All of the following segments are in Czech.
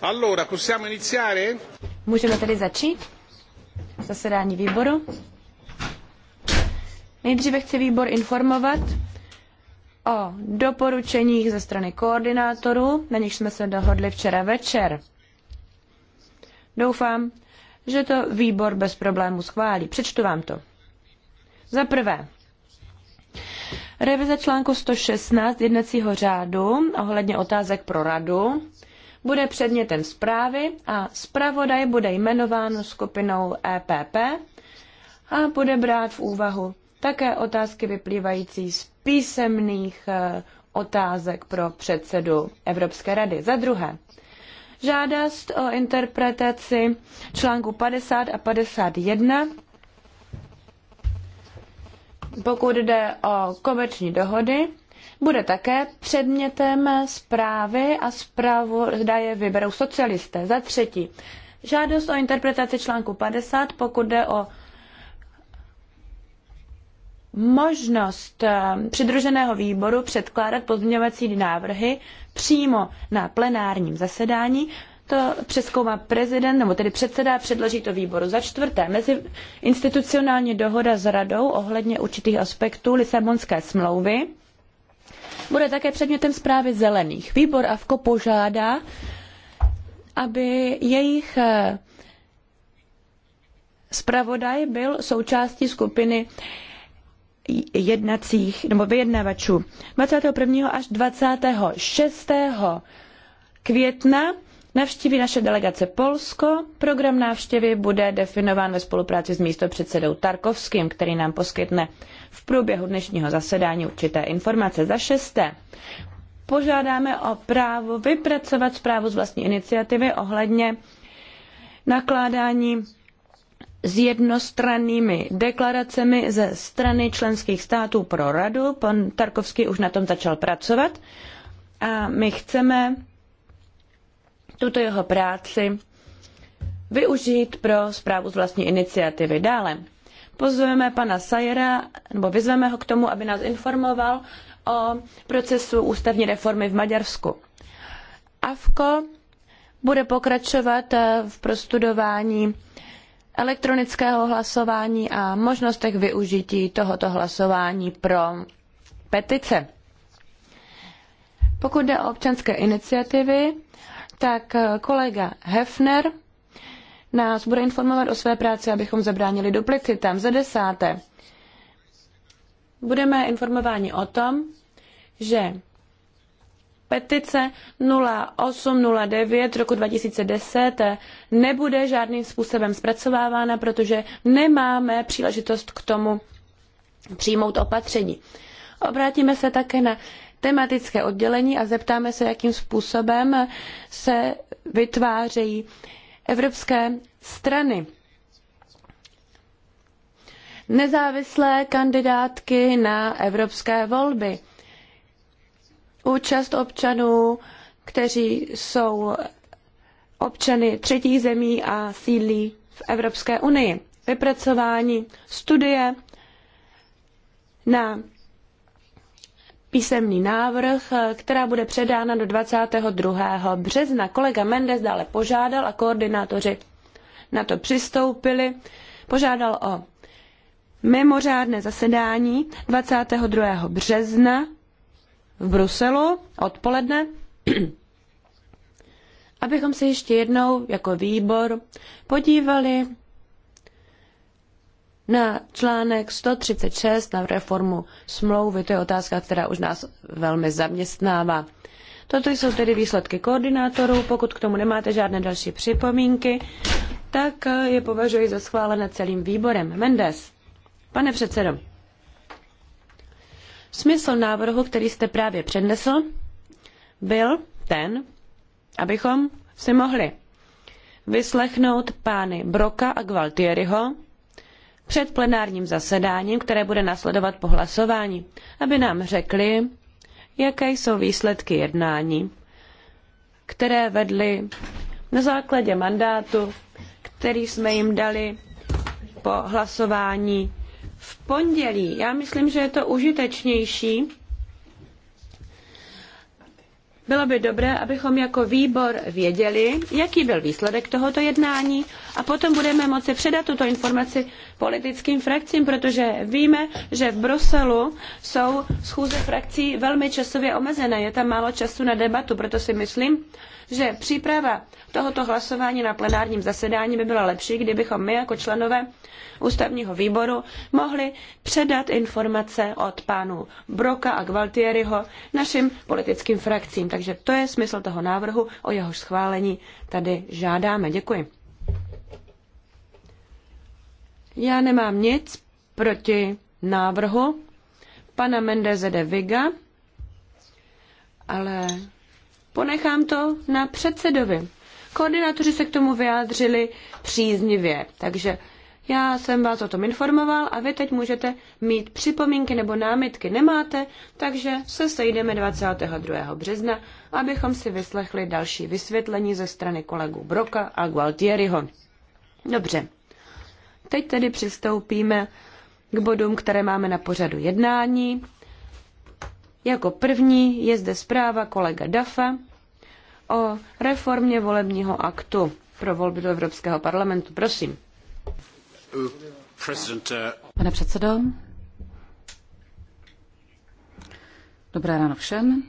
Allora, possiamo iniziare? Můžeme tedy začít zasedání výboru. Nejdříve chci výbor informovat o doporučeních ze strany koordinátorů, na nich jsme se dohodli včera večer. Doufám, že to výbor bez problémů schválí. Přečtu vám to. Za prvé, revize článku 116 jednacího řádu ohledně otázek pro radu bude předmětem zprávy a zpravodaj bude jmenován skupinou EPP a bude brát v úvahu také otázky vyplývající z písemných eh, otázek pro předsedu Evropské rady. Za druhé, žádost o interpretaci článku 50 a 51 pokud jde o komerční dohody, bude také předmětem zprávy a zprávu zdaje vyberou socialisté. Za třetí, žádost o interpretaci článku 50, pokud jde o možnost eh, přidruženého výboru předkládat pozměňovací návrhy přímo na plenárním zasedání. To přeskoumá prezident, nebo tedy předseda a předloží to výboru. Za čtvrté, mezi institucionální dohoda s radou ohledně určitých aspektů Lisabonské smlouvy bude také předmětem zprávy zelených. Výbor AVKO požádá, aby jejich eh, zpravodaj byl součástí skupiny jednacích nebo vyjednavačů 21. až 26. května Navštíví naše delegace Polsko. Program návštěvy bude definován ve spolupráci s místopředsedou Tarkovským, který nám poskytne v průběhu dnešního zasedání určité informace. Za šesté, požádáme o právo vypracovat zprávu z vlastní iniciativy ohledně nakládání s jednostrannými deklaracemi ze strany členských států pro radu. Pan Tarkovský už na tom začal pracovat a my chceme tuto jeho práci využít pro zprávu z vlastní iniciativy. Dále pozveme pana Sajera, nebo vyzveme ho k tomu, aby nás informoval o procesu ústavní reformy v Maďarsku. AFKO bude pokračovat eh, v prostudování elektronického hlasování a možnostech využití tohoto hlasování pro petice. Pokud jde o občanské iniciativy, tak eh, kolega Hefner nás bude informovat o své práci, abychom zabránili duplicitám. Za desáté, budeme informováni o tom, že petice 0809 roku 2010 nebude žádným způsobem zpracovávána, protože nemáme příležitost k tomu přijmout opatření. Obrátíme se také na tematické oddělení a zeptáme se, jakým způsobem se vytvářejí evropské strany. Nezávislé kandidátky na evropské volby. Účast občanů, kteří jsou občany třetích zemí a sídlí v Evropské unii. Vypracování studie na písemný návrh, eh, která bude předána do 22. března. Kolega Mendes dále požádal a koordinátoři na to přistoupili. Požádal o mimořádné zasedání 22. března v Bruselu odpoledne, abychom se ještě jednou jako výbor podívali na článek 136 na reformu smlouvy. To je otázka, která už nás velmi zaměstnává. Toto jsou tedy výsledky koordinátorů. Pokud k tomu nemáte žádné další připomínky, tak je považuji za schválené celým výborem. Mendes, pane předsedo, smysl návrhu, který jste právě přednesl, byl ten, abychom si mohli vyslechnout pány Broka a Gualtieriho, před plenárním zasedáním, které bude následovat po hlasování, aby nám řekli, jaké jsou výsledky jednání, které vedly na základě mandátu, který jsme jim dali po hlasování v pondělí. Já myslím, že je to užitečnější, bylo by dobré, abychom jako výbor věděli, jaký byl výsledek tohoto jednání a potom budeme moci předat tuto informaci politickým frakcím, protože víme, že v Bruselu jsou schůze frakcí velmi časově omezené, je tam málo času na debatu, proto si myslím, že příprava tohoto hlasování na plenárním zasedání by byla lepší, kdybychom my jako členové ústavního výboru mohli předat informace od pánů Broka a Gvaltieriho našim politickým frakcím. Takže to je smysl toho návrhu, o jehož schválení tady žádáme. Děkuji. Já nemám nic proti návrhu pana Mendeze de Viga, ale ponechám to na předsedovi. Koordinátoři se k tomu vyjádřili příznivě, takže já jsem vás o tom informoval a vy teď můžete mít připomínky nebo námitky nemáte, takže se sejdeme 22. března, abychom si vyslechli další vysvětlení ze strany kolegů Broka a Gualtieriho. Dobře. Teď tedy přistoupíme k bodům, které máme na pořadu jednání. Jako první je zde zpráva kolega Dafa o reformě volebního aktu pro volby do Evropského parlamentu. Prosím. Uh, Pane předsedo, dobré ráno všem.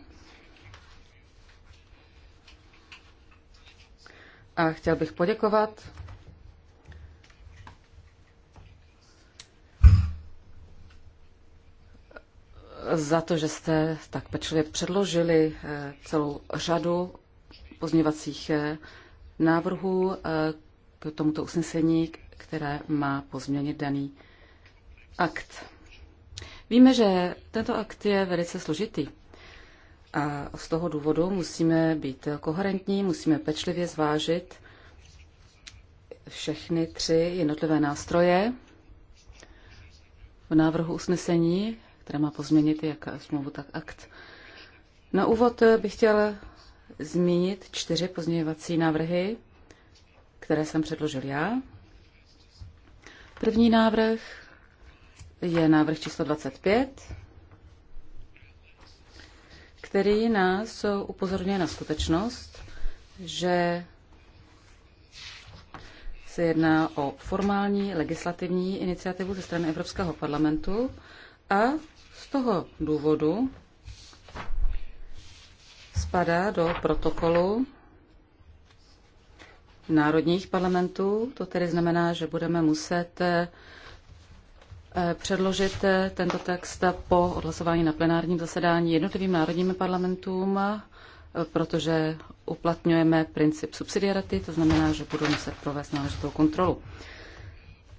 A chtěl bych poděkovat za to, že jste tak pečlivě předložili eh, celou řadu pozměvacích eh, návrhů eh, k tomuto usnesení, které má pozměnit daný akt. Víme, že tento akt je velice složitý. A z toho důvodu musíme být koherentní, musíme pečlivě zvážit všechny tři jednotlivé nástroje v návrhu usnesení, které má pozměnit jak smlouvu, tak akt. Na úvod bych chtěl zmínit čtyři pozměňovací návrhy, které jsem předložil já. První návrh je návrh číslo 25, který nás upozorňuje na skutečnost, že se jedná o formální legislativní iniciativu ze strany Evropského parlamentu a z toho důvodu spadá do protokolu národních parlamentů. To tedy znamená, že budeme muset eh, předložit eh, tento text po odhlasování na plenárním zasedání jednotlivým národním parlamentům, eh, protože uplatňujeme princip subsidiarity, to znamená, že budou muset provést náležitou kontrolu.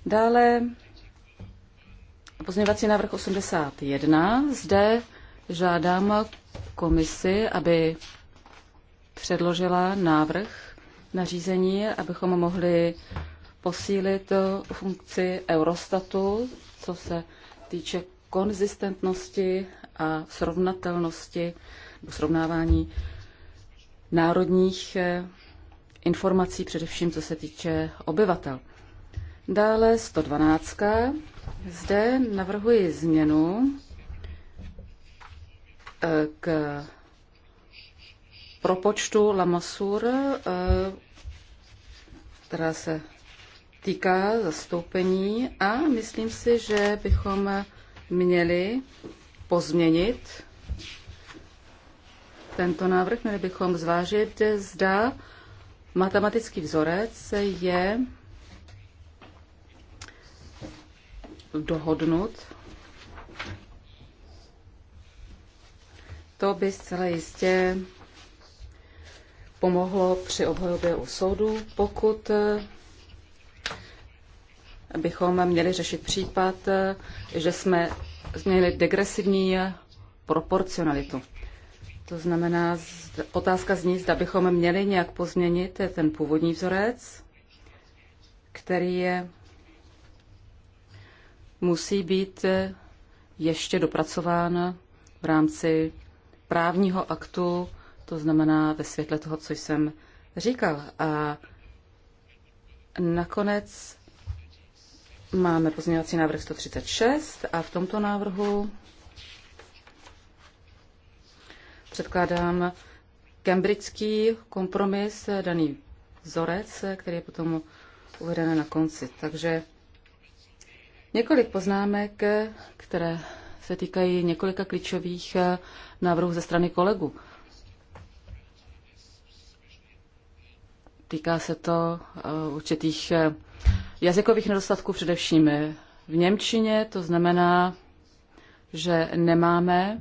Dále pozměňovací návrh 81. Zde žádám komisi, aby předložila návrh nařízení, abychom mohli posílit eh, funkci Eurostatu, co se týče konzistentnosti a srovnatelnosti nebo srovnávání národních eh, informací, především co se týče obyvatel. Dále 112. Zde navrhuji změnu eh, k propočtu Lamasur, eh, která se týká zastoupení a myslím si, že bychom měli pozměnit tento návrh, měli bychom zvážit, zda matematický vzorec je dohodnut. To by zcela jistě pomohlo při obhajobě u soudu, pokud eh, bychom měli řešit případ, eh, že jsme změnili degresivní eh, proporcionalitu. To znamená, otázka zní, zda bychom měli nějak pozměnit ten původní vzorec, který je, musí být ještě dopracován v rámci právního aktu to znamená ve světle toho, co jsem říkal. A nakonec máme pozměňovací návrh 136 a v tomto návrhu předkládám kembrický kompromis, daný vzorec, který je potom uveden na konci. Takže několik poznámek, které se týkají několika klíčových návrhů ze strany kolegů. Týká se to eh, určitých eh, jazykových nedostatků, především eh, v Němčině, to znamená, že nemáme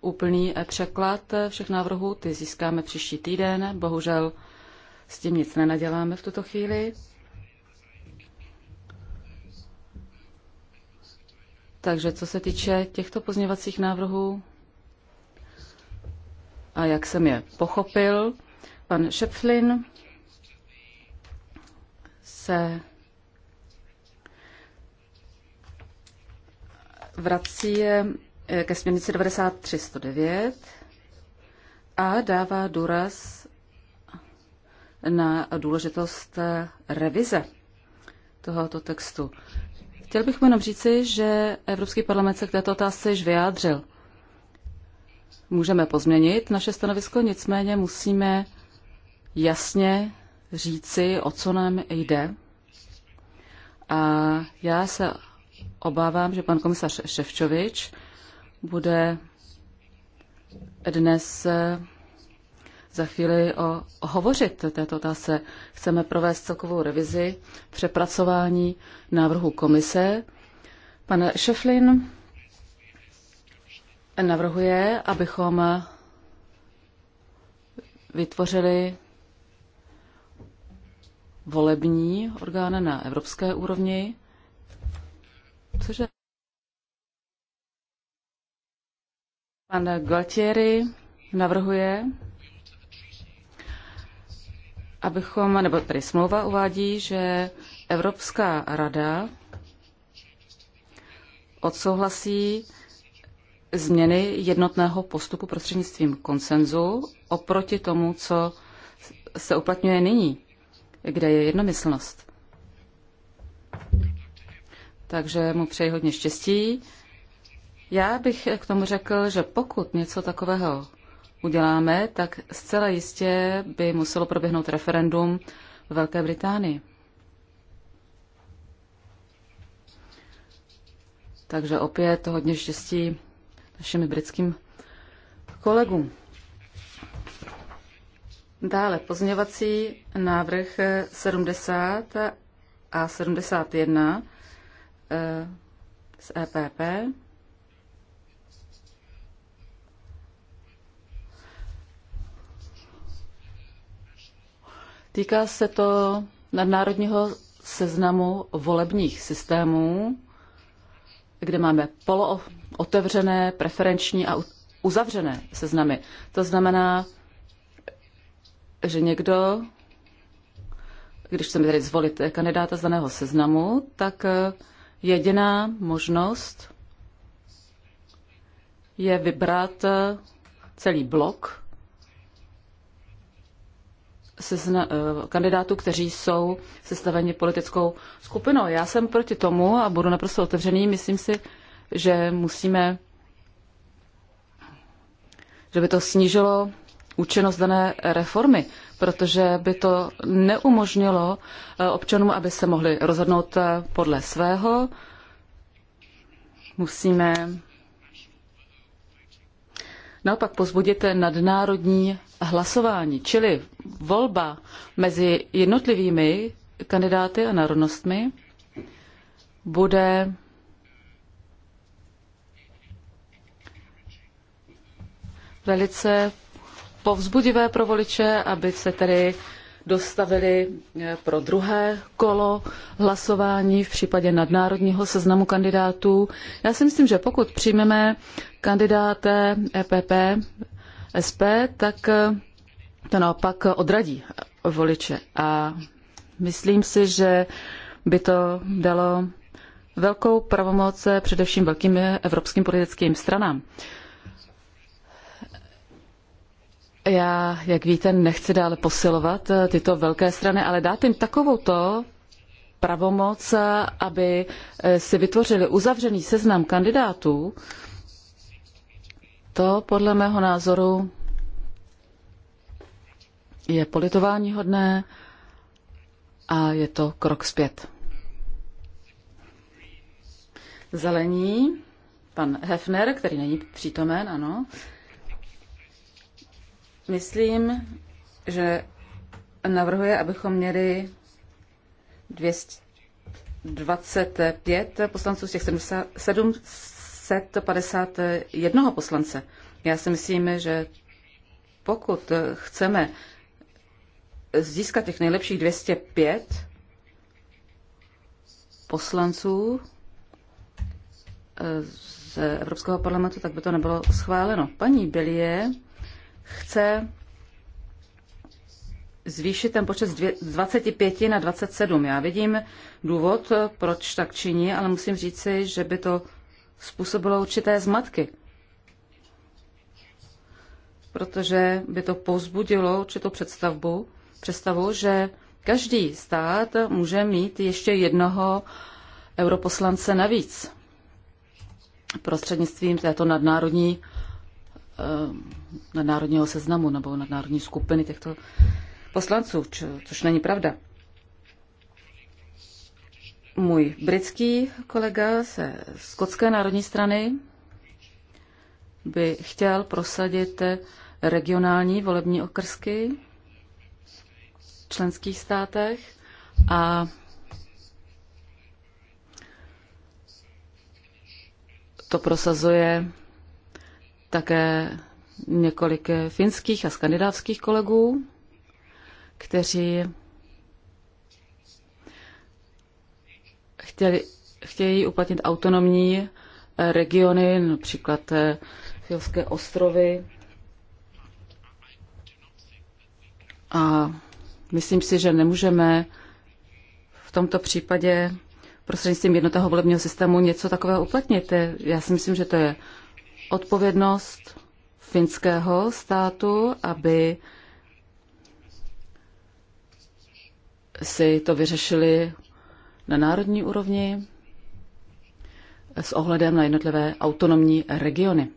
úplný překlad všech návrhů, ty získáme příští týden, bohužel s tím nic nenaděláme v tuto chvíli. Takže co se týče těchto pozměvacích návrhů a jak jsem je pochopil, pan Šepflin se vrací eh, ke směrnici 93109 a dává důraz na důležitost eh, revize tohoto textu. Chtěl bych jenom říci, že Evropský parlament se k této otázce již vyjádřil. Můžeme pozměnit naše stanovisko, nicméně musíme jasně říci, o co nám jde. A já se obávám, že pan komisař Ševčovič bude dnes eh, za chvíli o, hovořit této otázce. Chceme provést celkovou revizi, přepracování návrhu komise. Pan Šeflin navrhuje, abychom vytvořili volební orgány na evropské úrovni, Cože? pan Galtieri navrhuje, abychom, nebo tady smlouva uvádí, že Evropská rada odsouhlasí změny jednotného postupu prostřednictvím konsenzu oproti tomu, co se uplatňuje nyní kde je jednomyslnost. Takže mu přeji hodně štěstí. Já bych k tomu řekl, že pokud něco takového uděláme, tak zcela jistě by muselo proběhnout referendum v Velké Británii. Takže opět hodně štěstí našim britským kolegům. Dále pozměňovací návrh 70 a 71 eh, z EPP. Týká se to nadnárodního seznamu volebních systémů, kde máme polootevřené, preferenční a uzavřené seznamy. To znamená, že někdo, když chceme tedy zvolit kandidáta z daného seznamu, tak eh, jediná možnost je vybrat eh, celý blok sezna- eh, kandidátů, kteří jsou sestaveni politickou skupinou. Já jsem proti tomu a budu naprosto otevřený. Myslím si, že musíme, že by to snížilo účinnost dané reformy, protože by to neumožnilo eh, občanům, aby se mohli rozhodnout eh, podle svého. Musíme naopak pozbudit nadnárodní hlasování, čili volba mezi jednotlivými kandidáty a národnostmi bude velice povzbudivé pro voliče, aby se tedy dostavili eh, pro druhé kolo hlasování v případě nadnárodního seznamu kandidátů. Já si myslím, že pokud přijmeme kandidáte EPP, SP, tak eh, to naopak odradí voliče. A myslím si, že by to dalo velkou pravomoc eh, především velkým evropským politickým stranám. Já, jak víte, nechci dále posilovat eh, tyto velké strany, ale dát jim takovou to pravomoc, eh, aby eh, si vytvořili uzavřený seznam kandidátů, to podle mého názoru je politování hodné a je to krok zpět. Zelení, pan Hefner, který není přítomen, ano, Myslím, že navrhuje, abychom měli 225 poslanců z těch 751 poslance. Já si myslím, že pokud chceme získat těch nejlepších 205 poslanců eh, z Evropského parlamentu, tak by to nebylo schváleno. Paní Bilie chce zvýšit ten počet z 25 na 27. Já vidím důvod, proč tak činí, ale musím říci, že by to způsobilo určité zmatky. Protože by to pozbudilo určitou představbu, představu, že každý stát může mít ještě jednoho europoslance navíc prostřednictvím této nadnárodní Eh, nadnárodního seznamu nebo nadnárodní skupiny těchto poslanců, což není pravda. Můj britský kolega se Skotské národní strany by chtěl prosadit regionální volební okrsky v členských státech a to prosazuje také několik finských a skandinávských kolegů, kteří chtěli, chtějí uplatnit autonomní regiony, například eh, Filské ostrovy. A myslím si, že nemůžeme v tomto případě prostřednictvím jednotného volebního systému něco takového uplatnit. Já si myslím, že to je odpovědnost finského státu, aby si to vyřešili na národní úrovni s ohledem na jednotlivé autonomní regiony.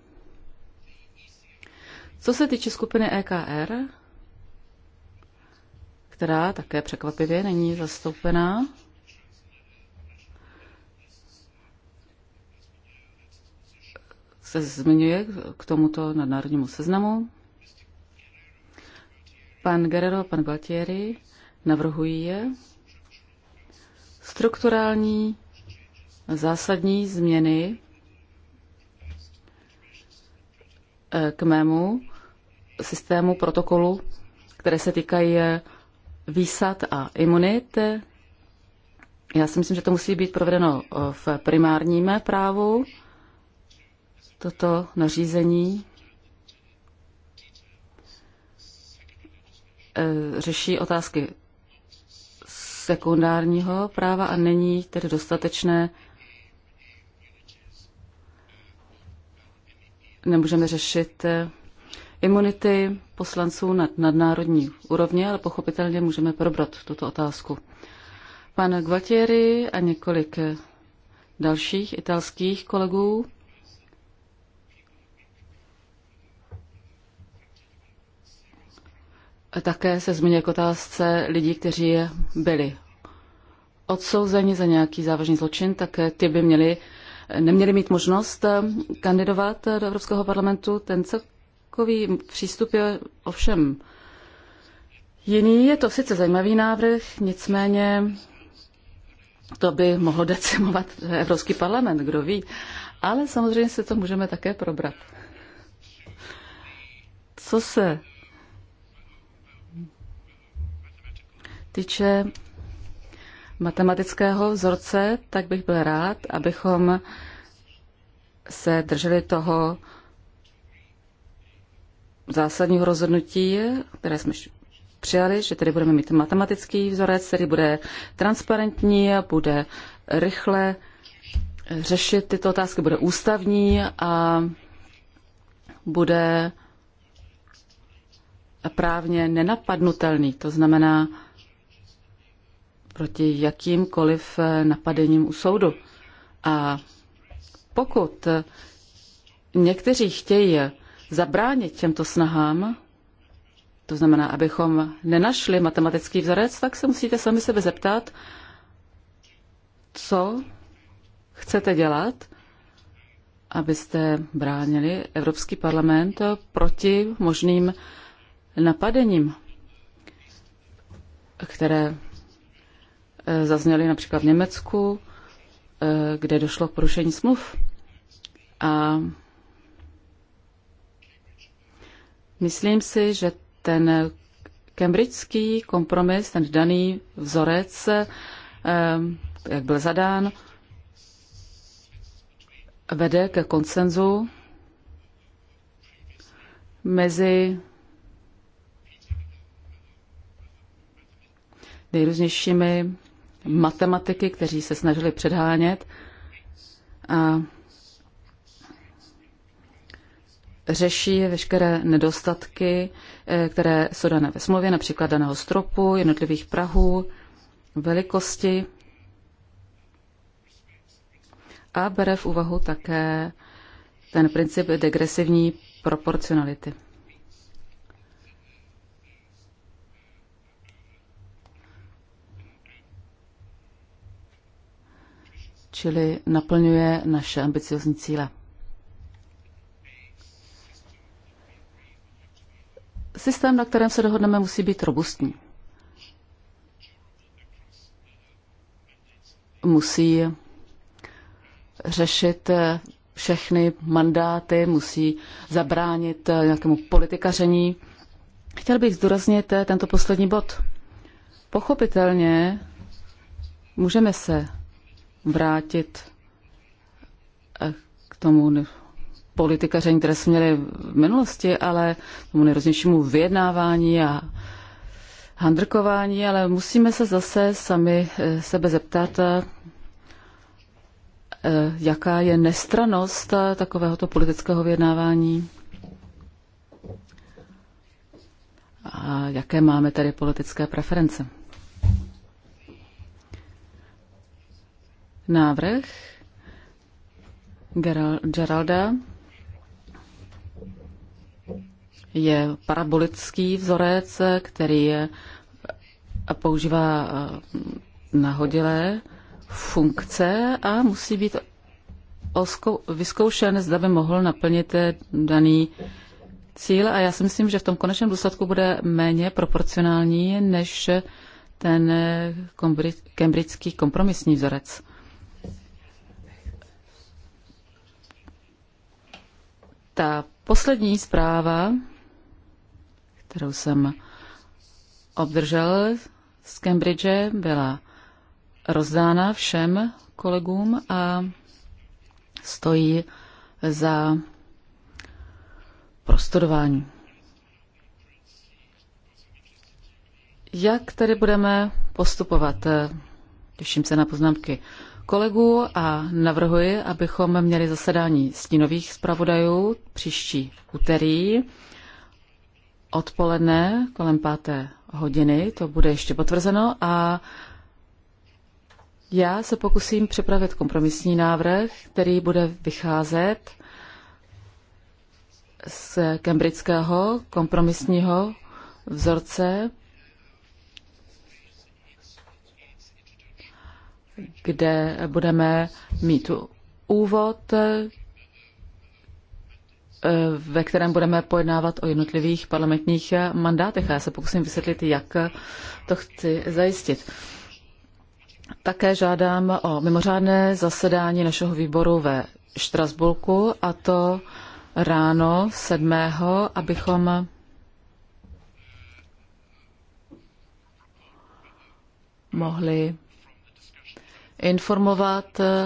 Co se týče skupiny EKR, která také překvapivě není zastoupená, se zmiňuje k tomuto nadnárodnímu seznamu. Pan Guerrero a pan Galtieri navrhují je strukturální zásadní změny eh, k mému systému protokolu, které se týkají eh, výsad a imunit. Já si myslím, že to musí být provedeno eh, v primárním právu toto nařízení eh, řeší otázky sekundárního práva a není tedy dostatečné. Nemůžeme řešit eh, imunity poslanců na nadnárodní úrovně, ale pochopitelně můžeme probrat tuto otázku. Pan Gvatieri a několik eh, dalších italských kolegů Také se zmiňuje k otázce lidí, kteří byli odsouzeni za nějaký závažný zločin, tak ty by měli, neměli mít možnost eh, kandidovat eh, do Evropského parlamentu. Ten celkový přístup je ovšem jiný. Je to sice zajímavý návrh, nicméně to by mohlo decimovat Evropský parlament, kdo ví. Ale samozřejmě se to můžeme také probrat. Co se týče matematického vzorce, tak bych byl rád, abychom se drželi toho zásadního rozhodnutí, které jsme přijali, že tedy budeme mít matematický vzorec, který bude transparentní, bude rychle řešit tyto otázky, bude ústavní a bude právně nenapadnutelný. To znamená, proti jakýmkoliv eh, napadením u soudu. A pokud někteří chtějí zabránit těmto snahám, to znamená, abychom nenašli matematický vzorec, tak se musíte sami sebe zeptat, co chcete dělat, abyste bránili Evropský parlament proti možným napadením, které Eh, zazněly například v Německu, eh, kde došlo k porušení smluv. A myslím si, že ten kembridský kompromis, ten daný vzorec, eh, jak byl zadán, vede ke koncenzu mezi nejrůznějšími matematiky, kteří se snažili předhánět. A řeší veškeré nedostatky, eh, které jsou dané ve smlouvě, například daného stropu, jednotlivých prahů, velikosti a bere v úvahu také ten princip degresivní proporcionality. čili naplňuje naše ambiciozní cíle. Systém, na kterém se dohodneme, musí být robustní. Musí řešit všechny mandáty, musí zabránit nějakému politikaření. Chtěl bych zdůraznit tento poslední bod. Pochopitelně můžeme se vrátit eh, k tomu politikaření, které jsme měli v minulosti, ale tomu nejrůznějšímu vyjednávání a handrkování, ale musíme se zase sami eh, sebe zeptat, eh, jaká je nestranost takovéhoto politického vyjednávání a jaké máme tedy politické preference. návrh Geralda je parabolický vzorec, který je, používá eh, nahodilé funkce a musí být vyzkoušen, zda by mohl naplnit eh, daný cíl. A já si myslím, že v tom konečném důsledku bude méně proporcionální než ten eh, kembridský kompromisní vzorec. Ta poslední zpráva, kterou jsem obdržel z Cambridge, byla rozdána všem kolegům a stojí za prostudování. Jak tedy budeme postupovat? Těším se na poznámky kolegů a navrhuji, abychom měli zasedání stínových zpravodajů příští úterý odpoledne kolem páté hodiny, to bude ještě potvrzeno a já se pokusím připravit kompromisní návrh, který bude vycházet z kembrického kompromisního vzorce kde budeme mít úvod, ve kterém budeme pojednávat o jednotlivých parlamentních mandátech. A já se pokusím vysvětlit, jak to chci zajistit. Také žádám o mimořádné zasedání našeho výboru ve Štrasburku, a to ráno 7. abychom mohli informovat eh,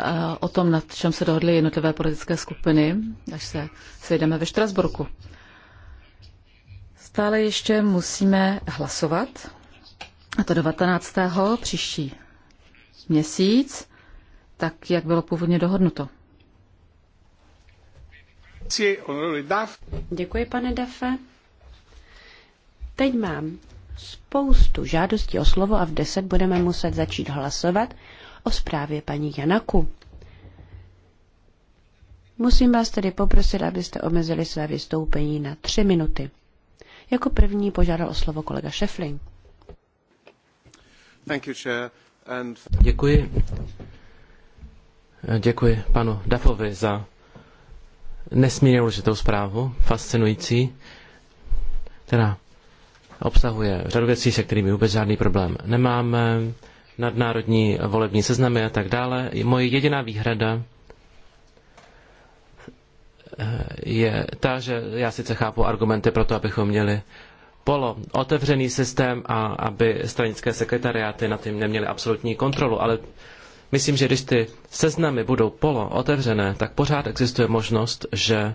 eh, o tom, nad čem se dohodly jednotlivé politické skupiny, až se sejdeme ve Štrasburku. Stále ještě musíme hlasovat, a to 19. příští měsíc, tak jak bylo původně dohodnuto. Děkuji, pane Dafe. Teď mám spoustu žádostí o slovo a v deset budeme muset začít hlasovat o zprávě paní Janaku. Musím vás tedy poprosit, abyste omezili své vystoupení na tři minuty. Jako první požádal o slovo kolega Šefling. Děkuji. Děkuji panu Dafovi za nesmírně důležitou zprávu, fascinující, která obsahuje řadu věcí, se kterými vůbec žádný problém nemáme, nadnárodní volební seznamy a tak dále. Moje jediná výhrada eh, je ta, že já sice chápu argumenty pro to, abychom měli polo otevřený systém a aby stranické sekretariáty na tím neměly absolutní kontrolu, ale myslím, že když ty seznamy budou polo otevřené, tak pořád existuje možnost, že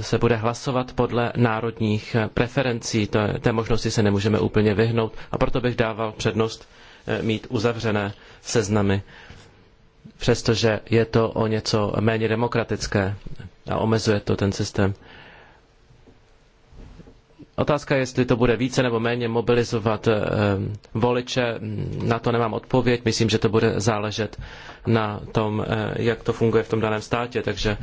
se bude hlasovat podle národních preferencí. To, té možnosti se nemůžeme úplně vyhnout a proto bych dával přednost eh, mít uzavřené seznamy, přestože je to o něco méně demokratické a omezuje to ten systém. Otázka jestli to bude více nebo méně mobilizovat eh, voliče, na to nemám odpověď. Myslím, že to bude záležet na tom, eh, jak to funguje v tom daném státě, takže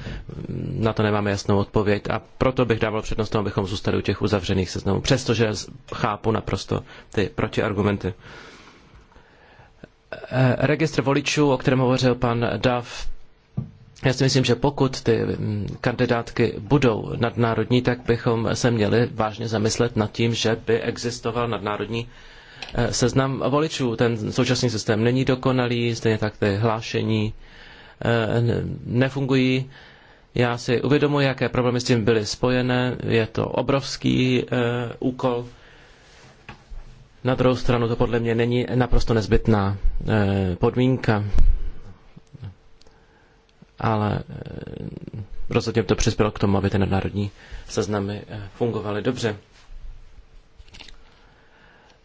mm, na to nemáme jasnou odpověď. A proto bych dával přednost tomu, abychom zůstali u těch uzavřených seznamů, přestože chápu naprosto ty protiargumenty. Eh, registr voličů, o kterém hovořil pan Duff, já si myslím, že pokud ty mm, kandidátky budou nadnárodní, tak bychom se měli vážně zamyslet nad tím, že by existoval nadnárodní eh, seznam voličů. Ten současný systém není dokonalý, stejně tak ty hlášení eh, nefungují. Já si uvědomuji, jaké problémy s tím byly spojené. Je to obrovský eh, úkol. Na druhou stranu to podle mě není naprosto nezbytná podmínka ale eh, rozhodně to přispělo k tomu, aby ty nadnárodní seznamy eh, fungovaly dobře.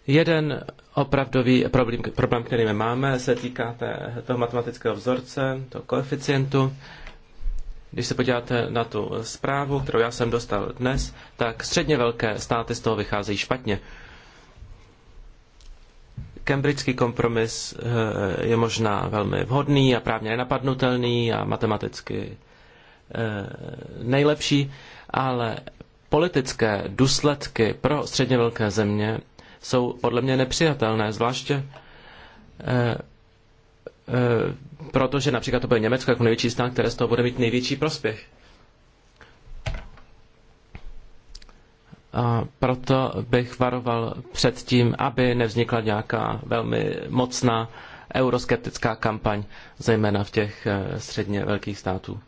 Jeden opravdový problém, problém který my máme, se týká té, toho matematického vzorce, toho koeficientu. Když se podíváte na tu zprávu, kterou já jsem dostal dnes, tak středně velké státy z toho vycházejí špatně. Cambridgeský kompromis eh, je možná velmi vhodný a právně nenapadnutelný a matematicky eh, nejlepší, ale politické důsledky pro středně velké země jsou podle mě nepřijatelné, zvláště eh, protože například to bude Německo jako největší stát, které z toho bude mít největší prospěch. A proto bych varoval před tím, aby nevznikla nějaká velmi mocná euroskeptická kampaň, zejména v těch eh, středně velkých států,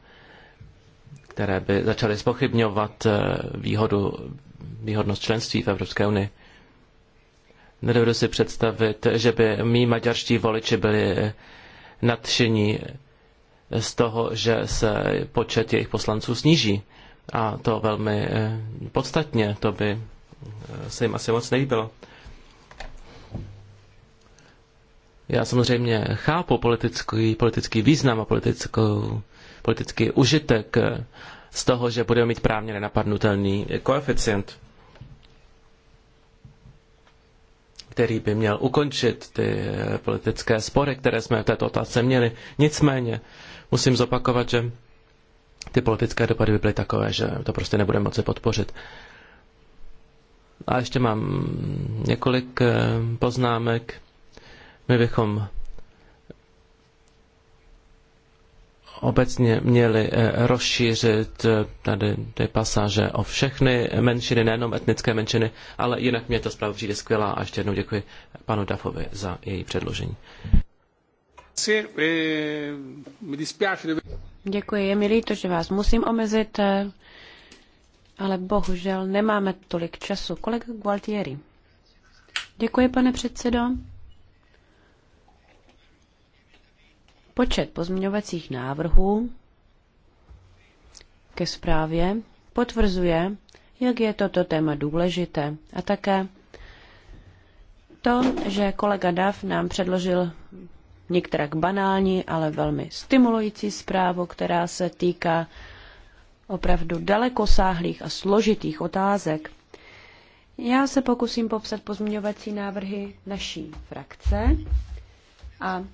které by začaly spochybňovat eh, výhodu, výhodnost členství v Evropské unii. Nedovedu si představit, že by mý maďarští voliči byli eh, nadšení z toho, že se počet jejich poslanců sníží. A to velmi eh, podstatně, to by eh, se jim asi moc nelíbilo. Já samozřejmě chápu politický, politický význam a politickou, politický užitek eh, z toho, že budeme mít právně nenapadnutelný koeficient, který by měl ukončit ty politické spory, které jsme v této otázce měli. Nicméně musím zopakovat, že ty politické dopady by byly takové, že to prostě nebudeme moci podpořit. A ještě mám několik eh, poznámek. My bychom obecně měli eh, rozšířit eh, tady ty pasáže o všechny menšiny, nejenom etnické menšiny, ale jinak mě ta zpráva přijde skvělá a ještě jednou děkuji panu Dafovi za její předložení. Děkuji, je mi líto, že vás musím omezit, eh, ale bohužel nemáme tolik času. Kolega Gualtieri. Děkuji, pane předsedo. Počet pozměňovacích návrhů ke zprávě potvrzuje, jak je toto téma důležité a také to, že kolega Dav nám předložil některak banální, ale velmi stimulující zprávu, která se týká opravdu dalekosáhlých a složitých otázek. Já se pokusím popsat pozměňovací návrhy naší frakce a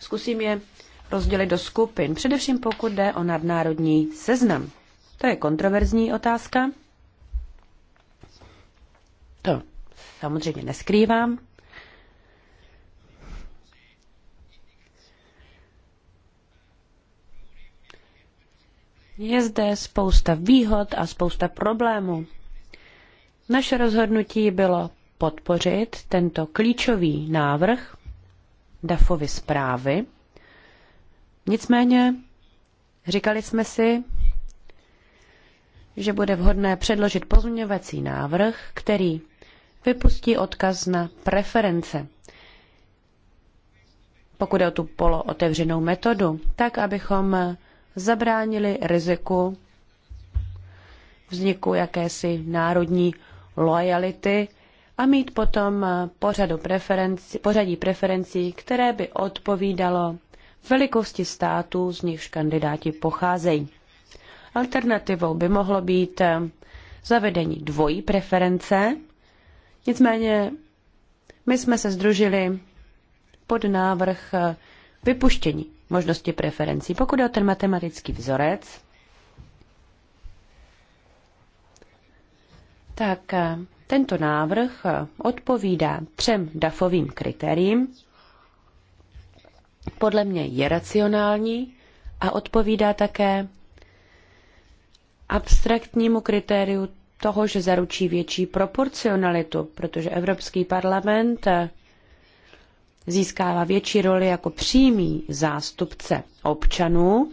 zkusím je rozdělit do skupin, především pokud jde o nadnárodní seznam. To je kontroverzní otázka. To samozřejmě neskrývám. Je zde spousta výhod a spousta problémů. Naše rozhodnutí bylo podpořit tento klíčový návrh DAFovy zprávy. Nicméně říkali jsme si, že bude vhodné předložit pozměňovací návrh, který vypustí odkaz na preference. Pokud je o tu polootevřenou metodu, tak abychom zabránili riziku vzniku jakési národní lojality a mít potom pořadu preferenci, pořadí preferencí, které by odpovídalo velikosti států, z nichž kandidáti pocházejí. Alternativou by mohlo být zavedení dvojí preference, nicméně my jsme se združili pod návrh vypuštění možnosti preferencí. Pokud je o ten matematický vzorec, tak eh, tento návrh eh, odpovídá třem DAFovým kritériím. Podle mě je racionální a odpovídá také abstraktnímu kritériu toho, že zaručí větší proporcionalitu, protože Evropský parlament eh, získává větší roli jako přímý zástupce občanů.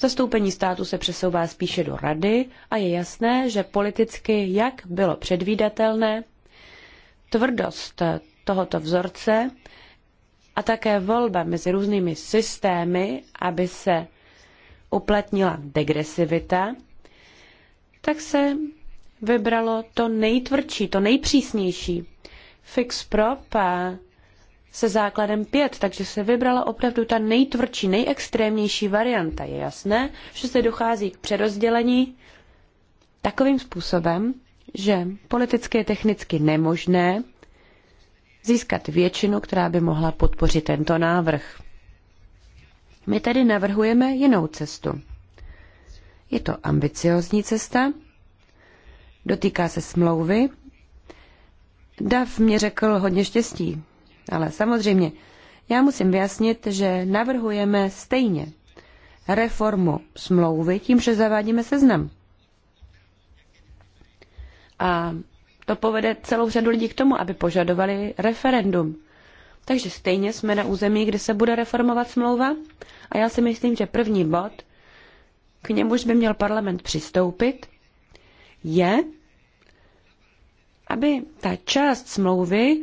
Zastoupení státu se přesouvá spíše do rady a je jasné, že politicky, jak bylo předvídatelné, tvrdost tohoto vzorce a také volba mezi různými systémy, aby se uplatnila degresivita, tak se vybralo to nejtvrdší, to nejpřísnější. Fix prop se základem 5, takže se vybrala opravdu ta nejtvrdší, nejextrémnější varianta. Je jasné, že se dochází k přerozdělení takovým způsobem, že politicky je technicky nemožné získat většinu, která by mohla podpořit tento návrh. My tedy navrhujeme jinou cestu. Je to ambiciozní cesta, dotýká se smlouvy. Dav mě řekl hodně štěstí. Ale samozřejmě, já musím vyjasnit, že navrhujeme stejně reformu smlouvy tím, že zavádíme seznam. A to povede celou řadu lidí k tomu, aby požadovali referendum. Takže stejně jsme na území, kde se bude reformovat smlouva a já si myslím, že první bod, k němuž by měl parlament přistoupit, je, aby ta část smlouvy,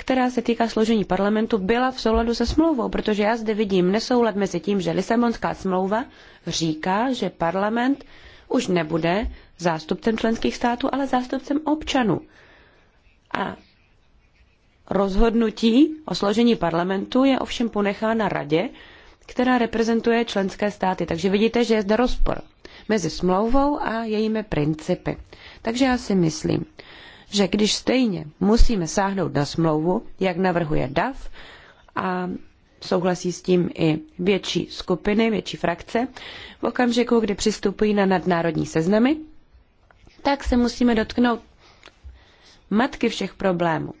která se týká složení parlamentu, byla v souladu se smlouvou, protože já zde vidím nesoulad mezi tím, že Lisabonská smlouva říká, že parlament už nebude zástupcem členských států, ale zástupcem občanů. A rozhodnutí o složení parlamentu je ovšem ponechána radě, která reprezentuje členské státy. Takže vidíte, že je zde rozpor mezi smlouvou a jejími principy. Takže já si myslím, že když stejně musíme sáhnout na smlouvu, jak navrhuje DAF, a souhlasí s tím i větší skupiny, větší frakce, v okamžiku, kdy přistupují na nadnárodní seznamy, tak se musíme dotknout matky všech problémů.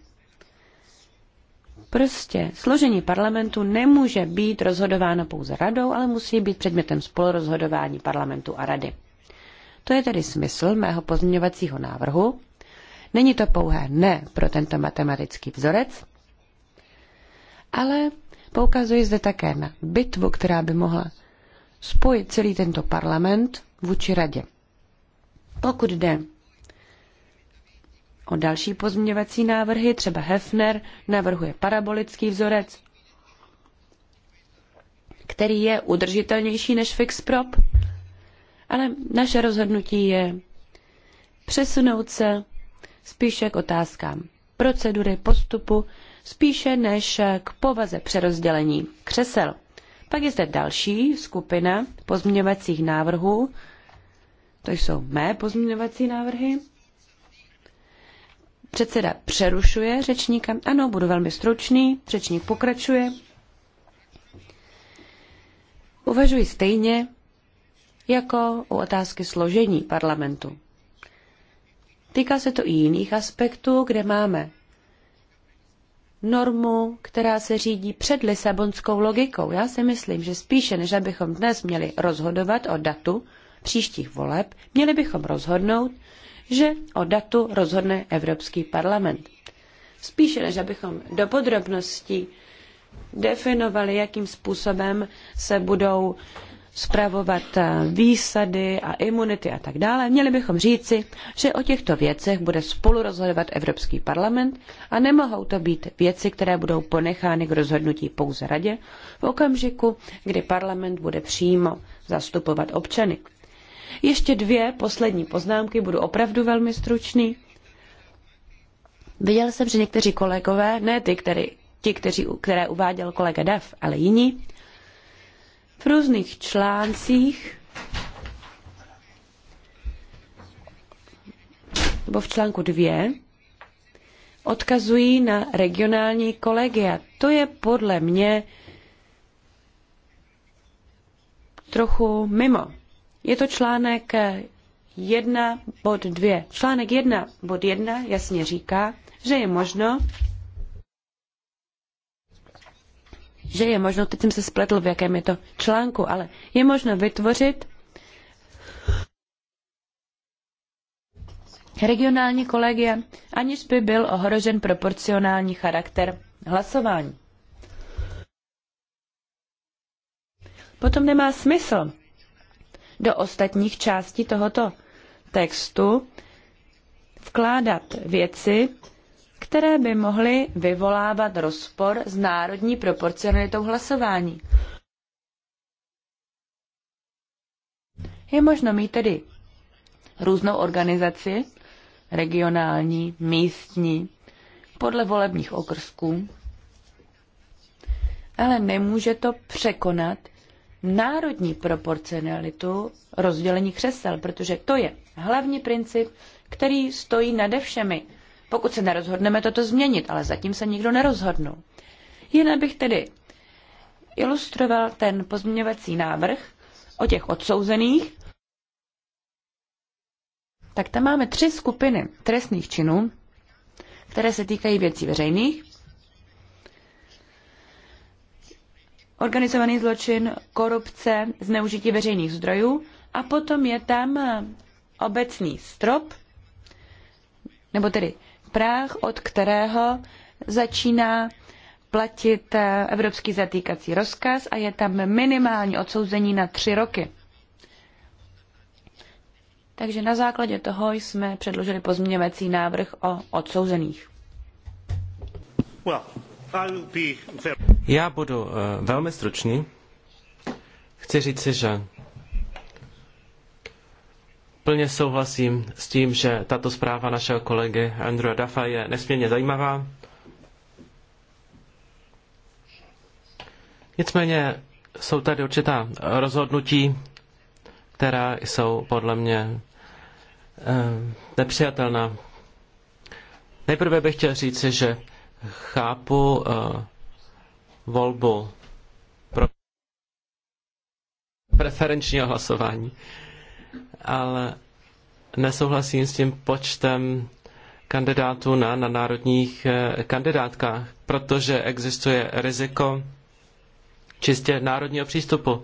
Prostě složení parlamentu nemůže být rozhodováno pouze radou, ale musí být předmětem spolurozhodování parlamentu a rady. To je tedy smysl mého pozměňovacího návrhu, Není to pouhé ne pro tento matematický vzorec, ale poukazuji zde také na bitvu, která by mohla spojit celý tento parlament vůči radě. Pokud jde o další pozměňovací návrhy, třeba Hefner navrhuje parabolický vzorec, který je udržitelnější než fix prop, ale naše rozhodnutí je přesunout se spíše k otázkám procedury, postupu, spíše než k povaze přerozdělení křesel. Pak je zde další skupina pozměňovacích návrhů. To jsou mé pozměňovací návrhy. Předseda přerušuje řečníka. Ano, budu velmi stručný. Řečník pokračuje. Uvažuji stejně jako u otázky složení parlamentu. Týká se to i jiných aspektů, kde máme normu, která se řídí před Lisabonskou logikou. Já si myslím, že spíše než abychom dnes měli rozhodovat o datu příštích voleb, měli bychom rozhodnout, že o datu rozhodne Evropský parlament. Spíše než abychom do podrobností definovali, jakým způsobem se budou spravovat eh, výsady a imunity a tak dále, měli bychom říci, že o těchto věcech bude spolu rozhodovat Evropský parlament a nemohou to být věci, které budou ponechány k rozhodnutí pouze radě v okamžiku, kdy parlament bude přímo zastupovat občany. Ještě dvě poslední poznámky, budu opravdu velmi stručný. Viděl jsem, že někteří kolegové, ne ty, který, ti, kteří, které uváděl kolega Dav, ale jiní, v různých článcích nebo v článku dvě, odkazují na regionální kolegia. To je podle mě trochu mimo. Je to článek 1 bod 2. Článek 1 bod 1 jasně říká, že je možno že je možno, teď jsem se spletl, v jakém je to článku, ale je možno vytvořit regionální kolegia, aniž by byl ohrožen proporcionální charakter hlasování. Potom nemá smysl do ostatních částí tohoto textu vkládat věci, které by mohly vyvolávat rozpor s národní proporcionalitou hlasování. Je možno mít tedy různou organizaci, regionální, místní, podle volebních okrsků, ale nemůže to překonat národní proporcionalitu rozdělení křesel, protože to je hlavní princip, který stojí nade všemi pokud se nerozhodneme toto změnit, ale zatím se nikdo nerozhodnul. Jinak bych tedy ilustroval ten pozměňovací návrh o těch odsouzených, tak tam máme tři skupiny trestných činů, které se týkají věcí veřejných, organizovaný zločin, korupce, zneužití veřejných zdrojů a potom je tam obecný strop, nebo tedy práh, od kterého začíná platit eh, evropský zatýkací rozkaz a je tam minimální odsouzení na tři roky. Takže na základě toho jsme předložili pozměňovací návrh o odsouzených. Já budu eh, velmi stručný. Chci říci, že Plně souhlasím s tím, že tato zpráva našeho kolegy Andrewa Dafa je nesmírně zajímavá. Nicméně jsou tady určitá rozhodnutí, která jsou podle mě eh, nepřijatelná. Nejprve bych chtěl říci, že chápu eh, volbu pro preferenčního hlasování ale nesouhlasím s tím počtem kandidátů na, na národních eh, kandidátkách, protože existuje riziko čistě národního přístupu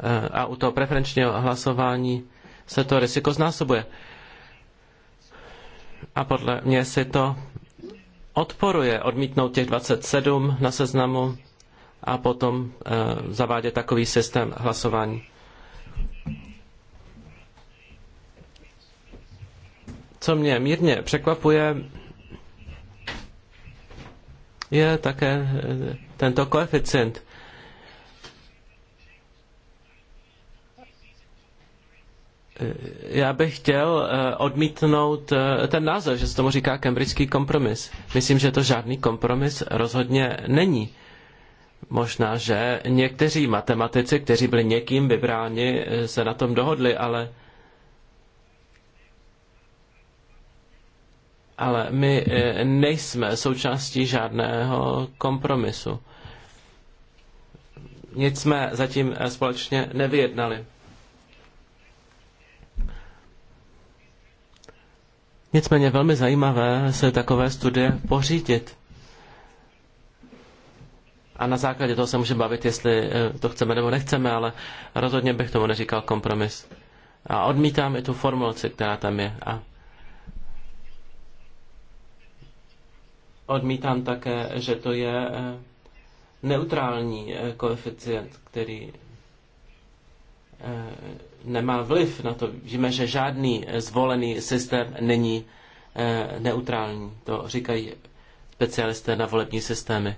eh, a u toho preferenčního hlasování se to riziko znásobuje. A podle mě si to odporuje odmítnout těch 27 na seznamu a potom eh, zavádět takový systém hlasování. Co mě mírně překvapuje, je také eh, tento koeficient. Eh, já bych chtěl eh, odmítnout ten název, že se tomu říká kembrický kompromis. Myslím, že to žádný kompromis rozhodně není. Možná, že někteří matematici, kteří byli někým vybráni, se na tom dohodli, ale ale my eh, nejsme součástí žádného kompromisu. Nic jsme zatím eh, společně nevyjednali. Nicméně velmi zajímavé se takové studie pořídit. A na základě toho se můžeme bavit, jestli eh, to chceme nebo nechceme, ale rozhodně bych tomu neříkal kompromis. A odmítám i tu formulaci, která tam je. A Odmítám také, že to je eh, neutrální eh, koeficient, který eh, nemá vliv na to. Víme, že žádný zvolený systém není neutrální. To říkají specialisté na volební systémy.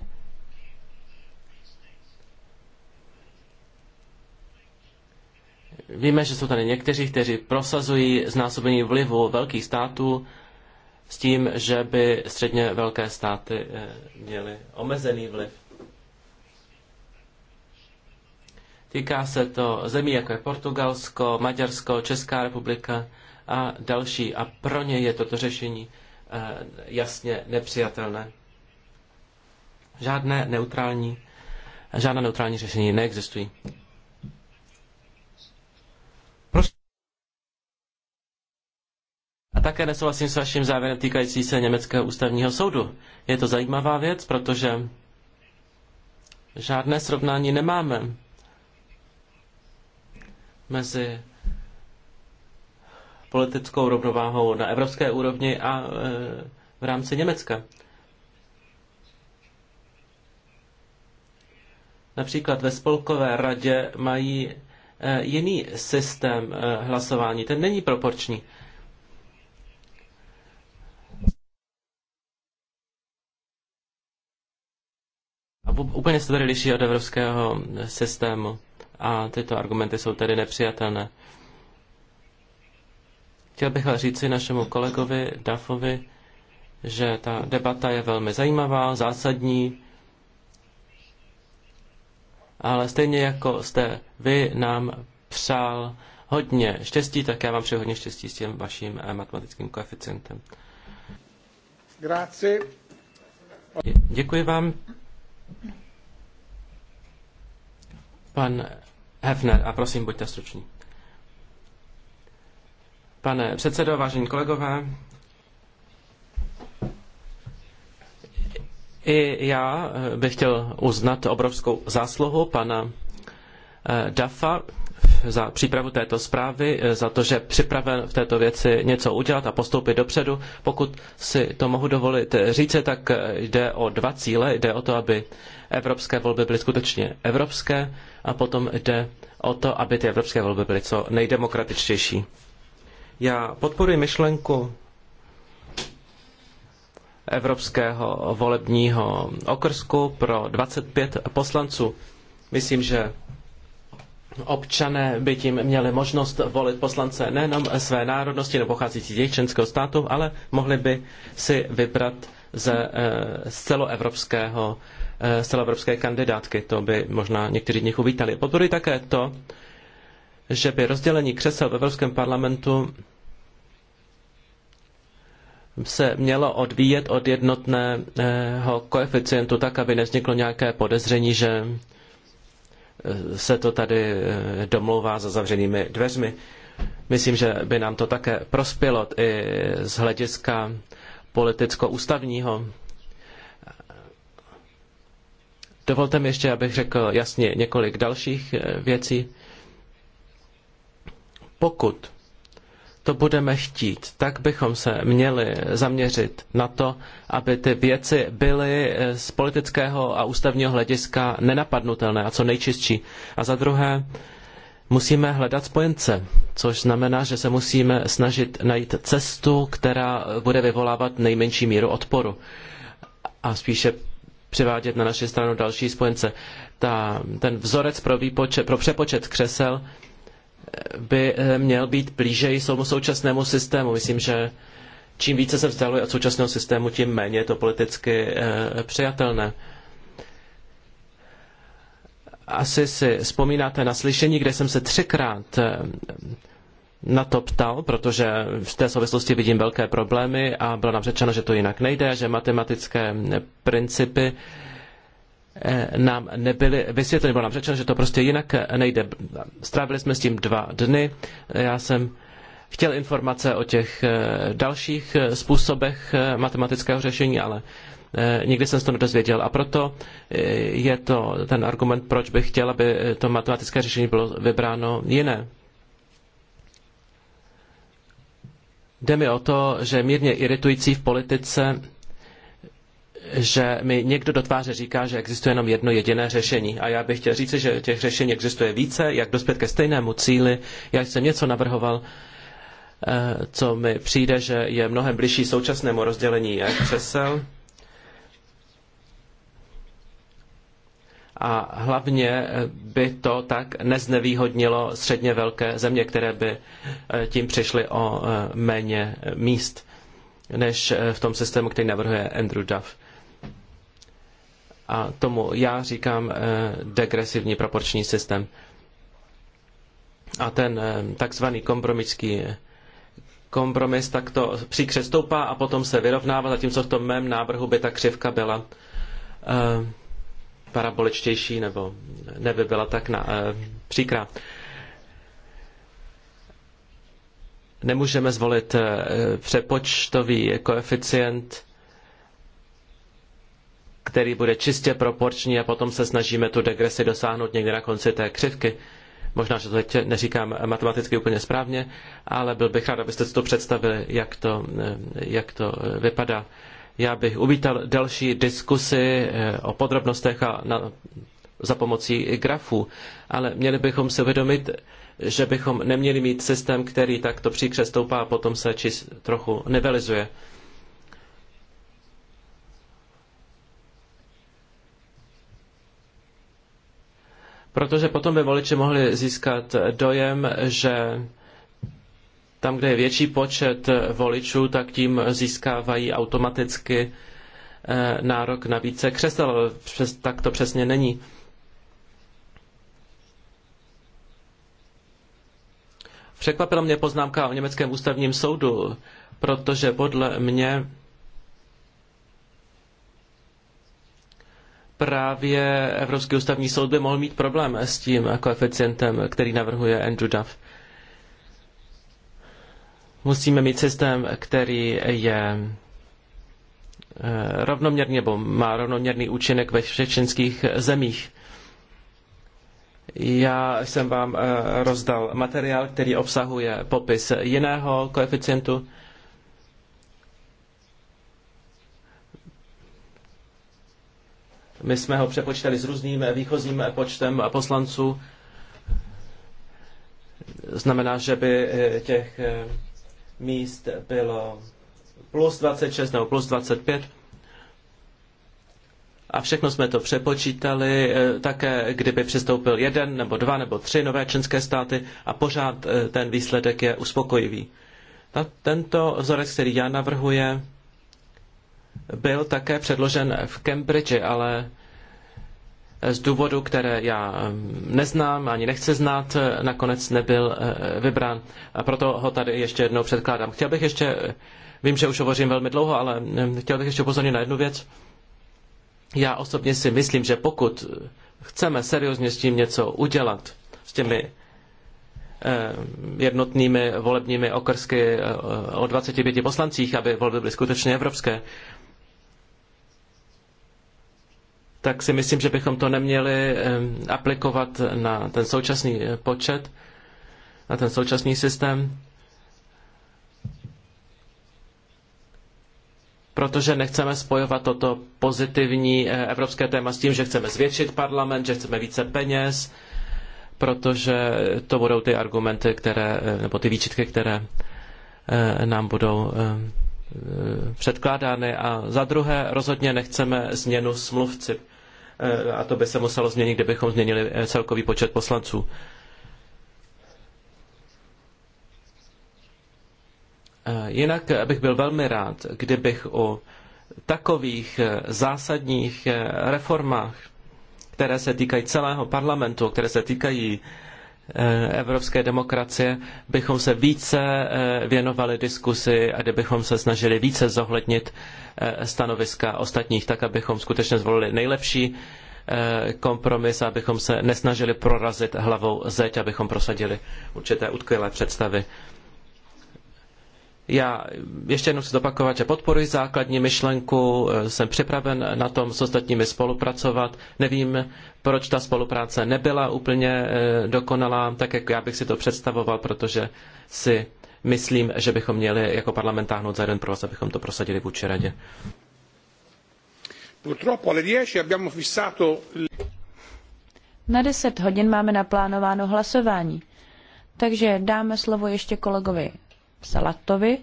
Víme, že jsou tady někteří, kteří prosazují znásobení vlivu velkých států s tím, že by středně velké státy eh, měly omezený vliv. Týká se to zemí, jako je Portugalsko, Maďarsko, Česká republika a další. A pro ně je toto řešení eh, jasně nepřijatelné. Žádné neutrální, žádné neutrální řešení neexistují. A také nesouhlasím s vaším závěrem týkající se Německého ústavního soudu. Je to zajímavá věc, protože žádné srovnání nemáme mezi politickou rovnováhou na evropské úrovni a e, v rámci Německa. Například ve spolkové radě mají e, jiný systém e, hlasování, ten není proporční. úplně se tedy liší od evropského systému a tyto argumenty jsou tedy nepřijatelné. Chtěl bych říct říci našemu kolegovi Dafovi, že ta debata je velmi zajímavá, zásadní, ale stejně jako jste vy nám přál hodně štěstí, tak já vám přeji hodně štěstí s tím vaším eh, matematickým koeficientem. Grazie. Děkuji vám. Pan Hefner, a prosím, buďte struční. Pane předsedo, vážení kolegové, i já eh, bych chtěl uznat obrovskou zásluhu pana eh, Dafa, za přípravu této zprávy, eh, za to, že připraven v této věci něco udělat a postoupit dopředu. Pokud si to mohu dovolit říci, tak eh, jde o dva cíle. Jde o to, aby evropské volby byly skutečně evropské a potom jde o to, aby ty evropské volby byly co nejdemokratičtější. Já podporuji myšlenku evropského volebního okrsku pro 25 poslanců. Myslím, že občané by tím měli možnost volit poslance nejenom své národnosti nebo pocházející z jejich členského státu, ale mohli by si vybrat z, eh, z celoevropského z eh, celoevropské kandidátky. To by možná někteří z nich uvítali. Podporuji také to, že by rozdělení křesel v Evropském parlamentu se mělo odvíjet od jednotného koeficientu tak, aby nevzniklo nějaké podezření, že se to tady eh, domlouvá za zavřenými dveřmi. Myslím, že by nám to také prospělo i z hlediska politicko-ústavního. Dovolte mi ještě, abych řekl jasně několik dalších eh, věcí. Pokud to budeme chtít, tak bychom se měli zaměřit na to, aby ty věci byly eh, z politického a ústavního hlediska nenapadnutelné a co nejčistší. A za druhé, musíme hledat spojence, což znamená, že se musíme snažit najít cestu, která bude vyvolávat nejmenší míru odporu a spíše přivádět na naši stranu další spojence. Ta, ten vzorec pro, výpočet, pro přepočet křesel by eh, měl být blíže i současnému systému. Myslím, že čím více se vzdaluje od současného systému, tím méně je to politicky eh, přijatelné. Asi si vzpomínáte na slyšení, kde jsem se třikrát eh, na to ptal, protože v té souvislosti vidím velké problémy a bylo nám řečeno, že to jinak nejde, že matematické principy Eh, nám nebyly vysvětleny, bylo nám řečeno, že to prostě jinak nejde. Strávili jsme s tím dva dny. Já jsem chtěl informace o těch eh, dalších eh, způsobech matematického řešení, ale nikdy jsem se to nedozvěděl. A proto je to ten argument, proč bych chtěl, aby to matematické řešení bylo vybráno jiné. Jde mi o to, že mírně iritující v politice že mi někdo do tváře říká, že existuje jenom jedno jediné řešení. A já bych chtěl říci, že těch řešení existuje více, jak dospět ke stejnému cíli. Já jsem něco navrhoval, eh, co mi přijde, že je mnohem bližší současnému rozdělení jak křesel. A hlavně by to tak neznevýhodnilo středně velké země, které by eh, tím přišly o eh, méně míst než v tom systému, který navrhuje Andrew Duff a tomu já říkám eh, degresivní proporční systém. A ten eh, takzvaný kompromický eh, kompromis tak to příkře stoupá a potom se vyrovnává, zatímco v tom mém návrhu by ta křivka byla paraboličtější nebo neby byla tak na, příkrá. Nemůžeme zvolit přepočtový koeficient, který bude čistě proporční a potom se snažíme tu degresi dosáhnout někde na konci té křivky. Možná, že to teď neříkám matematicky úplně správně, ale byl bych rád, abyste si to představili, jak to, eh, jak to eh, vypadá. Já bych uvítal další diskusy eh, o podrobnostech a na, za pomocí grafů, ale měli bychom si uvědomit, že bychom neměli mít systém, který takto příkře stoupá a potom se čist trochu nevelizuje. Protože potom by voliči mohli získat dojem, že tam, kde je větší počet voličů, tak tím získávají automaticky eh, nárok na více křesel. Přes, tak to přesně není. Překvapila mě poznámka o německém ústavním soudu, protože podle mě právě Evropský ústavní soud by mohl mít problém s tím koeficientem, který navrhuje Andrew Duff. Musíme mít systém, který je eh, rovnoměrný nebo má rovnoměrný účinek ve všech členských zemích. Já jsem vám eh, rozdal materiál, který obsahuje popis jiného koeficientu. My jsme ho přepočítali s různým výchozím počtem poslanců. Znamená, že by eh, těch eh, míst bylo plus 26 nebo plus 25. A všechno jsme to přepočítali, eh, také kdyby přistoupil jeden nebo dva nebo tři nové členské státy a pořád ten výsledek je uspokojivý. Tento vzorec, který já navrhuje, byl také předložen v Cambridge, ale z důvodu, které já neznám ani nechci znát, eh, nakonec nebyl eh, vybrán. A proto ho tady ještě jednou předkládám. Chtěl bych ještě, eh, vím, že už hovořím velmi dlouho, ale chtěl bych ještě upozornit na jednu věc. Já osobně si myslím, že pokud chceme seriózně s tím něco udělat, s těmi jednotnými volebními okrsky o 25 poslancích, aby volby byly skutečně evropské, tak si myslím, že bychom to neměli aplikovat na ten současný eh, počet, na ten současný systém, protože nechceme spojovat toto pozitivní eh, evropské téma s tím, že chceme zvětšit parlament, že chceme více peněz, protože to budou ty argumenty, které, eh, nebo ty výčitky, které nám budou předkládány. A za druhé, rozhodně nechceme změnu smluvci. Eh, a to by se muselo změnit, kdybychom změnili eh, celkový počet poslanců. Eh, jinak bych byl velmi rád, kdybych o takových zásadních reformách, které se týkají celého parlamentu, které se týkají evropské demokracie, bychom se více věnovali diskusi a kdybychom se snažili více zohlednit Eh, stanoviska ostatních, tak abychom skutečně zvolili nejlepší eh, kompromis, abychom se nesnažili prorazit hlavou zeď, abychom prosadili určité utkvělé představy. Já ještě jednou chci zopakovat, že podporuji základní myšlenku, eh, jsem připraven na tom s ostatními spolupracovat. Nevím, proč ta spolupráce nebyla úplně dokonalá, tak jak já bych si to představoval, protože si myslím, že bychom měli jako parlament táhnout za jeden provaz, abychom to prosadili vůči radě. Na 10 hodin máme naplánováno hlasování, takže dáme slovo ještě kolegovi Salatovi,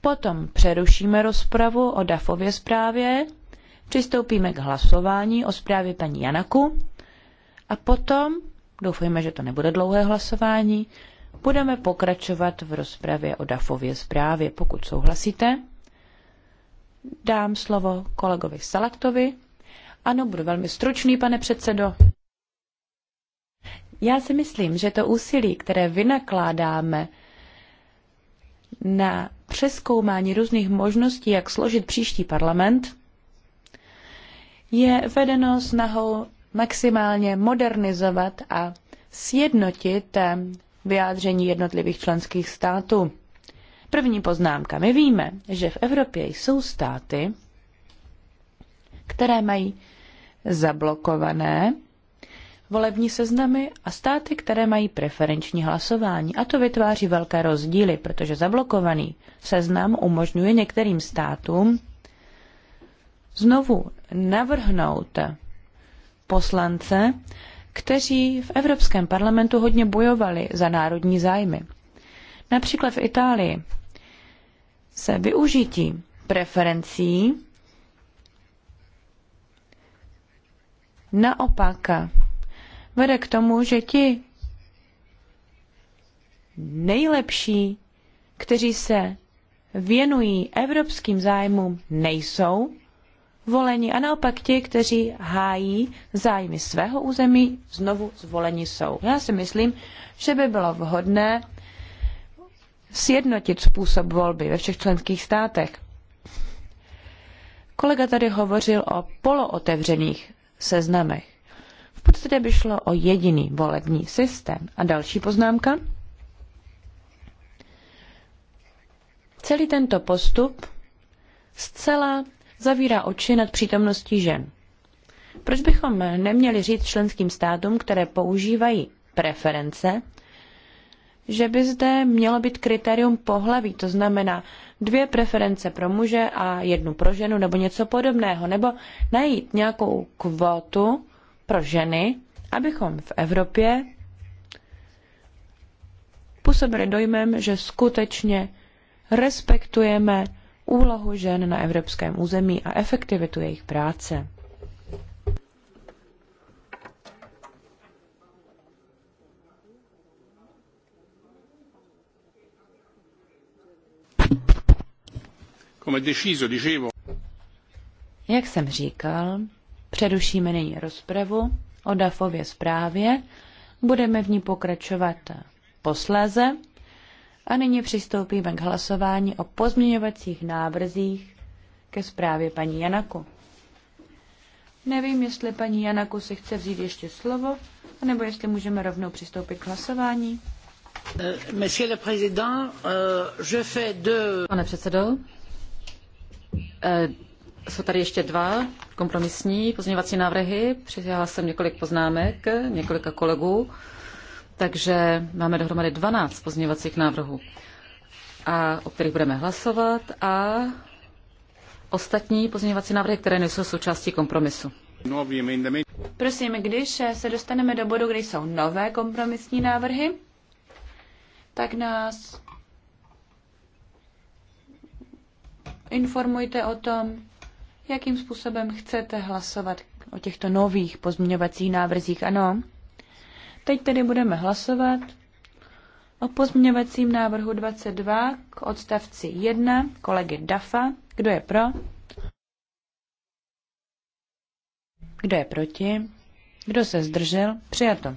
potom přerušíme rozpravu o DAFově zprávě, přistoupíme k hlasování o zprávě paní Janaku a potom, doufejme, že to nebude dlouhé hlasování, budeme pokračovat v rozpravě o DAFově zprávě. Pokud souhlasíte, dám slovo kolegovi Salaktovi. Ano, budu velmi stručný, pane předsedo. Já si myslím, že to úsilí, které vynakládáme na přeskoumání různých možností, jak složit příští parlament, je vedeno snahou maximálně modernizovat a sjednotit eh, vyjádření jednotlivých členských států. První poznámka. My víme, že v Evropě jsou státy, které mají zablokované volební seznamy a státy, které mají preferenční hlasování. A to vytváří velké rozdíly, protože zablokovaný seznam umožňuje některým státům znovu navrhnout poslance kteří v Evropském parlamentu hodně bojovali za národní zájmy. Například v Itálii se využití preferencí naopak vede k tomu, že ti nejlepší, kteří se věnují evropským zájmům, nejsou voleni a naopak ti, kteří hájí zájmy svého území, znovu zvoleni jsou. Já si myslím, že by bylo vhodné sjednotit způsob volby ve všech členských státech. Kolega tady hovořil o polootevřených seznamech. V podstatě by šlo o jediný volební systém. A další poznámka? Celý tento postup zcela zavírá oči nad přítomností žen. Proč bychom neměli říct členským státům, které používají preference, že by zde mělo být kritérium pohlaví, to znamená dvě preference pro muže a jednu pro ženu nebo něco podobného, nebo najít nějakou kvotu pro ženy, abychom v Evropě působili dojmem, že skutečně respektujeme úlohu žen na evropském území a efektivitu jejich práce. Jak jsem říkal, přerušíme nyní rozpravu o DAFově zprávě. Budeme v ní pokračovat posléze. A nyní přistoupíme k hlasování o pozměňovacích návrzích ke zprávě paní Janaku. Nevím, jestli paní Janaku si chce vzít ještě slovo, nebo jestli můžeme rovnou přistoupit k hlasování. Monsieur le président, euh, je fais de. Pane předsedo, eh, jsou tady ještě dva kompromisní pozměňovací návrhy. Přijala jsem několik poznámek několika kolegů. Takže máme dohromady 12 pozměňovacích návrhů, a, o kterých budeme hlasovat a ostatní pozměňovací návrhy, které nejsou součástí kompromisu. Prosím, když se dostaneme do bodu, kde jsou nové kompromisní návrhy, tak nás informujte o tom, jakým způsobem chcete hlasovat o těchto nových pozměňovacích návrzích. Ano? Teď tedy budeme hlasovat o pozměňovacím návrhu 22 k odstavci 1 kolegy Dafa. Kdo je pro? Kdo je proti? Kdo se zdržel? Přijato.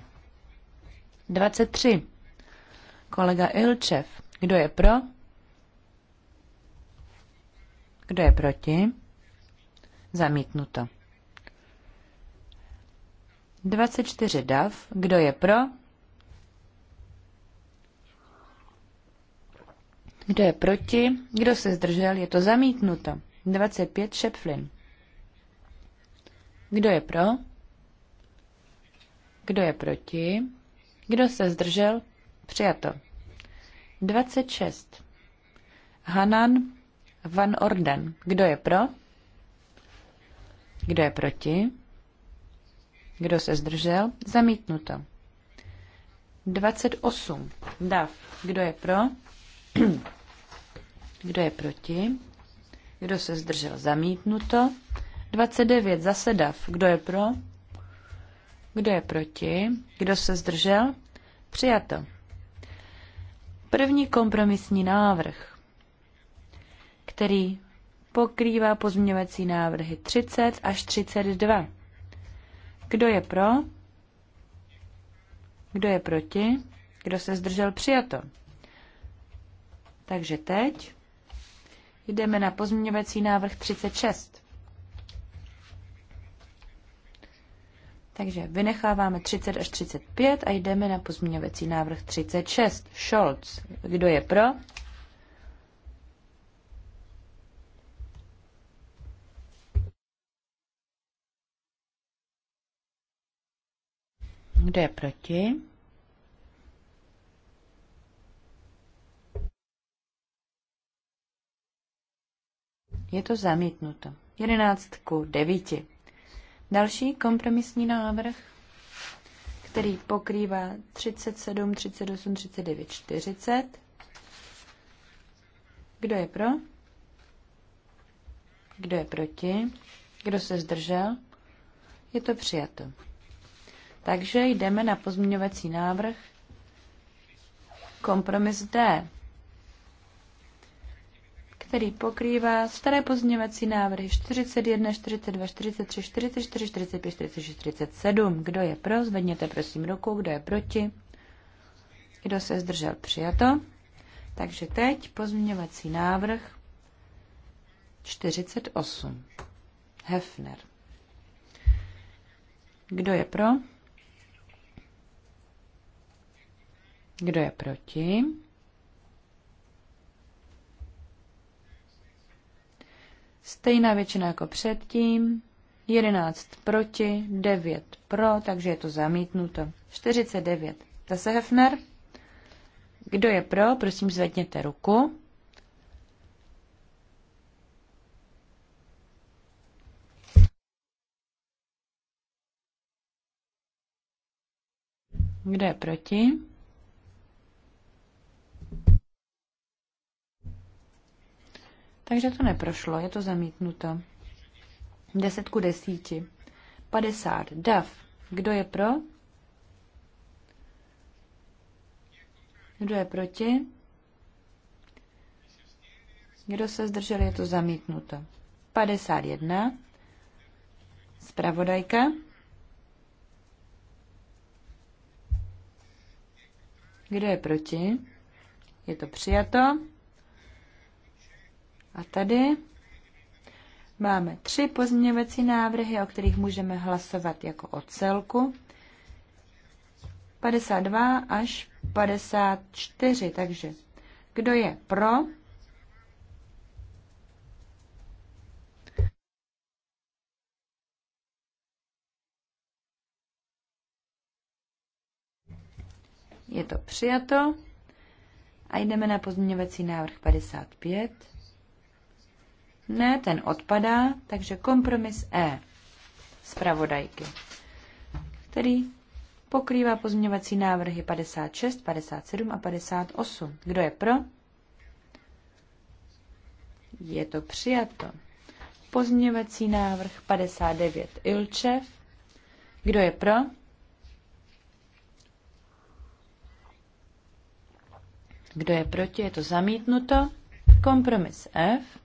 23. Kolega Ilčev. Kdo je pro? Kdo je proti? Zamítnuto. 24 DAV. Kdo je pro? Kdo je proti? Kdo se zdržel? Je to zamítnuto. 25 Šepflin. Kdo je pro? Kdo je proti? Kdo se zdržel? Přijato. 26. Hanan Van Orden. Kdo je pro? Kdo je proti? Kdo se zdržel? Zamítnuto. 28. Dav. Kdo je pro? Kdo je proti? Kdo se zdržel? Zamítnuto. 29. Zase dav. Kdo je pro? Kdo je proti? Kdo se zdržel? Přijato. První kompromisní návrh, který pokrývá pozměňovací návrhy 30 až 32. Kdo je pro? Kdo je proti? Kdo se zdržel? Přijato. Takže teď jdeme na pozměňovací návrh 36. Takže vynecháváme 30 až 35 a jdeme na pozměňovací návrh 36. Scholz. Kdo je pro? Kdo je proti? Je to zamítnuto. 11 ku 9. Další kompromisní návrh, který pokrývá 37, 38, 39, 40. Kdo je pro? Kdo je proti? Kdo se zdržel? Je to přijato. Takže jdeme na pozměňovací návrh kompromis D, který pokrývá staré pozměňovací návrhy 41, 42, 43, 44, 45, 46, 47. Kdo je pro, zvedněte prosím ruku, kdo je proti, kdo se zdržel, přijato. Takže teď pozměňovací návrh 48. Hefner. Kdo je pro? Kdo je proti? Stejná většina jako předtím. 11 proti, 9 pro, takže je to zamítnuto. 49. Zase Hefner. Kdo je pro, prosím zvedněte ruku. Kdo je proti? Takže to neprošlo, je to zamítnuto. Desetku desíti, padesát. 50. Dav. Kdo je pro? Kdo je proti? Kdo se zdržel, je to zamítnuto. 51. Spravodajka. Kdo je proti? Je to přijato. A tady máme tři pozměňovací návrhy, o kterých můžeme hlasovat jako o celku. 52 až 54, takže kdo je pro? Je to přijato. A jdeme na pozměňovací návrh 55. Ne, ten odpadá, takže kompromis E zpravodajky, který pokrývá pozměňovací návrhy 56, 57 a 58. Kdo je pro? Je to přijato. Pozměňovací návrh 59 Ilčev. Kdo je pro? Kdo je proti? Je to zamítnuto. Kompromis F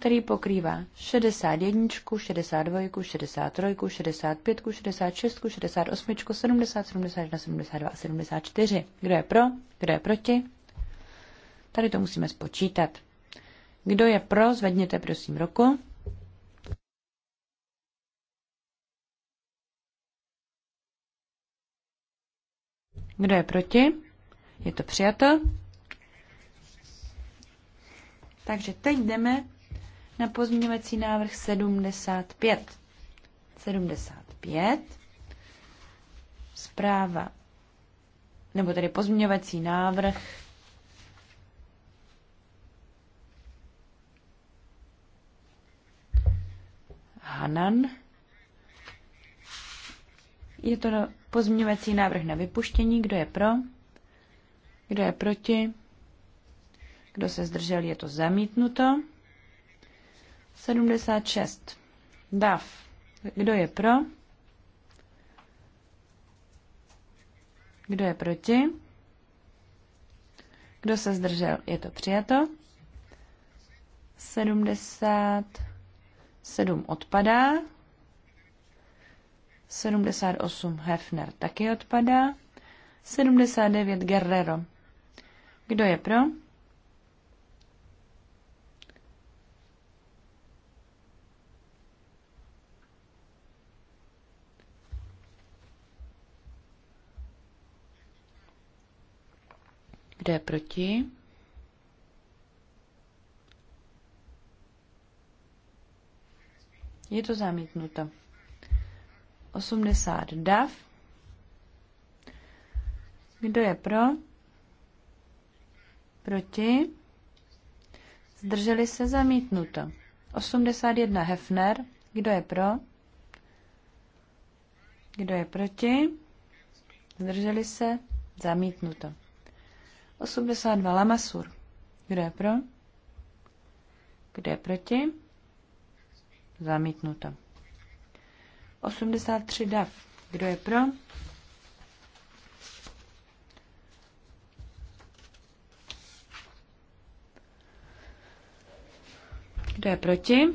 který pokrývá 61, 62, 63, 65, 66, 68, 70, 71, 72 a 74. Kdo je pro, kdo je proti? Tady to musíme spočítat. Kdo je pro, zvedněte prosím ruku. Kdo je proti? Je to přijato. Takže teď jdeme na pozměňovací návrh 75. 75. Zpráva, nebo tedy pozměňovací návrh Hanan. Je to pozměňovací návrh na vypuštění. Kdo je pro? Kdo je proti? Kdo se zdržel, je to zamítnuto. 76. Dav. Kdo je pro? Kdo je proti? Kdo se zdržel? Je to přijato. 77 odpadá. 78 Hefner taky odpadá. 79 Guerrero. Kdo je pro? Kdo je proti? Je to zamítnuto. 80 DAV. Kdo je pro? Proti? Zdrželi se zamítnuto. 81 Hefner. Kdo je pro? Kdo je proti? Zdrželi se zamítnuto. 82 Lamasur. Kdo je pro? Kdo je proti? Zamítnuto. 83 Dav. Kdo je pro? Kdo je proti?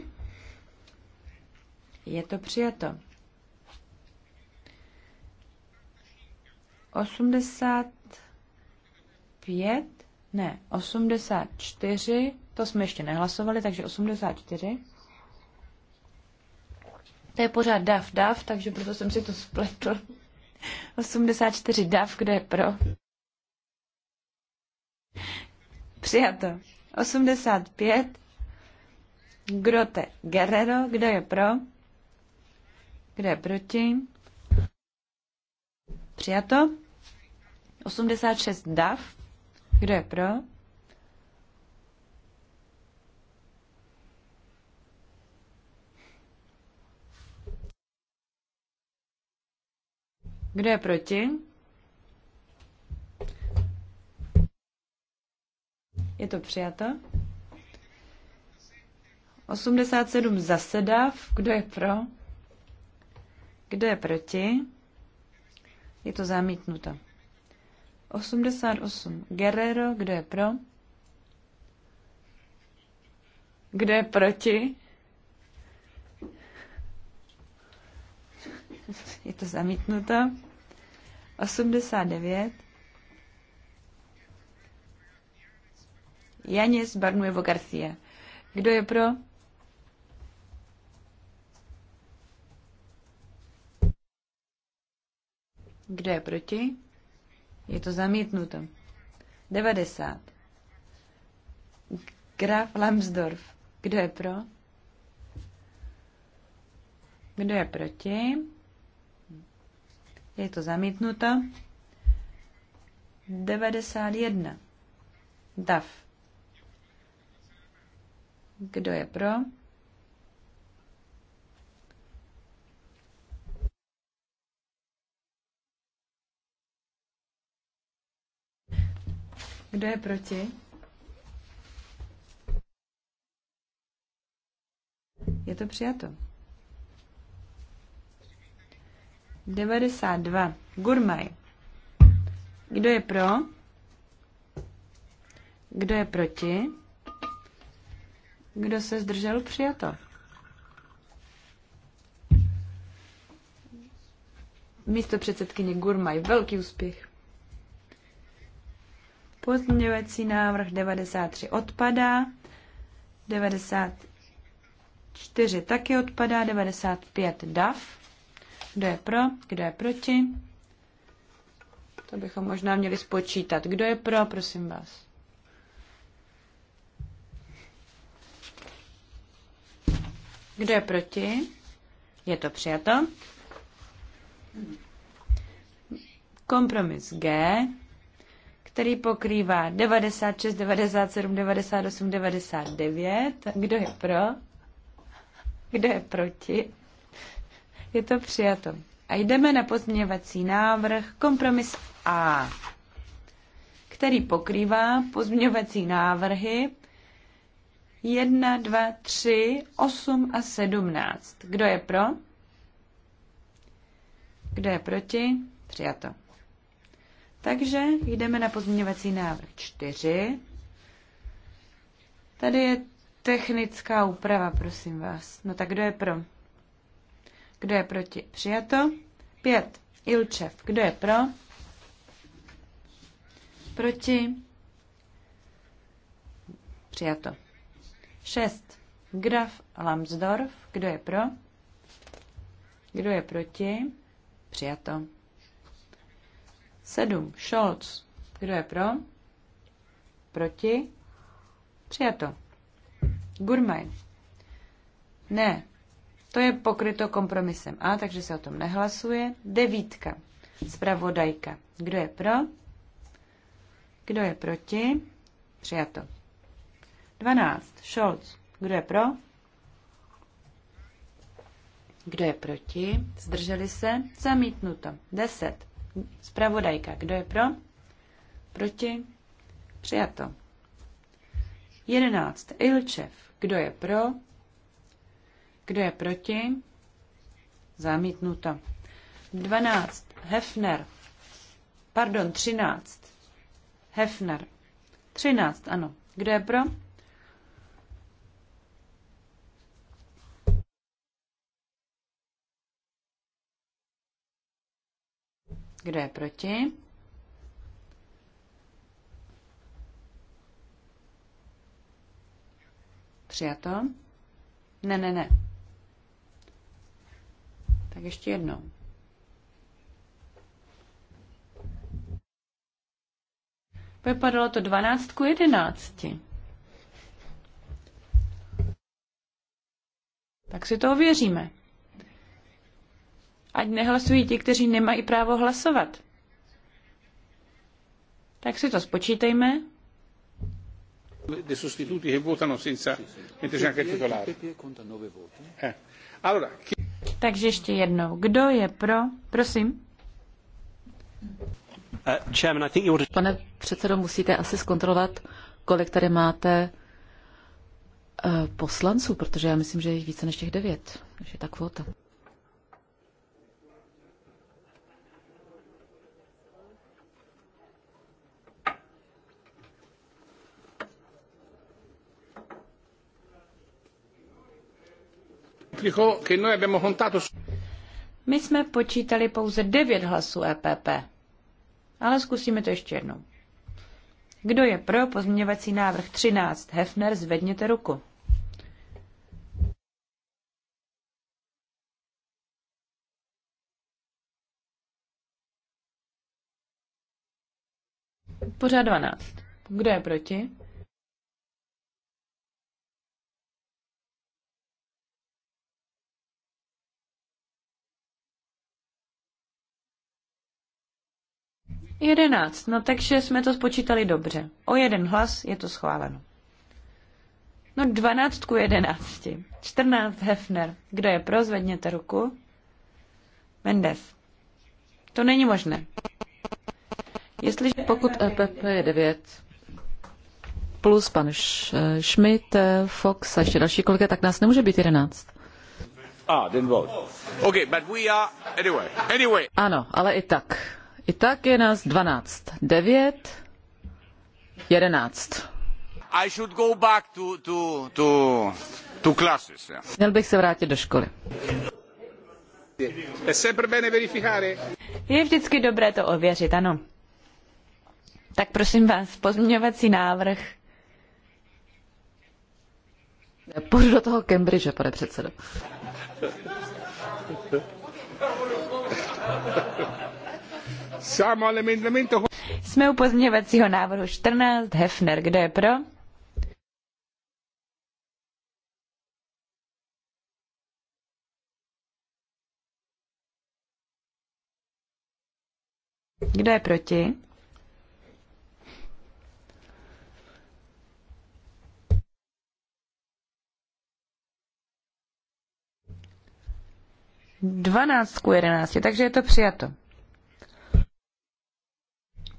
Je to přijato. 80 pět, ne, 84, to jsme ještě nehlasovali, takže 84. To je pořád DAF, DAF, takže proto jsem si to spletl. 84 DAF, kde je pro? Přijato. 85. Grote Guerrero, kdo je pro? Kdo je proti? Přijato. 86 DAF, kdo je pro? Kdo je proti? Je to přijato. 87 zasedav. Kdo je pro? Kdo je proti? Je to zamítnuto. 88. Guerrero, kdo je pro? Kdo je proti? Je to zamítnuto. 89. Janis Barnuevo Garcia. Kdo je pro? Kdo je proti? Je to zamítnuto. 90. Graf Lambsdorff. Kdo je pro? Kdo je proti? Je to zamítnuto. 91. DAF. Kdo je pro? Kdo je proti? Je to přijato. 92. Gurmaj. Kdo je pro? Kdo je proti? Kdo se zdržel? Přijato. Místo předsedkyně Gurmaj. Velký úspěch. Pozměňovací návrh 93 odpadá, 94 taky odpadá, 95 DAF. Kdo je pro, kdo je proti? To bychom možná měli spočítat. Kdo je pro, prosím vás. Kdo je proti? Je to přijato. Kompromis G který pokrývá 96, 97, 98, 99. Kdo je pro? Kdo je proti? Je to přijato. A jdeme na pozměňovací návrh kompromis A, který pokrývá pozměňovací návrhy 1, 2, 3, 8 a 17. Kdo je pro? Kdo je proti? Přijato. Takže jdeme na pozměňovací návrh 4. Tady je technická úprava, prosím vás. No tak kdo je pro? Kdo je proti? Přijato. 5. Ilčev. Kdo je pro? Proti? Přijato. 6. Graf Lambsdorff. Kdo je pro? Kdo je proti? Přijato. 7. Scholz. Kdo je pro? Proti? Přijato. Gurmaj. Ne. To je pokryto kompromisem A, takže se o tom nehlasuje. Devítka. Spravodajka. Kdo je pro? Kdo je proti? Přijato. 12. Scholz. Kdo je pro? Kdo je proti? Zdrželi se? Zamítnuto. 10. Spravodajka, kdo je pro? Proti? Přijato. 11. Ilčev, kdo je pro? Kdo je proti? Zamítnuto. 12. Hefner. Pardon, 13. Hefner. 13, ano. Kdo je pro? Kdo je proti? Přijato? Ne, ne, ne. Tak ještě jednou. Vypadalo to 12 k 11. Tak si to ověříme ať nehlasují ti, kteří nemají právo hlasovat. Tak si to spočítejme. sostituti che votano senza anche titolare. Eh. Allora, chi... Takže ještě jednou. Kdo je pro? Prosím. Uh, Pane předsedo, musíte asi zkontrolovat, kolik tady máte eh, poslanců, protože já myslím, že je více než těch devět, že je ta kvota. My jsme počítali pouze 9 hlasů EPP. Ale zkusíme to ještě jednou. Kdo je pro pozměňovací návrh 13? Hefner, zvedněte ruku. Pořád 12. Kdo je proti? 11. No takže jsme to spočítali dobře. O jeden hlas je to schváleno. No 12 ku 11. 14 Hefner. Kdo je pro, zvedněte ruku. Mendes. To není možné. Jestliže pokud EPP je 9, plus pan eh, Schmidt, eh, Fox a ještě další kolega, tak nás nemůže být 11. Ah, didn't vote. Okay, but we are anyway. Anyway. Ano, ale i tak. I tak je nás 12. 9, 11. I should go back to, to, to, to classes. Měl bych se vrátit do školy. Je vždycky dobré to ověřit, ano. Tak prosím vás, pozměňovací návrh. Já půjdu do toho Cambridge, pane předsedo. Jsme u pozměňovacího návrhu 14. Hefner, kdo je pro? Kdo je proti? Dvanáct ku jedenácti, takže je to přijato.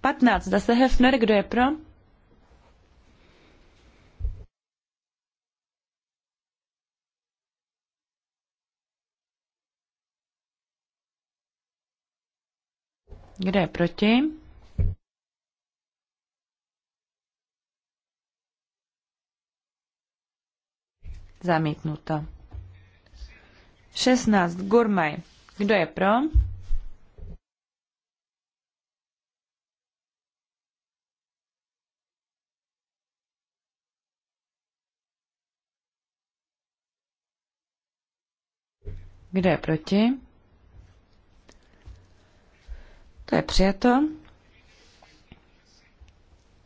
15. Zase Hefner, kdo je pro? Kdo je proti? Zamítnuto. 16. Gurmaj. Kdo je pro? Kdo je proti? To je přijato.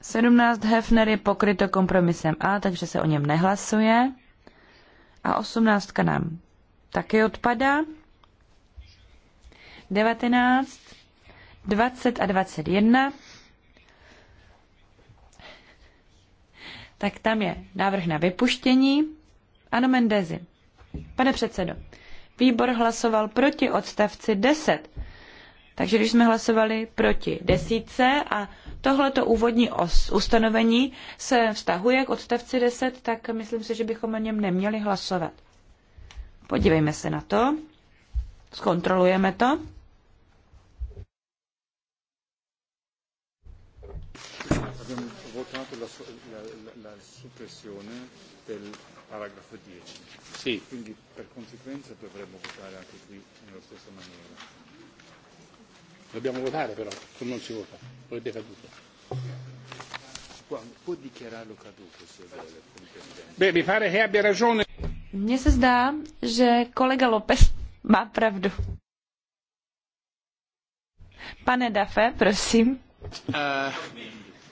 17 Hefner je pokryto kompromisem A, takže se o něm nehlasuje. A 18 nám taky odpadá. 19, 20 a 21. Tak tam je návrh na vypuštění. Ano, Mendezi. Pane předsedo, Výbor hlasoval proti odstavci 10. Takže když jsme hlasovali proti desítce a tohleto úvodní os, ustanovení se vztahuje k odstavci 10, tak myslím si, že bychom o něm neměli hlasovat. Podívejme se na to. Zkontrolujeme to. Abbiamo votato la, la, la, la del paragrafo 10. Sì. Quindi per conseguenza dovremmo votare anche qui nella stessa maniera. Dobbiamo votare però, se non si vota, è decaduto. Può dichiararlo caduto se vuole. Beh, mi pare che abbia ragione. Mně se zdá, že kolega López má pravdu. Pane Dafe, prosím. Uh,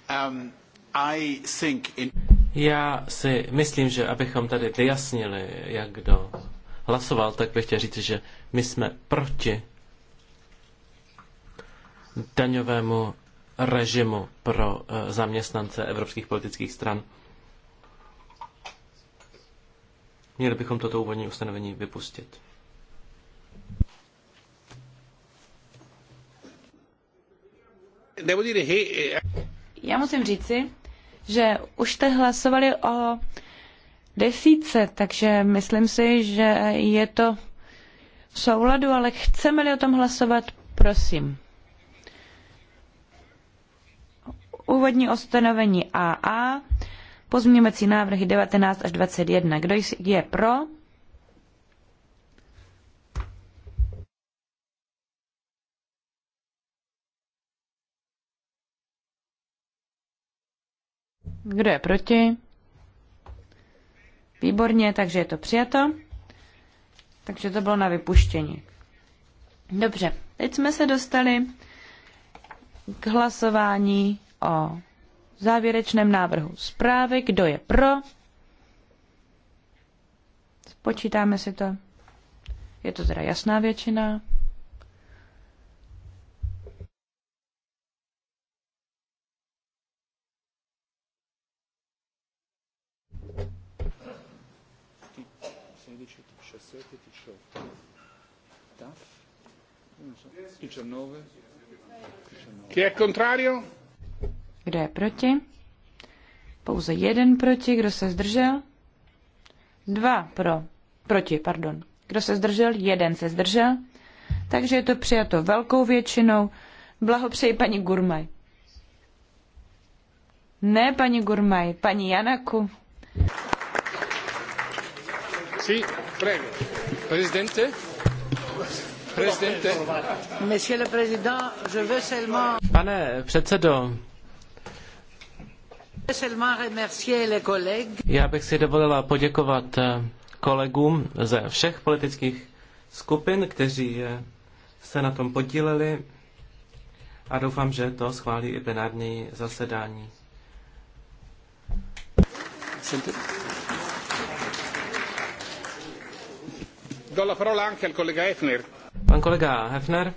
um, I think in... Já si myslím, že abychom tady vyjasnili, jak kdo hlasoval, tak bych chtěl říct, že my jsme proti daňovému režimu pro eh, zaměstnance evropských politických stran. Měli bychom toto úvodní ustanovení vypustit. Eh, Já musím říci, že už jste hlasovali o desíce, takže myslím si, že je to v souladu, ale chceme-li o tom hlasovat, prosím. Úvodní ustanovení AA, pozměňovací návrhy 19 až 21. Kdo je pro? Kdo je proti? Výborně, takže je to přijato. Takže to bylo na vypuštění. Dobře, teď jsme se dostali k hlasování o závěrečném návrhu zprávy. Kdo je pro? Spočítáme si to. Je to teda jasná většina. Chi è contrario? Kdo je proti? Pouze jeden proti, kdo se zdržel? Dva pro, proti, pardon. Kdo se zdržel? Jeden se zdržel. Takže je to přijato velkou většinou. Blahopřeji paní Gurmaj. Ne, paní Gurmaj, paní Janaku. Sí. Prego. Presidente? Presidente? Monsieur le Président, je veux seulement... Pane předsedo, já bych si dovolila poděkovat eh, kolegům ze všech politických skupin, kteří eh, se na tom podíleli a doufám, že to schválí i plenární zasedání. Děkujeme. Do la parola anche al kolega Hefner. Pan kolega Hefner.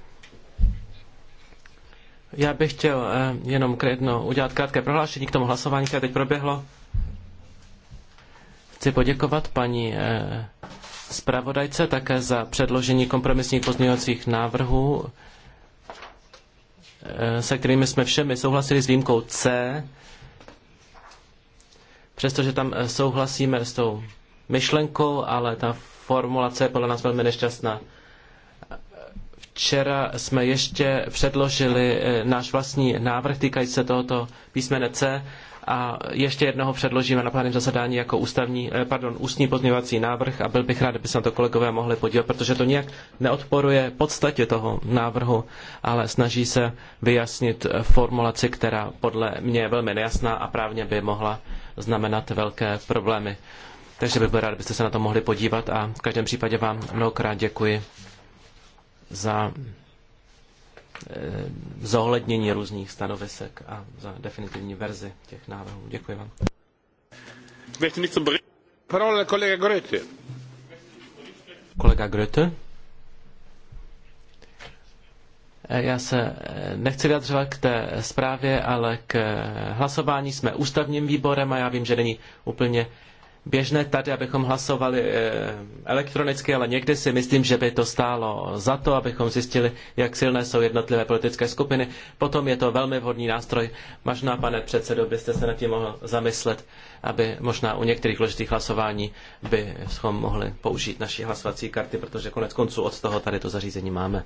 Já bych chtěl eh, jenom jedno udělat krátké prohlášení k tomu hlasování, které teď proběhlo. Chci poděkovat paní eh, zpravodajce také za předložení kompromisních pozměňovacích návrhů, eh, se kterými jsme všemi souhlasili s výjimkou C, přestože tam eh, souhlasíme s tou myšlenkou, ale ta formulace je podle nás velmi nešťastná. Včera jsme ještě předložili eh, náš vlastní návrh týkající se tohoto písmene C a ještě jednoho předložíme na plánem zasedání jako ústavní, eh, pardon, ústní pozměvací návrh a byl bych rád, aby se na to kolegové mohli podívat, protože to nijak neodporuje podstatě toho návrhu, ale snaží se vyjasnit eh, formulaci, která podle mě je velmi nejasná a právně by mohla znamenat velké problémy. Takže bych byl rád, byste se na to mohli podívat a v každém případě vám mnohokrát děkuji za eh, zohlednění různých stanovisek a za definitivní verzi těch návrhů. Děkuji vám. Kolega Grete. Kolega Grete. Eh, já se eh, nechci vyjadřovat k té zprávě, ale k hlasování jsme ústavním výborem a já vím, že není úplně běžné tady, abychom hlasovali eh, elektronicky, ale někdy si myslím, že by to stálo za to, abychom zjistili, jak silné jsou jednotlivé politické skupiny. Potom je to velmi vhodný nástroj. Možná, pane předsedo, byste se nad tím mohl zamyslet, aby možná u některých důležitých hlasování bychom mohli použít naši hlasovací karty, protože konec konců od toho tady to zařízení máme.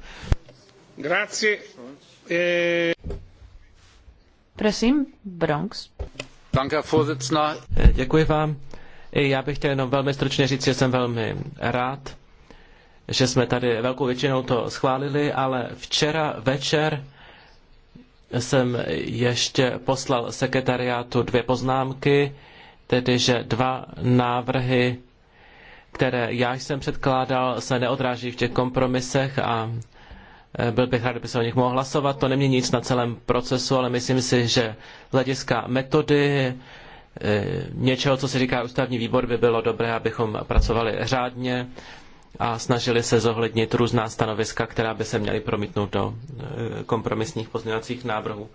Grazie. Eh. Prosím, Bronx. Eh, děkuji vám. Já bych chtěl jenom velmi stručně říct, že jsem velmi rád, že jsme tady velkou většinou to schválili, ale včera večer jsem ještě poslal sekretariátu dvě poznámky, tedy že dva návrhy, které já jsem předkládal, se neodráží v těch kompromisech a eh, byl bych rád, kdyby se o nich mohl hlasovat. To nemění nic na celém procesu, ale myslím si, že z hlediska metody Eh, něčeho, co se říká ústavní výbor, by bylo dobré, abychom pracovali řádně a snažili se zohlednit různá stanoviska, která by se měly promítnout do eh, kompromisních pozměňovacích návrhů.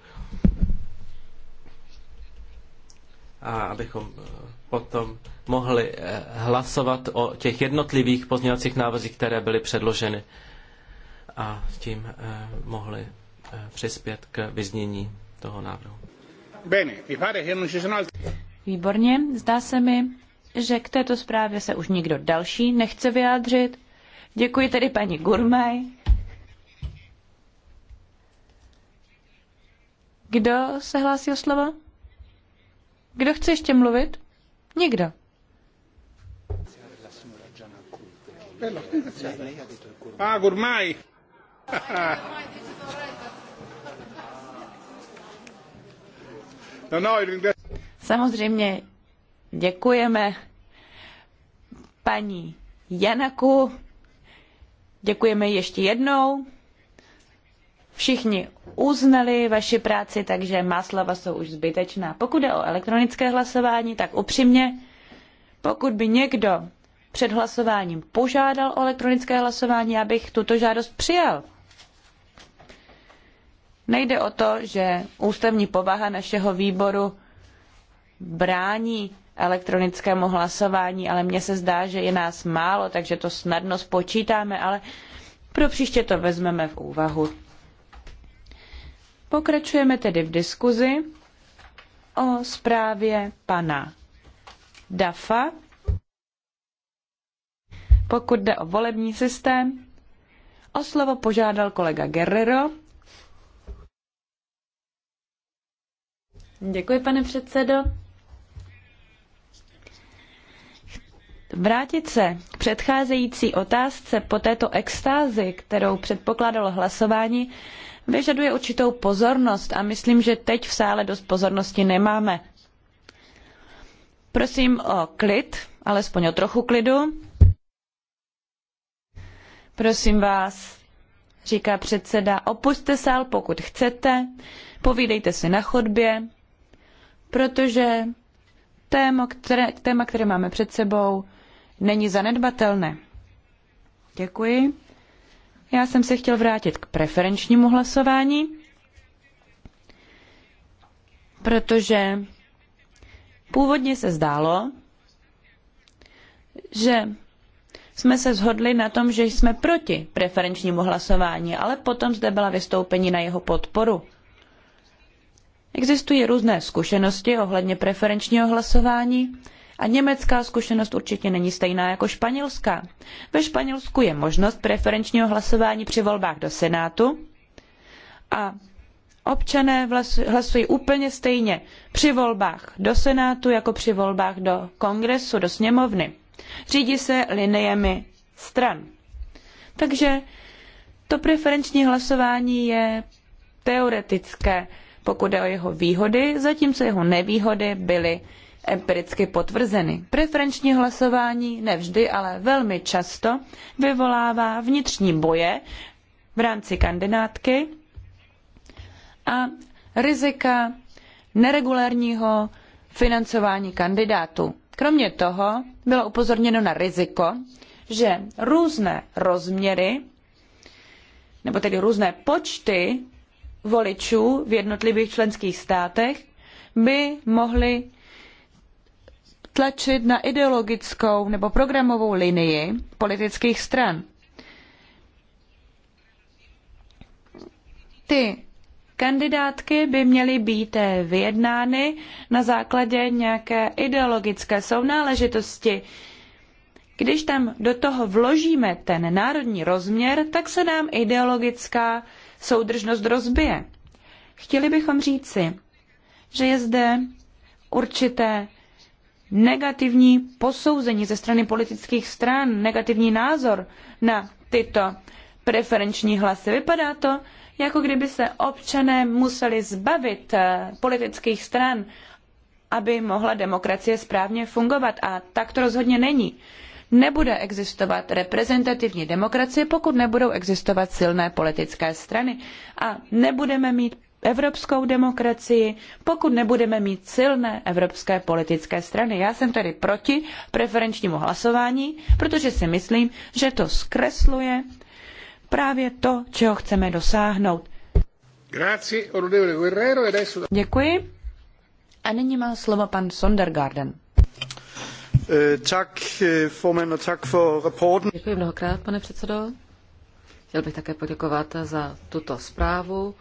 A abychom eh, potom mohli hlasovat o těch jednotlivých pozměňovacích návrzích, které byly předloženy a s tím mohli přispět k vyznění toho návrhu. Bene, mi pare che non ci sono altri... Výborně, zdá se mi, že k této zprávě se už nikdo další nechce vyjádřit. Děkuji tedy paní Gurmaj. Kdo se hlásí o slovo? Kdo chce ještě mluvit? Nikdo. Ah, Gurmaj. no, no, Samozřejmě děkujeme paní Janaku, děkujeme ještě jednou. Všichni uznali vaši práci, takže má slova jsou už zbytečná. Pokud je o elektronické hlasování, tak upřímně, pokud by někdo před hlasováním požádal o elektronické hlasování, já bych tuto žádost přijal. Nejde o to, že ústavní povaha našeho výboru brání elektronickému hlasování, ale mně se zdá, že je nás málo, takže to snadno spočítáme, ale pro příště to vezmeme v úvahu. Pokračujeme tedy v diskuzi o zprávě pana Dafa. Pokud jde o volební systém, o slovo požádal kolega Guerrero. Děkuji, pane předsedo. Vrátit se k předcházející otázce po této extázi, kterou předpokládalo hlasování, vyžaduje určitou pozornost a myslím, že teď v sále dost pozornosti nemáme. Prosím o klid, alespoň o trochu klidu. Prosím vás, říká předseda, opuste sál, pokud chcete, povídejte si na chodbě, protože téma které, téma, které máme před sebou, není zanedbatelné. Děkuji. Já jsem se chtěl vrátit k preferenčnímu hlasování, protože původně se zdálo, že jsme se shodli na tom, že jsme proti preferenčnímu hlasování, ale potom zde byla vystoupení na jeho podporu. Existují různé zkušenosti ohledně preferenčního hlasování a německá zkušenost určitě není stejná jako španělská. Ve Španělsku je možnost preferenčního hlasování při volbách do Senátu a občané hlasují úplně stejně při volbách do Senátu jako při volbách do kongresu, do sněmovny. Řídí se liniemi stran. Takže to preferenční hlasování je teoretické, pokud jde o jeho výhody, zatímco jeho nevýhody byly empiricky potvrzeny. Preferenční hlasování nevždy, ale velmi často vyvolává vnitřní boje v rámci kandidátky a rizika neregulérního financování kandidátů. Kromě toho bylo upozorněno na riziko, že různé rozměry, nebo tedy různé počty voličů v jednotlivých členských státech by mohly tlačit na ideologickou nebo programovou linii politických stran. Ty kandidátky by měly být eh, vyjednány na základě nějaké ideologické sounáležitosti. Když tam do toho vložíme ten národní rozměr, tak se nám ideologická soudržnost rozbije. Chtěli bychom říci, že je zde určité negativní posouzení ze strany politických stran, negativní názor na tyto preferenční hlasy. Vypadá to, jako kdyby se občané museli zbavit eh, politických stran, aby mohla demokracie správně fungovat. A tak to rozhodně není. Nebude existovat reprezentativní demokracie, pokud nebudou existovat silné politické strany. A nebudeme mít evropskou demokracii, pokud nebudeme mít silné evropské politické strany. Já jsem tedy proti preferenčnímu hlasování, protože si myslím, že to zkresluje právě to, čeho chceme dosáhnout. E Děkuji. A nyní má slovo pan Sondergarden. Eh, eh, Děkuji mnohokrát, pane předsedo. Chtěl bych také poděkovat za tuto zprávu.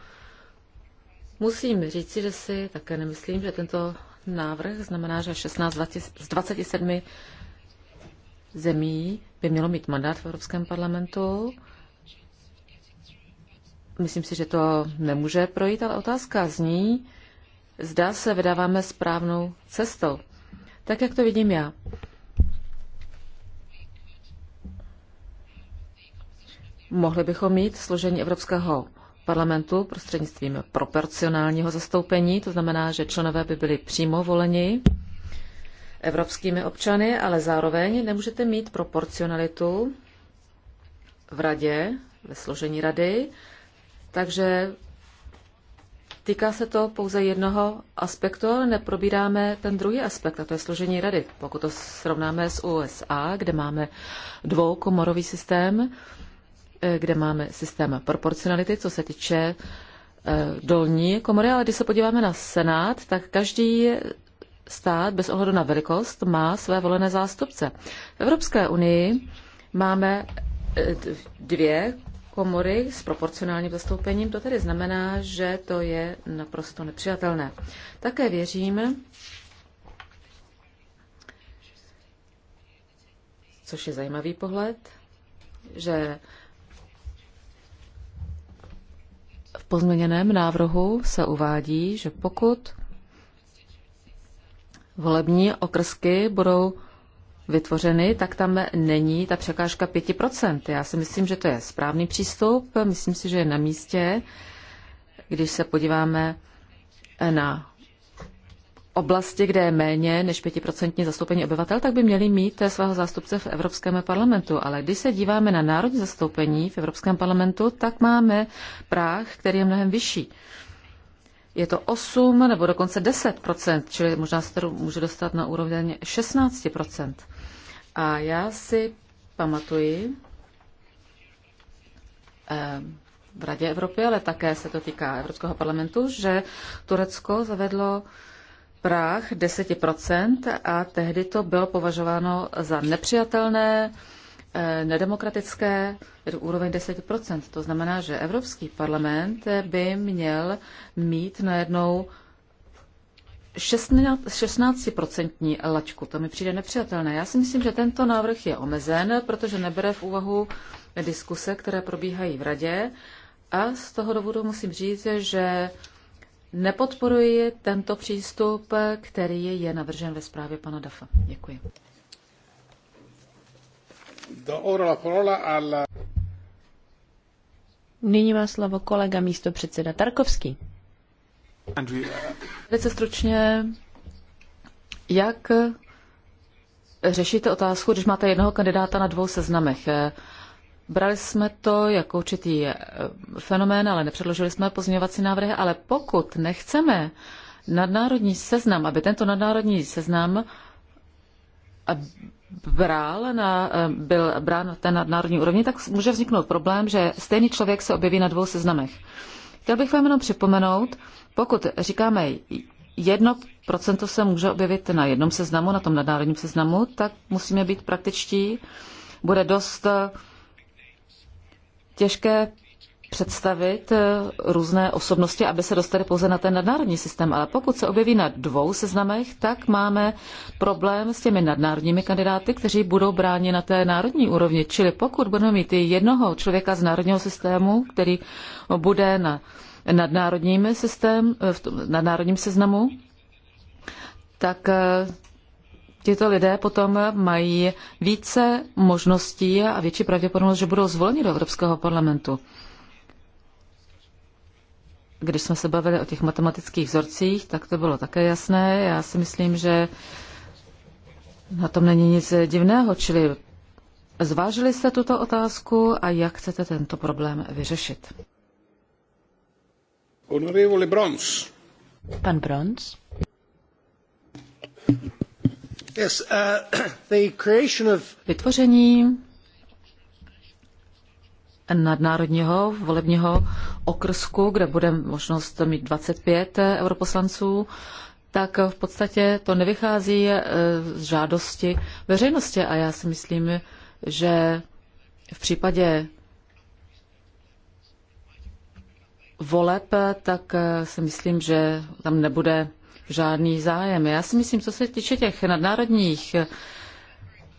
Musím říci, že si také nemyslím, že tento návrh znamená, že 16 z 27 zemí by mělo mít mandát v Evropském parlamentu. Myslím si, že to nemůže projít, ale otázka zní, zda se vydáváme správnou cestou. Tak, jak to vidím já. Mohli bychom mít složení Evropského parlamentu prostřednictvím proporcionálního zastoupení, to znamená, že členové by byli přímo voleni evropskými občany, ale zároveň nemůžete mít proporcionalitu v radě, ve složení rady, takže Týká se to pouze jednoho aspektu, ale neprobíráme ten druhý aspekt, a to je složení rady. Pokud to srovnáme s USA, kde máme dvoukomorový systém, Eh, kde máme systém proporcionality, co se týče eh, dolní komory, ale když se podíváme na Senát, tak každý stát bez ohledu na velikost má své volené zástupce. V Evropské unii máme eh, dvě komory s proporcionálním zastoupením. To tedy znamená, že to je naprosto nepřijatelné. Také věřím, což je zajímavý pohled, že pozměněném návrhu se uvádí, že pokud volební okrsky budou vytvořeny, tak tam není ta překážka 5%. Já si myslím, že to je správný přístup. Myslím si, že je na místě, když se podíváme na oblasti, kde je méně než 5% zastoupení obyvatel, tak by měli mít svého zástupce v Evropském parlamentu. Ale když se díváme na národní zastoupení v Evropském parlamentu, tak máme práh, který je mnohem vyšší. Je to 8 nebo dokonce 10%, čili možná se to může dostat na úroveň 16%. A já si pamatuji ehm, v Radě Evropy, ale také se to týká Evropského parlamentu, že Turecko zavedlo práh 10% a tehdy to bylo považováno za nepřijatelné, eh, nedemokratické, je to úroveň 10%. To znamená, že Evropský parlament by měl mít najednou 16%, 16% laťku. To mi přijde nepřijatelné. Já si myslím, že tento návrh je omezen, protože nebere v úvahu diskuse, které probíhají v radě. A z toho důvodu musím říct, že nepodporuji tento přístup, který je navržen ve zprávě pana Dafa. Děkuji. Nyní má slovo kolega místo předseda Tarkovský. Velice stručně, jak řešíte otázku, když máte jednoho kandidáta na dvou seznamech? Brali jsme to jako určitý eh, fenomén, ale nepředložili jsme pozměňovací návrhy, ale pokud nechceme nadnárodní seznam, aby tento nadnárodní seznam eh, bral na, eh, byl brán na té nadnárodní úrovni, tak může vzniknout problém, že stejný člověk se objeví na dvou seznamech. Chtěl bych vám jenom připomenout, pokud říkáme jedno procento se může objevit na jednom seznamu, na tom nadnárodním seznamu, tak musíme být praktičtí. Bude dost těžké představit eh, různé osobnosti, aby se dostali pouze na ten nadnárodní systém. Ale pokud se objeví na dvou seznamech, tak máme problém s těmi nadnárodními kandidáty, kteří budou bráni na té národní úrovni. Čili pokud budeme mít jednoho člověka z národního systému, který bude na nadnárodním, systém, eh, v tom, nadnárodním seznamu, tak eh, tito lidé potom mají více možností a větší pravděpodobnost, že budou zvoleni do Evropského parlamentu. Když jsme se bavili o těch matematických vzorcích, tak to bylo také jasné. Já si myslím, že na tom není nic divného, čili zvážili jste tuto otázku a jak chcete tento problém vyřešit? Honorevole Brons. Pan bronz. Uh, Vytvoření nadnárodního volebního okrsku, kde bude možnost mít 25 europoslanců, tak v podstatě to nevychází eh, z žádosti veřejnosti a já si myslím, že v případě voleb, tak eh, si myslím, že tam nebude žádný zájem. Já si myslím, co se týče těch nadnárodních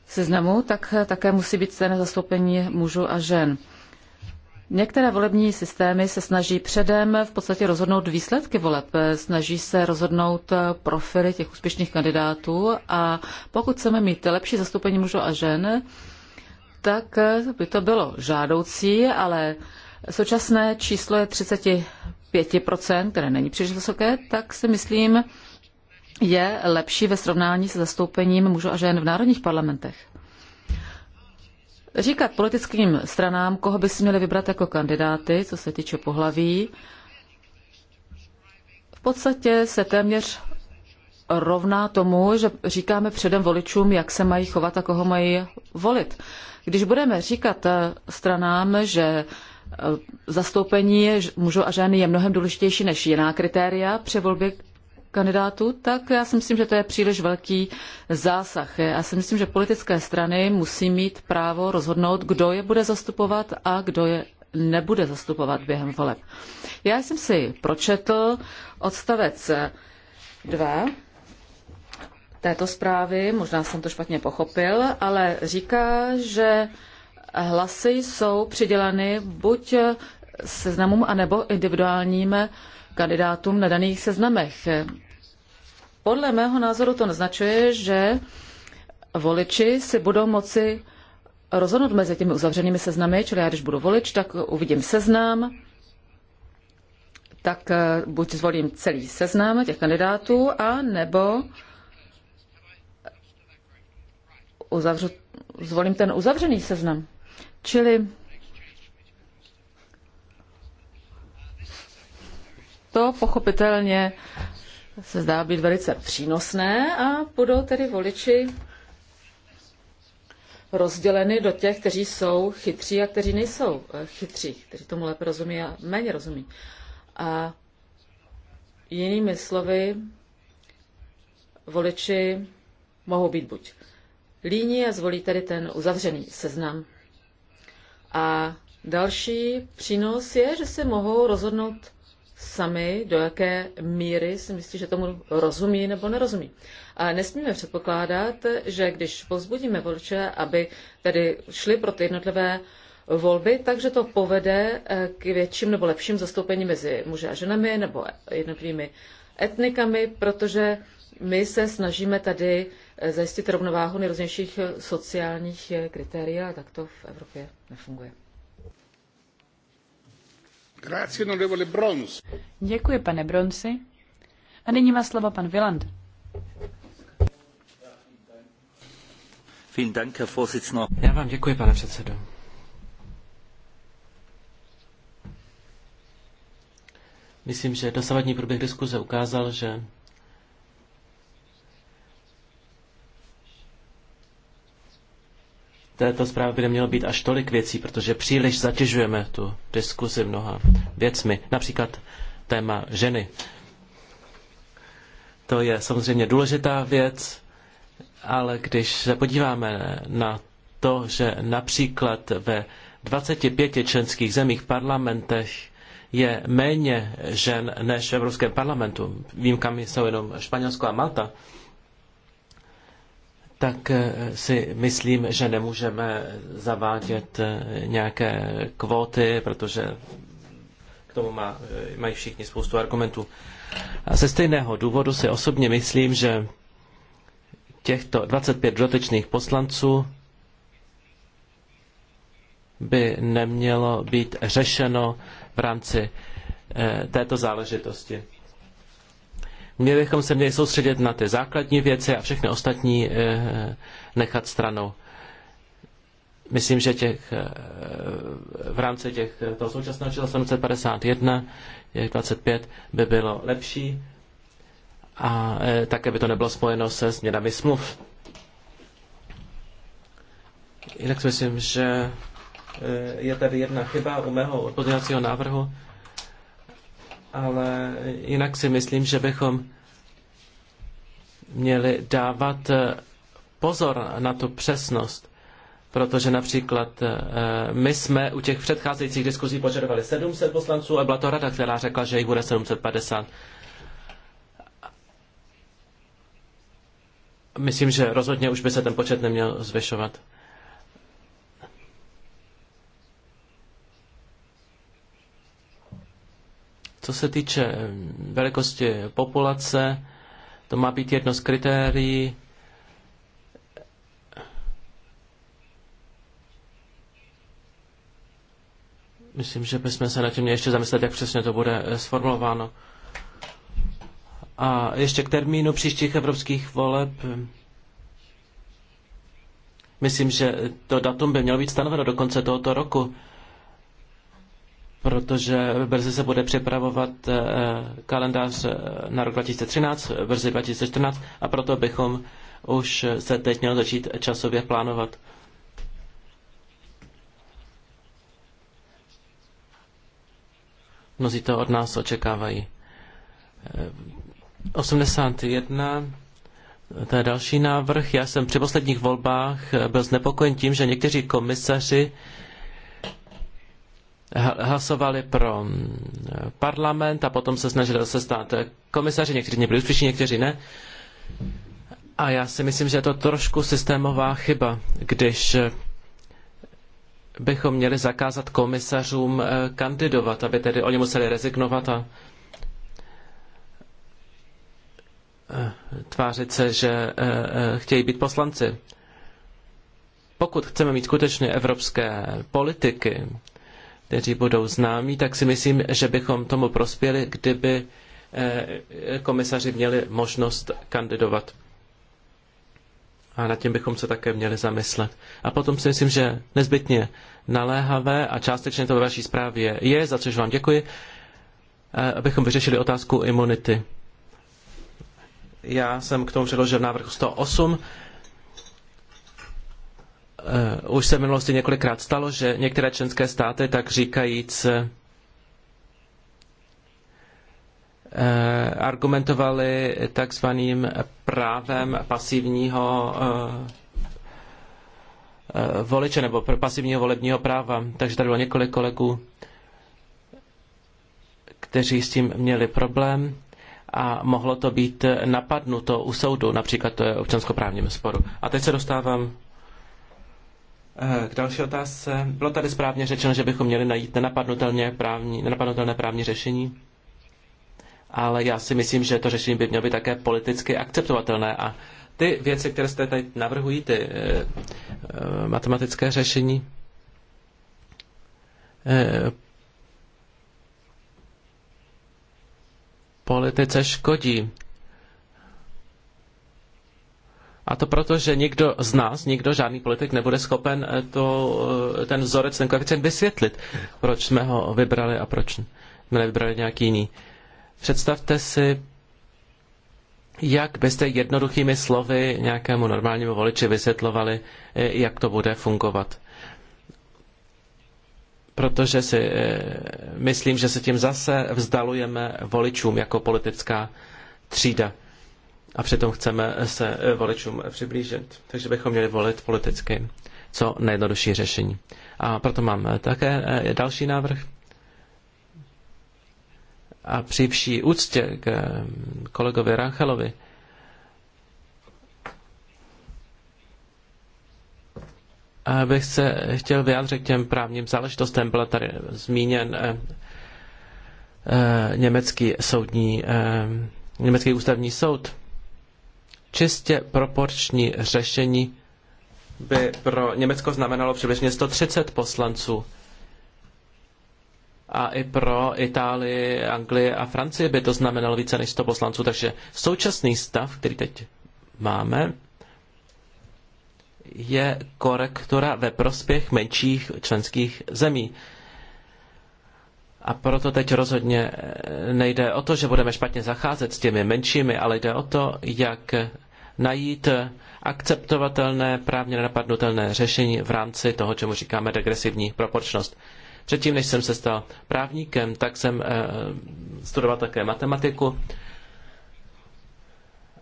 seznamů, tak také musí být stejné zastoupení mužů a žen. Některé volební systémy se snaží předem v podstatě rozhodnout výsledky voleb. Snaží se rozhodnout profily těch úspěšných kandidátů a pokud chceme mít lepší zastoupení mužů a žen, tak by to bylo žádoucí, ale současné číslo je 30 5%, které není příliš vysoké, tak si myslím, je lepší ve srovnání se zastoupením mužů a žen v národních parlamentech. Říkat politickým stranám, koho by si měli vybrat jako kandidáty, co se týče pohlaví, v podstatě se téměř rovná tomu, že říkáme předem voličům, jak se mají chovat a koho mají volit. Když budeme říkat stranám, že Eh, zastoupení mužů a žen je mnohem důležitější než jiná kritéria při volbě kandidátů, tak já si myslím, že to je příliš velký zásah. Já si myslím, že politické strany musí mít právo rozhodnout, kdo je bude zastupovat a kdo je nebude zastupovat během voleb. Já jsem si pročetl odstavec 2 této zprávy, možná jsem to špatně pochopil, ale říká, že hlasy jsou přiděleny buď seznamům, anebo individuálním kandidátům na daných seznamech. Podle mého názoru to naznačuje, že voliči si budou moci rozhodnout mezi těmi uzavřenými seznamy, čili já když budu volič, tak uvidím seznam, tak eh, buď zvolím celý seznam těch kandidátů, a nebo uzavřu, zvolím ten uzavřený seznam. Čili to pochopitelně se zdá být velice přínosné a budou tedy voliči rozděleny do těch, kteří jsou chytří a kteří nejsou eh, chytří, kteří tomu lépe rozumí a méně rozumí. A jinými slovy, voliči mohou být buď líní a zvolí tedy ten uzavřený seznam a další přínos je, že se mohou rozhodnout sami, do jaké míry si myslí, že tomu rozumí nebo nerozumí. A nesmíme předpokládat, že když pozbudíme voliče, aby tedy šli pro ty jednotlivé volby, takže to povede eh, k větším nebo lepším zastoupení mezi muži a ženami nebo jednotlivými etnikami, protože my se snažíme tady eh, zajistit rovnováhu nejrůznějších eh, sociálních kritérií, a tak to v Evropě nefunguje. Děkuji, pane Bronsi. A nyní má slovo pan Viland. Já vám děkuji, pane předsedo. Myslím, že dosavadní průběh diskuze ukázal, že této zprávy by nemělo být až tolik věcí, protože příliš zatěžujeme tu diskuzi mnoha věcmi. Například téma ženy. To je samozřejmě důležitá věc, ale když se podíváme na to, že například ve 25 členských zemích parlamentech je méně žen než v Evropském parlamentu, vím kam jsou jenom Španělsko a Malta, tak eh, si myslím, že nemůžeme zavádět eh, nějaké kvóty, protože k tomu má, eh, mají všichni spoustu argumentů. A ze stejného důvodu si osobně myslím, že těchto 25 dotečných poslanců by nemělo být řešeno v rámci této záležitosti. Měli bychom se měli soustředit na ty základní věci a všechny ostatní eh, nechat stranou. Myslím, že těch, eh, v rámci těch, toho současného čísla 751, 25 by bylo lepší a eh, také by to nebylo spojeno se změnami smluv. Jinak si myslím, že je tady jedna chyba u mého pozměňovacího návrhu ale jinak si myslím, že bychom měli dávat eh, pozor na tu přesnost, protože například eh, my jsme u těch předcházejících diskuzí požadovali 700 poslanců a byla to rada, která řekla, že jich bude 750. Myslím, že rozhodně už by se ten počet neměl zvyšovat. Co se týče eh, velikosti populace, to má být jedno z kritérií. Myslím, že bychom se na tím měli ještě zamyslet, jak přesně to bude eh, sformulováno. A ještě k termínu příštích evropských voleb. Myslím, že to datum by mělo být stanoveno do konce tohoto roku protože brzy se bude připravovat eh, kalendář eh, na rok 2013, brzy 2014 a proto bychom už se teď měli začít časově plánovat. Mnozí to od nás očekávají. 81. Eh, to je další návrh. Já jsem při posledních volbách byl znepokojen tím, že někteří komisaři hlasovali pro mm, parlament a potom se snažili se stát komisaři, někteří mě byli úspěšní, někteří ne. A já si myslím, že je to trošku systémová chyba, když bychom měli zakázat komisařům eh, kandidovat, aby tedy oni museli rezignovat a eh, tvářit se, že eh, chtějí být poslanci. Pokud chceme mít skutečně evropské politiky, kteří budou známí, tak si myslím, že bychom tomu prospěli, kdyby eh, komisaři měli možnost kandidovat. A nad tím bychom se také měli zamyslet. A potom si myslím, že nezbytně naléhavé a částečně to ve vaší zprávě je, za což vám děkuji, eh, abychom vyřešili otázku imunity. Já jsem k tomu předložil návrh 108 Eh, už se v minulosti několikrát stalo, že některé členské státy, tak říkajíc, eh, argumentovali takzvaným právem pasivního eh, voliče nebo pasivního volebního práva. Takže tady bylo několik kolegů, kteří s tím měli problém a mohlo to být napadnuto u soudu, například to je občanskoprávním sporu. A teď se dostávám Eh, k další otázce. Bylo tady správně řečeno, že bychom měli najít nenapadnutelně právní, nenapadnutelné právní řešení, ale já si myslím, že to řešení by mělo být také politicky akceptovatelné a ty věci, které jste tady navrhují, ty e, matematické řešení, e, politice škodí. A to proto, že nikdo z nás, nikdo, žádný politik nebude schopen eh, to, eh, ten vzorec, ten koeficient vysvětlit, proč jsme ho vybrali a proč jsme nevybrali nějaký jiný. Představte si, jak byste jednoduchými slovy nějakému normálnímu voliči vysvětlovali, eh, jak to bude fungovat. Protože si myslím, že se tím zase vzdalujeme voličům jako politická třída a přitom chceme se eh, voličům přiblížit. Takže bychom měli volit politicky co nejjednodušší řešení. A proto mám eh, také eh, další návrh. A při vší úctě k kolegovi Ranchelovi, bych se chtěl vyjádřit k těm právním záležitostem. Byl tady zmíněn německý soudní, německý ústavní soud. Čistě proporční řešení by pro Německo znamenalo přibližně 130 poslanců. A i pro Itálii, Anglii a Francii by to znamenalo více než 100 poslanců. Takže současný stav, který teď máme, je korektura ve prospěch menších členských zemí. A proto teď rozhodně eh, nejde o to, že budeme špatně zacházet s těmi menšími, ale jde o to, jak najít akceptovatelné, právně nenapadnutelné řešení v rámci toho, čemu říkáme degresivní proporčnost. Předtím, než jsem se stal právníkem, tak jsem eh, studoval také matematiku.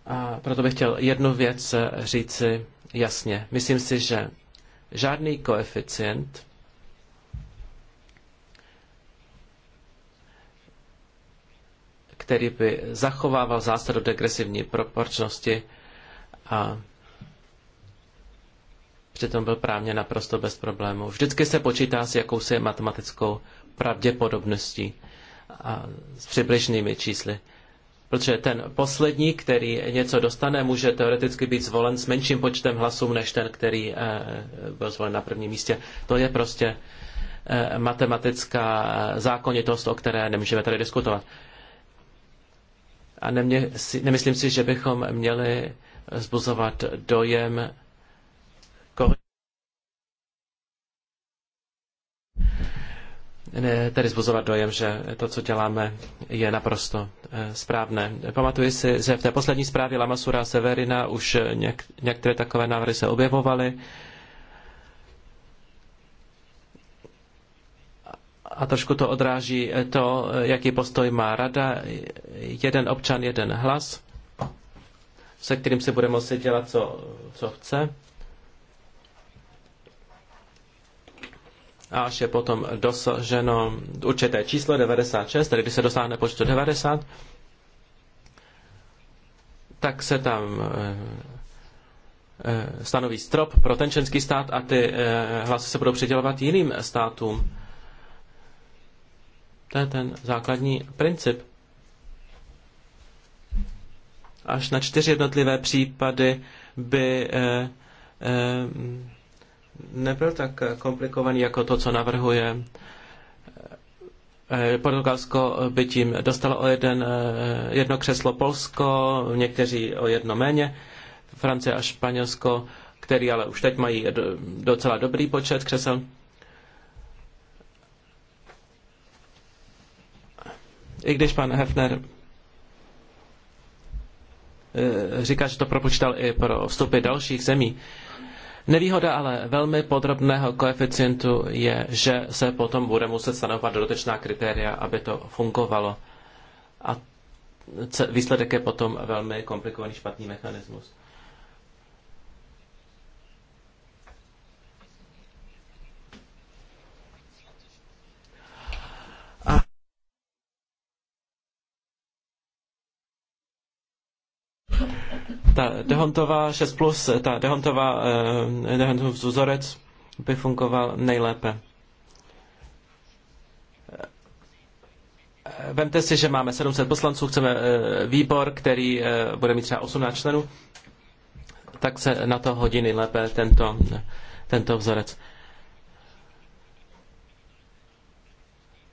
A proto bych chtěl jednu věc eh, říci jasně. Myslím si, že žádný koeficient který by zachovával zásadu degresivní proporčnosti a přitom byl právně naprosto bez problémů. Vždycky se počítá s jakousi matematickou pravděpodobností a s přibližnými čísly. Protože ten poslední, který něco dostane, může teoreticky být zvolen s menším počtem hlasů než ten, který eh, byl zvolen na prvním místě. To je prostě eh, matematická eh, zákonitost, o které nemůžeme tady diskutovat. A nemě, nemyslím si, že bychom měli zbuzovat dojem ne, tedy zbuzovat dojem, že to, co děláme, je naprosto eh, správné. Pamatuji si, že v té poslední zprávě Lamasura Severina už něk, některé takové návrhy se objevovaly. a trošku to odráží to, jaký postoj má rada. Jeden občan, jeden hlas, se kterým si bude moci dělat, co, co chce. A až je potom dosaženo určité číslo 96, tedy když se dosáhne počtu 90, tak se tam eh, eh, stanoví strop pro ten členský stát a ty eh, hlasy se budou přidělovat jiným státům. To je ten základní princip. Až na čtyři jednotlivé případy by e, e, nebyl tak komplikovaný jako to, co navrhuje. Eh, Portugalsko by tím dostalo o jeden, jedno křeslo Polsko, někteří o jedno méně, Francie a Španělsko, který ale už teď mají docela dobrý počet křesel. I když pan Hefner eh, říká, že to propočítal i pro vstupy dalších zemí. Nevýhoda ale velmi podrobného koeficientu je, že se potom bude muset stanovat dodatečná kritéria, aby to fungovalo. A výsledek je potom velmi komplikovaný špatný mechanismus. Ta Dehontová 6+, plus, ta Dehontová, eh, Dehontov vzorec by fungoval nejlépe. Eh, vemte si, že máme 700 poslanců, chceme eh, výbor, který bude mít třeba 18 členů, tak se na to hodí nejlépe tento, tento vzorec.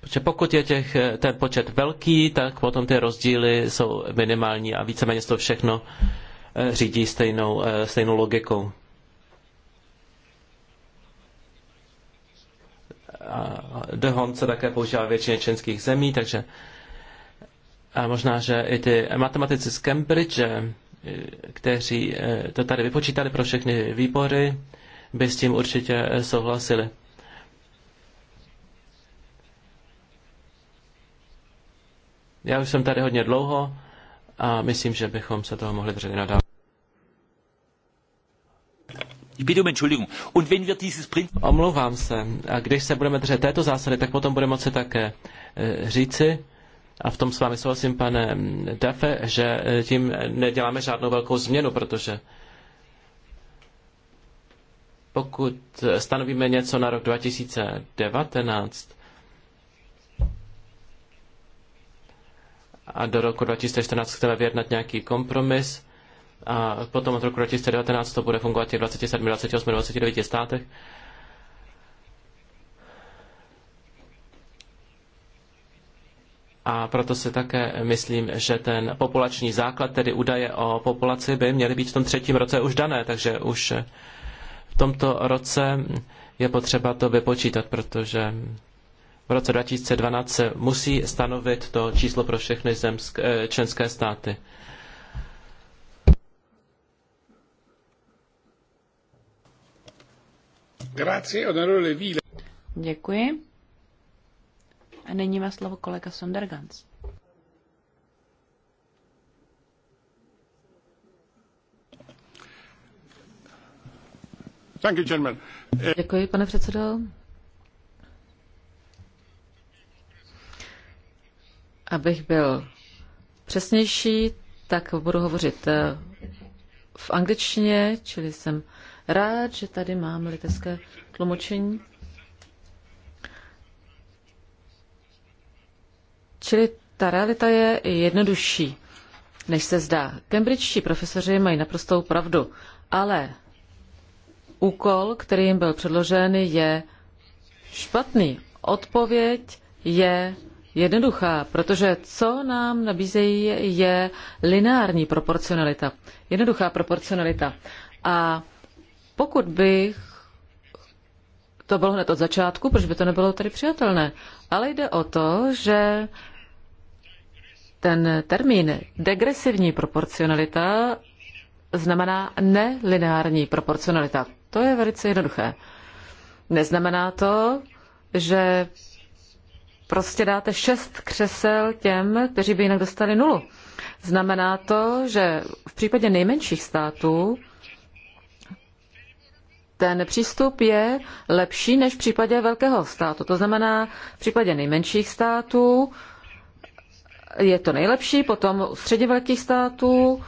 Protože pokud je těch, ten počet velký, tak potom ty rozdíly jsou minimální a víceméně to všechno eh, Eh, řídí stejnou, eh, stejnou logikou. Dohon se také používá většině členských zemí, takže a možná, že i ty matematici z Cambridge, eh, kteří to tady vypočítali pro všechny výbory, by s tím určitě souhlasili. Já už jsem tady hodně dlouho a myslím, že bychom se toho mohli držet nadále. Um Omlouvám se. A když se budeme držet této zásady, tak potom budeme moci také eh, říci, a v tom s vámi souhlasím, pane mm, Dafe, že eh, tím neděláme žádnou velkou změnu, protože pokud eh, stanovíme něco na rok 2019 a do roku 2014 chceme vyjednat nějaký kompromis, a potom od roku 2019 to bude fungovat v 27, 28, 29 státech. A proto si také myslím, že ten populační základ, tedy údaje o populaci, by měly být v tom třetím roce už dané, takže už v tomto roce je potřeba to vypočítat, protože v roce 2012 se musí stanovit to číslo pro všechny zemsk, eh, členské státy. Děkuji. A nyní má slovo kolega Sondergans. Eh, Děkuji, pane předsedo. Abych byl přesnější, tak budu hovořit eh, v angličtině, čili jsem rád, že tady mám litevské tlumočení. Čili ta realita je jednodušší, než se zdá. Cambridgeští profesoři mají naprostou pravdu, ale úkol, který jim byl předložen, je špatný. Odpověď je jednoduchá, protože co nám nabízejí je lineární proporcionalita. Jednoduchá proporcionalita. A pokud bych to bylo hned od začátku, proč by to nebylo tady přijatelné. Ale jde o to, že ten termín degresivní proporcionalita znamená nelineární proporcionalita. To je velice jednoduché. Neznamená to, že prostě dáte šest křesel těm, kteří by jinak dostali nulu. Znamená to, že v případě nejmenších států ten přístup je lepší než v případě velkého státu. To znamená, v případě nejmenších států je to nejlepší, potom u středně velkých států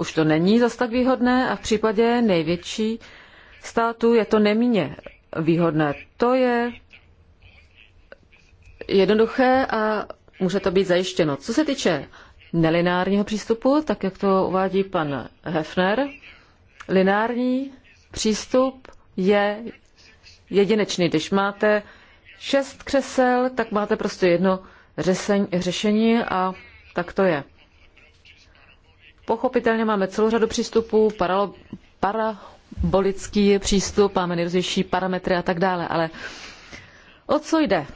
už to není zas tak výhodné a v případě největší států je to nemíně výhodné. To je jednoduché a může to být zajištěno. Co se týče nelinárního přístupu, tak jak to uvádí pan Hefner, linární přístup je jedinečný. Když máte šest křesel, tak máte prostě jedno řešení a tak to je. Pochopitelně máme celou řadu přístupů, paralo, parabolický přístup, máme nejrůznější parametry a tak dále, ale o co jde?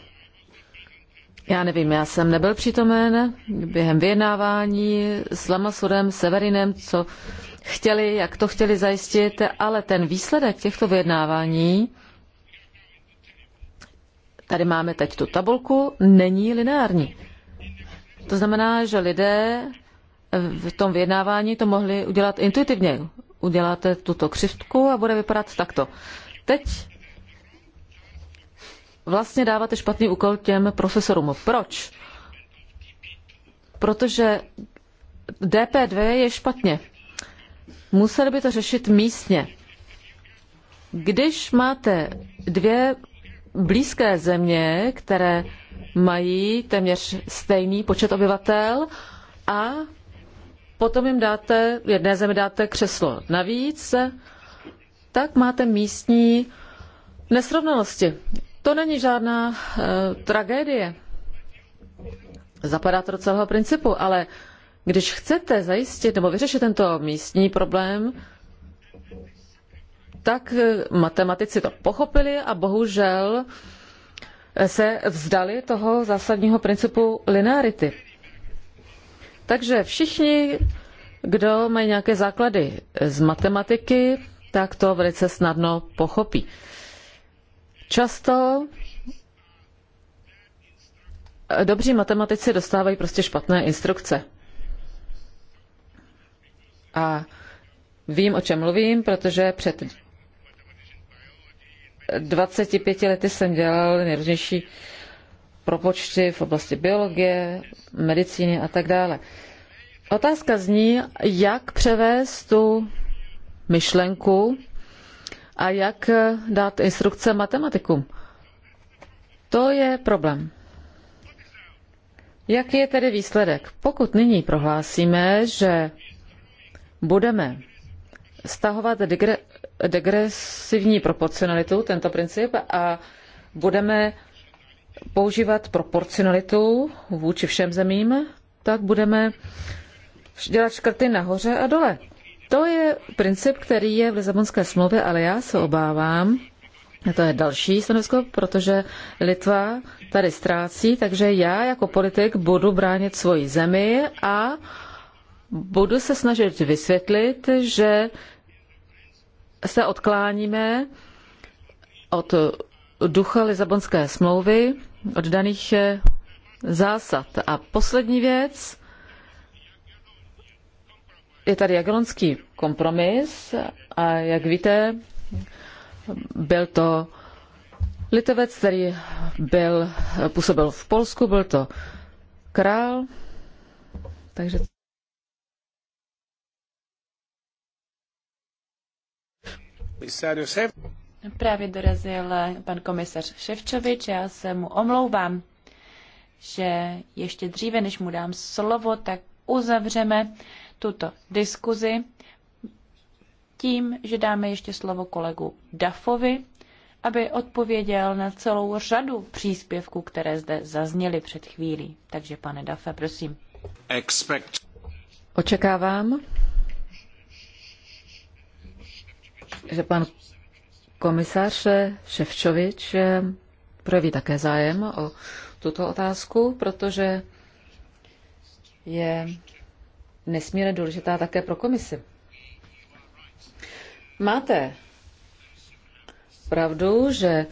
Já nevím, já jsem nebyl přítomen během vyjednávání s Lamasurem, Severinem, co chtěli, jak to chtěli zajistit, ale ten výsledek těchto vyjednávání, tady máme teď tu tabulku, není lineární. To znamená, že lidé v tom vyjednávání to mohli udělat intuitivně. Uděláte tuto křivku a bude vypadat takto. Teď vlastně dáváte špatný úkol těm profesorům. Proč? Protože DP2 je špatně museli by to řešit místně. Když máte dvě blízké země, které mají téměř stejný počet obyvatel a potom jim dáte, jedné zemi dáte křeslo navíc, tak máte místní nesrovnalosti. To není žádná e, tragédie. Zapadá to do celého principu, ale když chcete zajistit nebo vyřešit tento místní problém, tak eh, matematici to pochopili a bohužel eh, se vzdali toho zásadního principu linearity. Takže všichni, kdo mají nějaké základy z matematiky, tak to velice snadno pochopí. Často eh, dobří matematici dostávají prostě špatné instrukce. A vím, o čem mluvím, protože před 25 lety jsem dělal nejrůznější propočty v oblasti biologie, medicíny a tak dále. Otázka zní, jak převést tu myšlenku a jak dát instrukce matematikům. To je problém. Jaký je tedy výsledek? Pokud nyní prohlásíme, že budeme stahovat degre, degresivní proporcionalitu, tento princip, a budeme používat proporcionalitu vůči všem zemím, tak budeme dělat škrty nahoře a dole. To je princip, který je v Lisabonské smlouvě, ale já se obávám, a to je další stanovisko, protože Litva tady ztrácí, takže já jako politik budu bránit svoji zemi a budu se snažit vysvětlit, že se odkláníme od ducha Lizabonské smlouvy, od daných eh, zásad. A poslední věc, je tady jagelonský kompromis a jak víte, byl to litovec, který byl, působil v Polsku, byl to král, takže Právě dorazil pan komisař Ševčovič, já se mu omlouvám, že ještě dříve, než mu dám slovo, tak uzavřeme tuto diskuzi tím, že dáme ještě slovo kolegu Dafovi, aby odpověděl na celou řadu příspěvků, které zde zazněly před chvílí. Takže pane Dafe, prosím. Expect. Očekávám, že pan komisař Ševčovič eh, projeví také zájem o tuto otázku, protože je nesmírně důležitá také pro komisi. Máte pravdu, že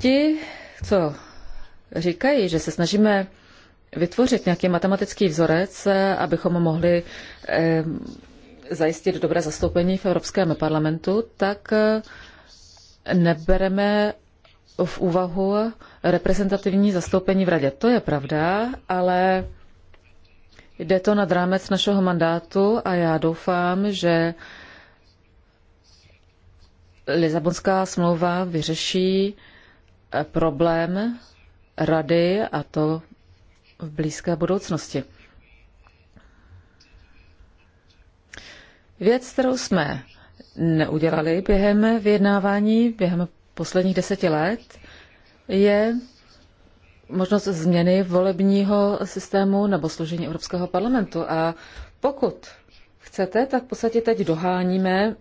ti, co říkají, že se snažíme vytvořit nějaký matematický vzorec, eh, abychom mohli eh, zajistit dobré zastoupení v Evropském parlamentu, tak eh, nebereme v úvahu reprezentativní zastoupení v radě. To je pravda, ale jde to nad rámec našeho mandátu a já doufám, že Lizabonská smlouva vyřeší eh, problém rady a to v blízké budoucnosti. Věc, kterou jsme neudělali během vyjednávání, během posledních deseti let, je možnost změny volebního systému nebo složení Evropského parlamentu. A pokud chcete, tak v podstatě teď doháníme,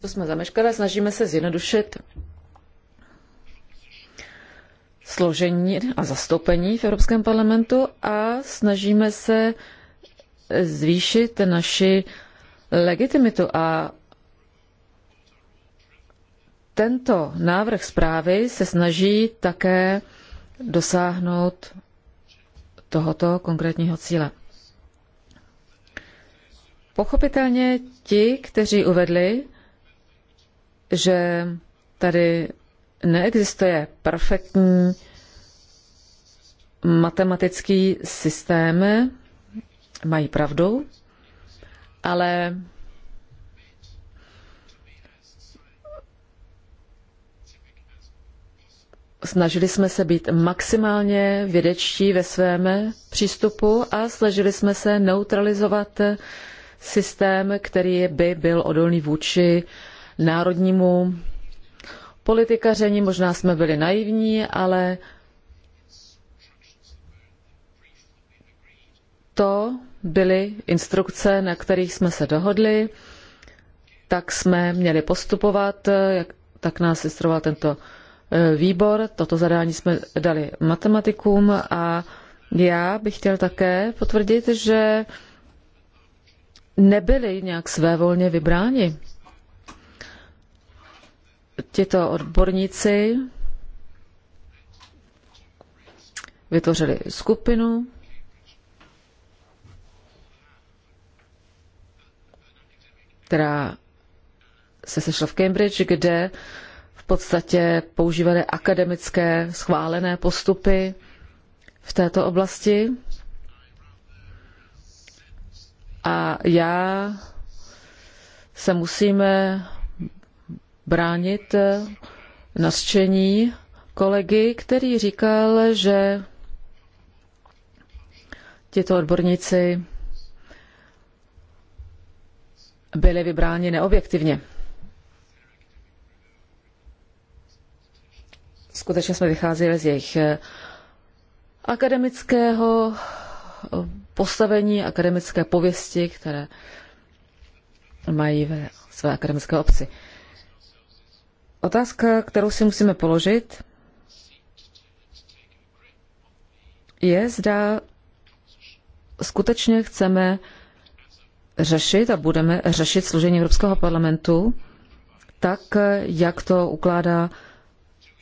co jsme zameškali, snažíme se zjednodušit složení a zastoupení v Evropském parlamentu a snažíme se zvýšit naši legitimitu a tento návrh zprávy se snaží také dosáhnout tohoto konkrétního cíle. Pochopitelně ti, kteří uvedli, že tady neexistuje perfektní matematický systém, mají pravdu, ale snažili jsme se být maximálně vědečtí ve svém přístupu a snažili jsme se neutralizovat systém, který by byl odolný vůči národnímu politikaření. Možná jsme byli naivní, ale to, byly instrukce, na kterých jsme se dohodli, tak jsme měli postupovat, jak, tak nás instruoval tento e, výbor. Toto zadání jsme dali matematikům a já bych chtěl také potvrdit, že nebyli nějak svévolně vybráni. Tito odborníci vytvořili skupinu, která se sešla v Cambridge, kde v podstatě používali akademické schválené postupy v této oblasti. A já se musíme bránit nařčení kolegy, který říkal, že tito odborníci byly vybráni neobjektivně. Skutečně jsme vycházeli z jejich eh, akademického eh, postavení, akademické pověsti, které mají ve své akademické obci. Otázka, kterou si musíme položit, je, zda skutečně chceme řešit a budeme řešit složení Evropského parlamentu tak, jak to ukládá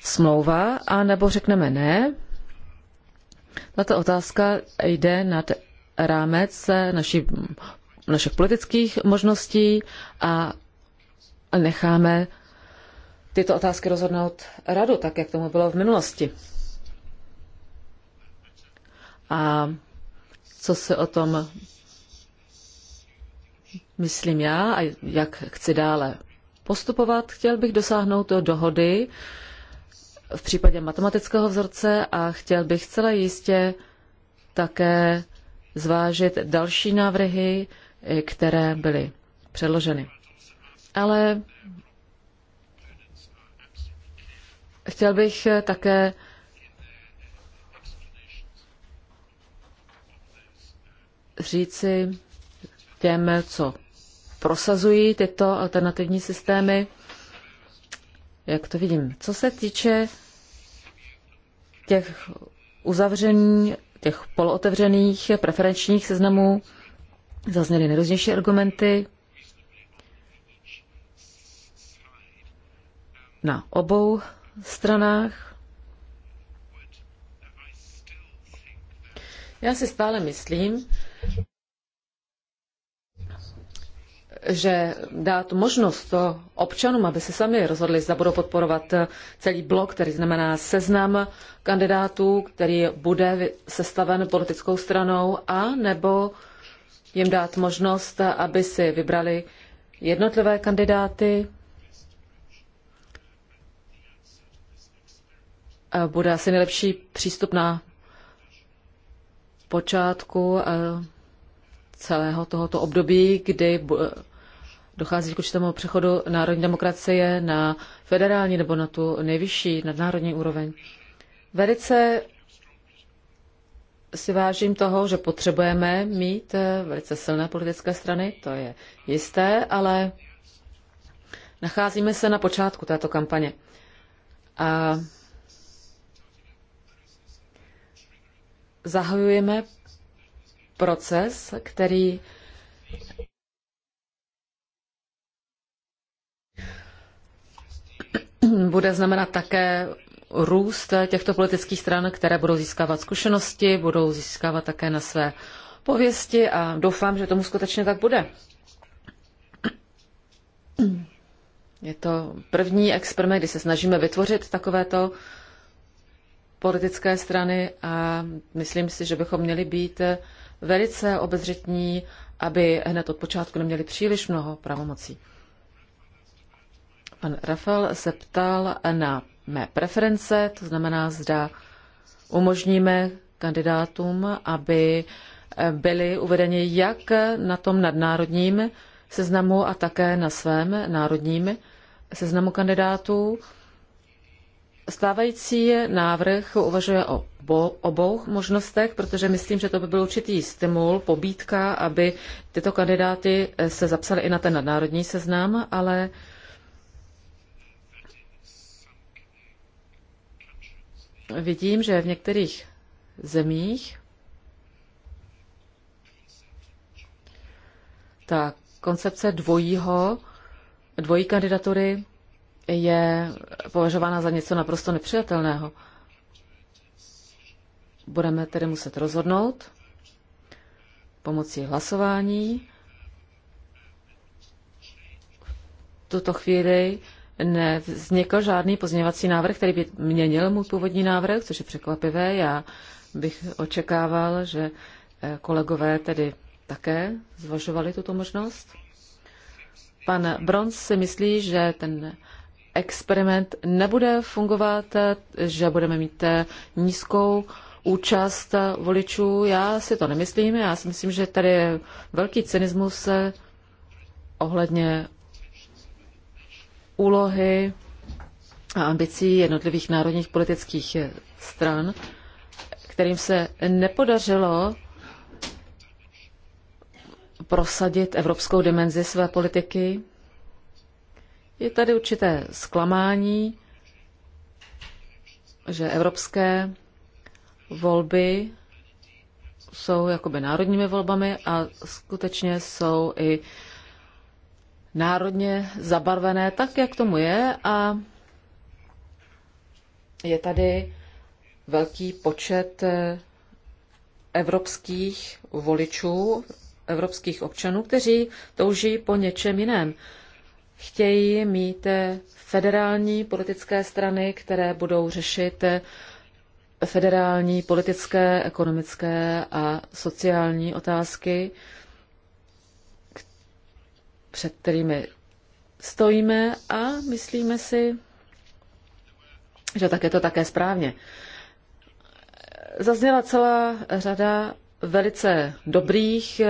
smlouva, a nebo řekneme ne. Tato otázka jde nad rámec naší, našich politických možností a necháme tyto otázky rozhodnout radu, tak jak tomu bylo v minulosti. A co se o tom myslím já a jak chci dále postupovat. Chtěl bych dosáhnout do dohody v případě matematického vzorce a chtěl bych celé jistě také zvážit další návrhy, eh, které byly předloženy. Ale chtěl bych eh, také říci těm, co prosazují tyto alternativní systémy. Jak to vidím? Co se týče těch uzavření, těch polootevřených preferenčních seznamů, zazněly nejrůznější argumenty na obou stranách. Já si stále myslím, že dát možnost občanům, aby se sami rozhodli, zda budou podporovat eh, celý blok, který znamená seznam kandidátů, který bude sestaven politickou stranou, a nebo jim dát možnost, aby si vybrali jednotlivé kandidáty, eh, bude asi nejlepší přístup na počátku eh, celého tohoto období, kdy dochází k určitému přechodu národní demokracie na federální nebo na tu nejvyšší nadnárodní úroveň. Velice si vážím toho, že potřebujeme mít eh, velice silné politické strany, to je jisté, ale nacházíme se na počátku této kampaně. A zahajujeme proces, který bude znamenat také růst těchto politických stran, které budou získávat zkušenosti, budou získávat také na své pověsti a doufám, že tomu skutečně tak bude. Je to první experiment, kdy se snažíme vytvořit takovéto politické strany a myslím si, že bychom měli být velice obezřetní, aby hned od počátku neměli příliš mnoho pravomocí. Pan Rafael se ptal na mé preference, to znamená, zda umožníme kandidátům, aby eh, byli uvedeni jak na tom nadnárodním seznamu a také na svém národním seznamu kandidátů. Stávající návrh uvažuje o obou možnostech, protože myslím, že to by byl určitý stimul, pobídka, aby tyto kandidáty eh, se zapsaly i na ten nadnárodní seznam, ale vidím, že v některých zemích ta koncepce dvojího, dvojí kandidatury je považována za něco naprosto nepřijatelného. Budeme tedy muset rozhodnout pomocí hlasování. V tuto chvíli nevznikl žádný pozměňovací návrh, který by měnil můj původní návrh, což je překvapivé. Já bych očekával, že eh, kolegové tedy také zvažovali tuto možnost. Pan Bronz si myslí, že ten experiment nebude fungovat, že budeme mít eh, nízkou účast voličů. Já si to nemyslím. Já si myslím, že tady je velký cynismus eh, ohledně úlohy a ambicí jednotlivých národních politických stran, kterým se nepodařilo prosadit evropskou dimenzi své politiky. Je tady určité zklamání, že evropské volby jsou jakoby národními volbami a skutečně jsou i národně zabarvené tak, jak tomu je a je tady velký počet eh, evropských voličů, evropských občanů, kteří touží po něčem jiném. Chtějí mít eh, federální politické strany, které budou řešit eh, federální politické, ekonomické a sociální otázky před kterými stojíme a myslíme si, že tak je to také správně. Zazněla celá řada velice dobrých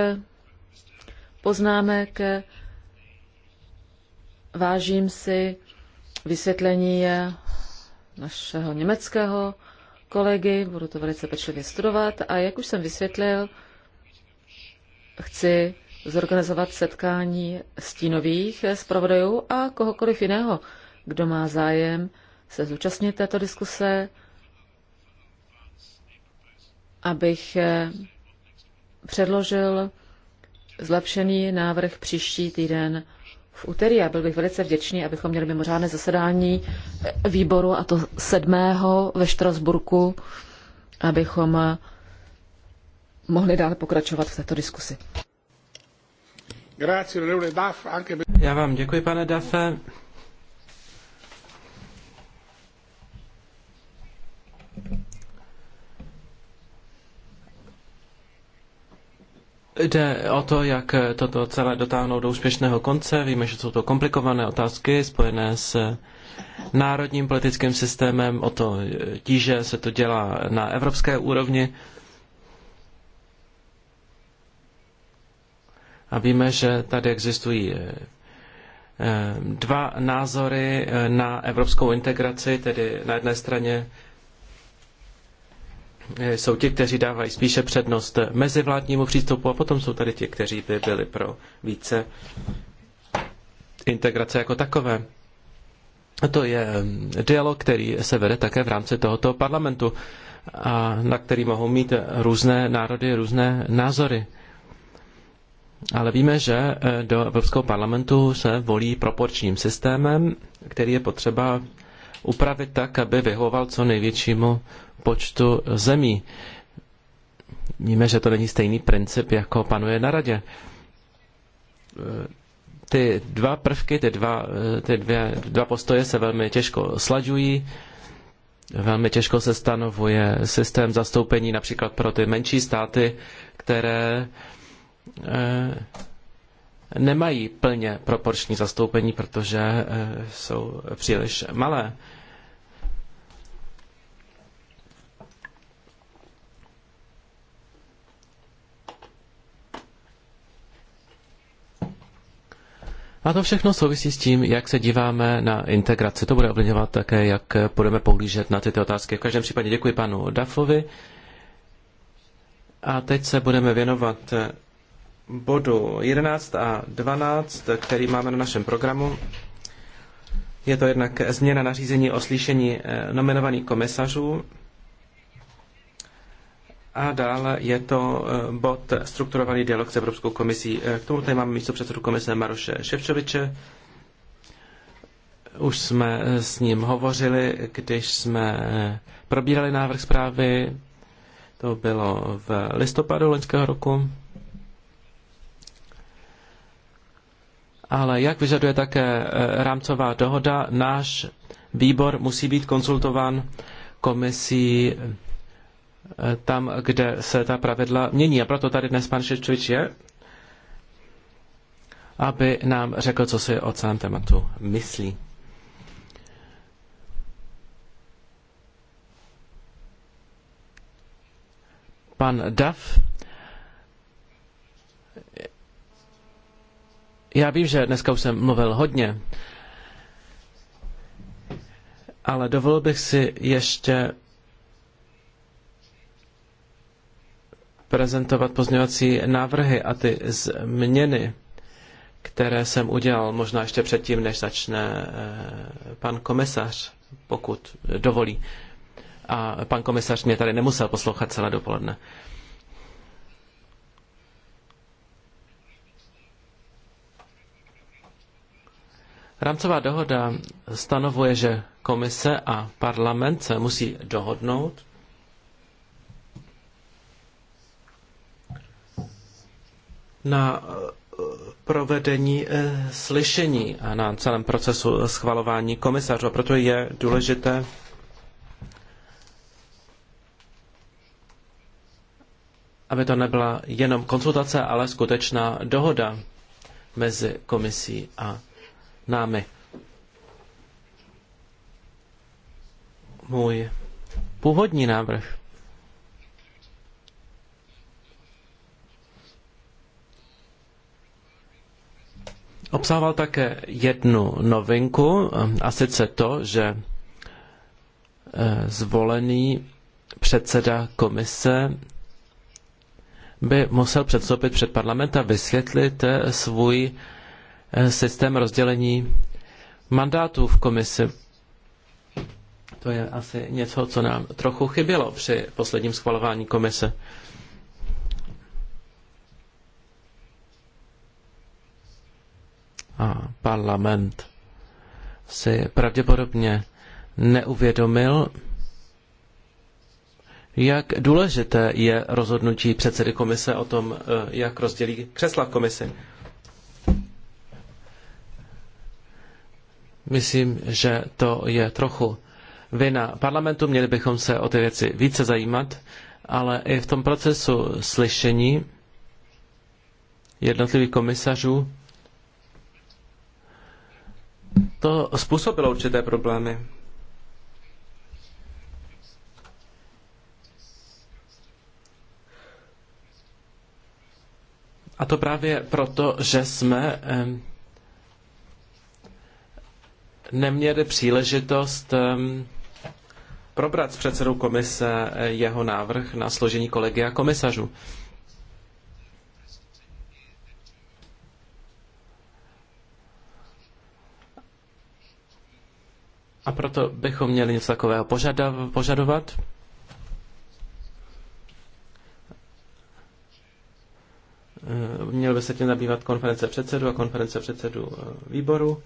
poznámek. Vážím si vysvětlení našeho německého kolegy, budu to velice pečlivě studovat a jak už jsem vysvětlil, chci zorganizovat setkání stínových zpravodajů a kohokoliv jiného, kdo má zájem se zúčastnit této diskuse, abych eh, předložil zlepšený návrh příští týden v úterý a byl bych velice vděčný, abychom měli mimořádné zasedání eh, výboru a to sedmého ve Štrasburku, abychom eh, mohli dále pokračovat v této diskusi. Já vám děkuji, pane Dafe. Jde o to, jak toto celé dotáhnout do úspěšného konce. Víme, že jsou to komplikované otázky spojené s národním politickým systémem. O to tíže se to dělá na evropské úrovni. A víme, že tady existují eh, dva názory eh, na evropskou integraci, tedy na jedné straně eh, jsou ti, kteří dávají spíše přednost mezivládnímu přístupu a potom jsou tady ti, kteří by byli pro více integrace jako takové. A to je dialog, který se vede také v rámci tohoto parlamentu, a na který mohou mít různé národy, různé názory. Ale víme, že eh, do Evropského parlamentu se volí proporčním systémem, který je potřeba upravit tak, aby vyhovoval co největšímu počtu zemí. Víme, že to není stejný princip, jako panuje na radě. Eh, ty dva prvky, ty dva, eh, ty dvě, dva postoje se velmi těžko slaďují. Velmi těžko se stanovuje systém zastoupení například pro ty menší státy, které Eh, nemají plně proporční zastoupení, protože eh, jsou příliš malé. A to všechno souvisí s tím, jak se díváme na integraci. To bude ovlivňovat také, jak budeme pohlížet na tyto otázky. V každém případě děkuji panu Dafovi. A teď se budeme věnovat eh, bodu 11 a 12, který máme na našem programu. Je to jednak změna nařízení o slyšení eh, nominovaných komisařů. A dále je to eh, bod strukturovaný dialog s Evropskou komisí. Eh, k tomu tady máme místo předsedu komise Maroše Ševčoviče. Už jsme s ním hovořili, když jsme probírali návrh zprávy. To bylo v listopadu loňského roku. ale jak vyžaduje také eh, rámcová dohoda, náš výbor musí být konzultován komisí eh, tam, kde se ta pravidla mění. A proto tady dnes pan Šečovič je, aby nám řekl, co si o celém tématu myslí. Pan Duff Já vím, že dneska už jsem mluvil hodně, ale dovolil bych si ještě prezentovat pozměňovací návrhy a ty změny, které jsem udělal možná ještě předtím, než začne eh, pan komisař, pokud dovolí. A pan komisař mě tady nemusel poslouchat celé dopoledne. Rámcová dohoda stanovuje, že komise a parlament se musí dohodnout na eh, provedení eh, slyšení a na celém procesu schvalování komisařů. Proto je důležité aby to nebyla jenom konzultace, ale skutečná dohoda mezi komisí a námi. Můj původní návrh obsahoval také jednu novinku, a sice to, že eh, zvolený předseda komise by musel předstoupit před parlament a vysvětlit eh, svůj Eh, systém rozdělení mandátů v komisi. To je asi něco, co nám trochu chybělo při posledním schvalování komise. A parlament si pravděpodobně neuvědomil, jak důležité je rozhodnutí předsedy komise o tom, eh, jak rozdělí křesla v komisi. Myslím, že to je trochu vina parlamentu, měli bychom se o ty věci více zajímat, ale i v tom procesu slyšení jednotlivých komisařů to způsobilo určité problémy. A to právě proto, že jsme neměli příležitost probrat s předsedou komise jeho návrh na složení kolegia komisařů. A proto bychom měli něco takového požadovat. Měl by se tím zabývat konference předsedu a konference předsedu eh, výboru.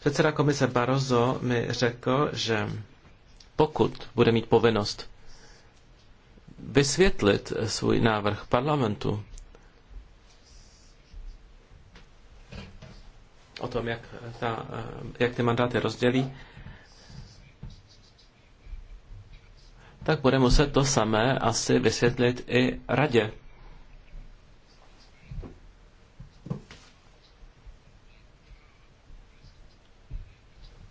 Předseda komise Barozo mi řekl, že pokud bude mít povinnost vysvětlit svůj návrh parlamentu o tom, jak, ta, jak ty mandáty rozdělí, tak bude muset to samé asi vysvětlit i radě.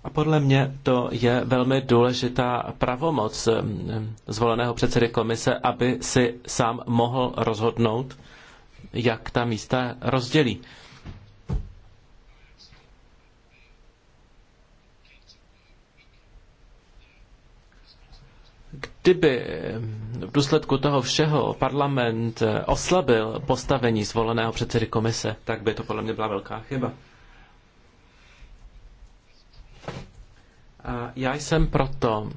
A podle mě to je velmi důležitá pravomoc eh, zvoleného předsedy komise, aby si sám mohl rozhodnout, jak ta místa rozdělí. Kdyby eh, v důsledku toho všeho parlament eh, oslabil postavení zvoleného předsedy komise, tak by to podle mě byla velká chyba. já jsem proto,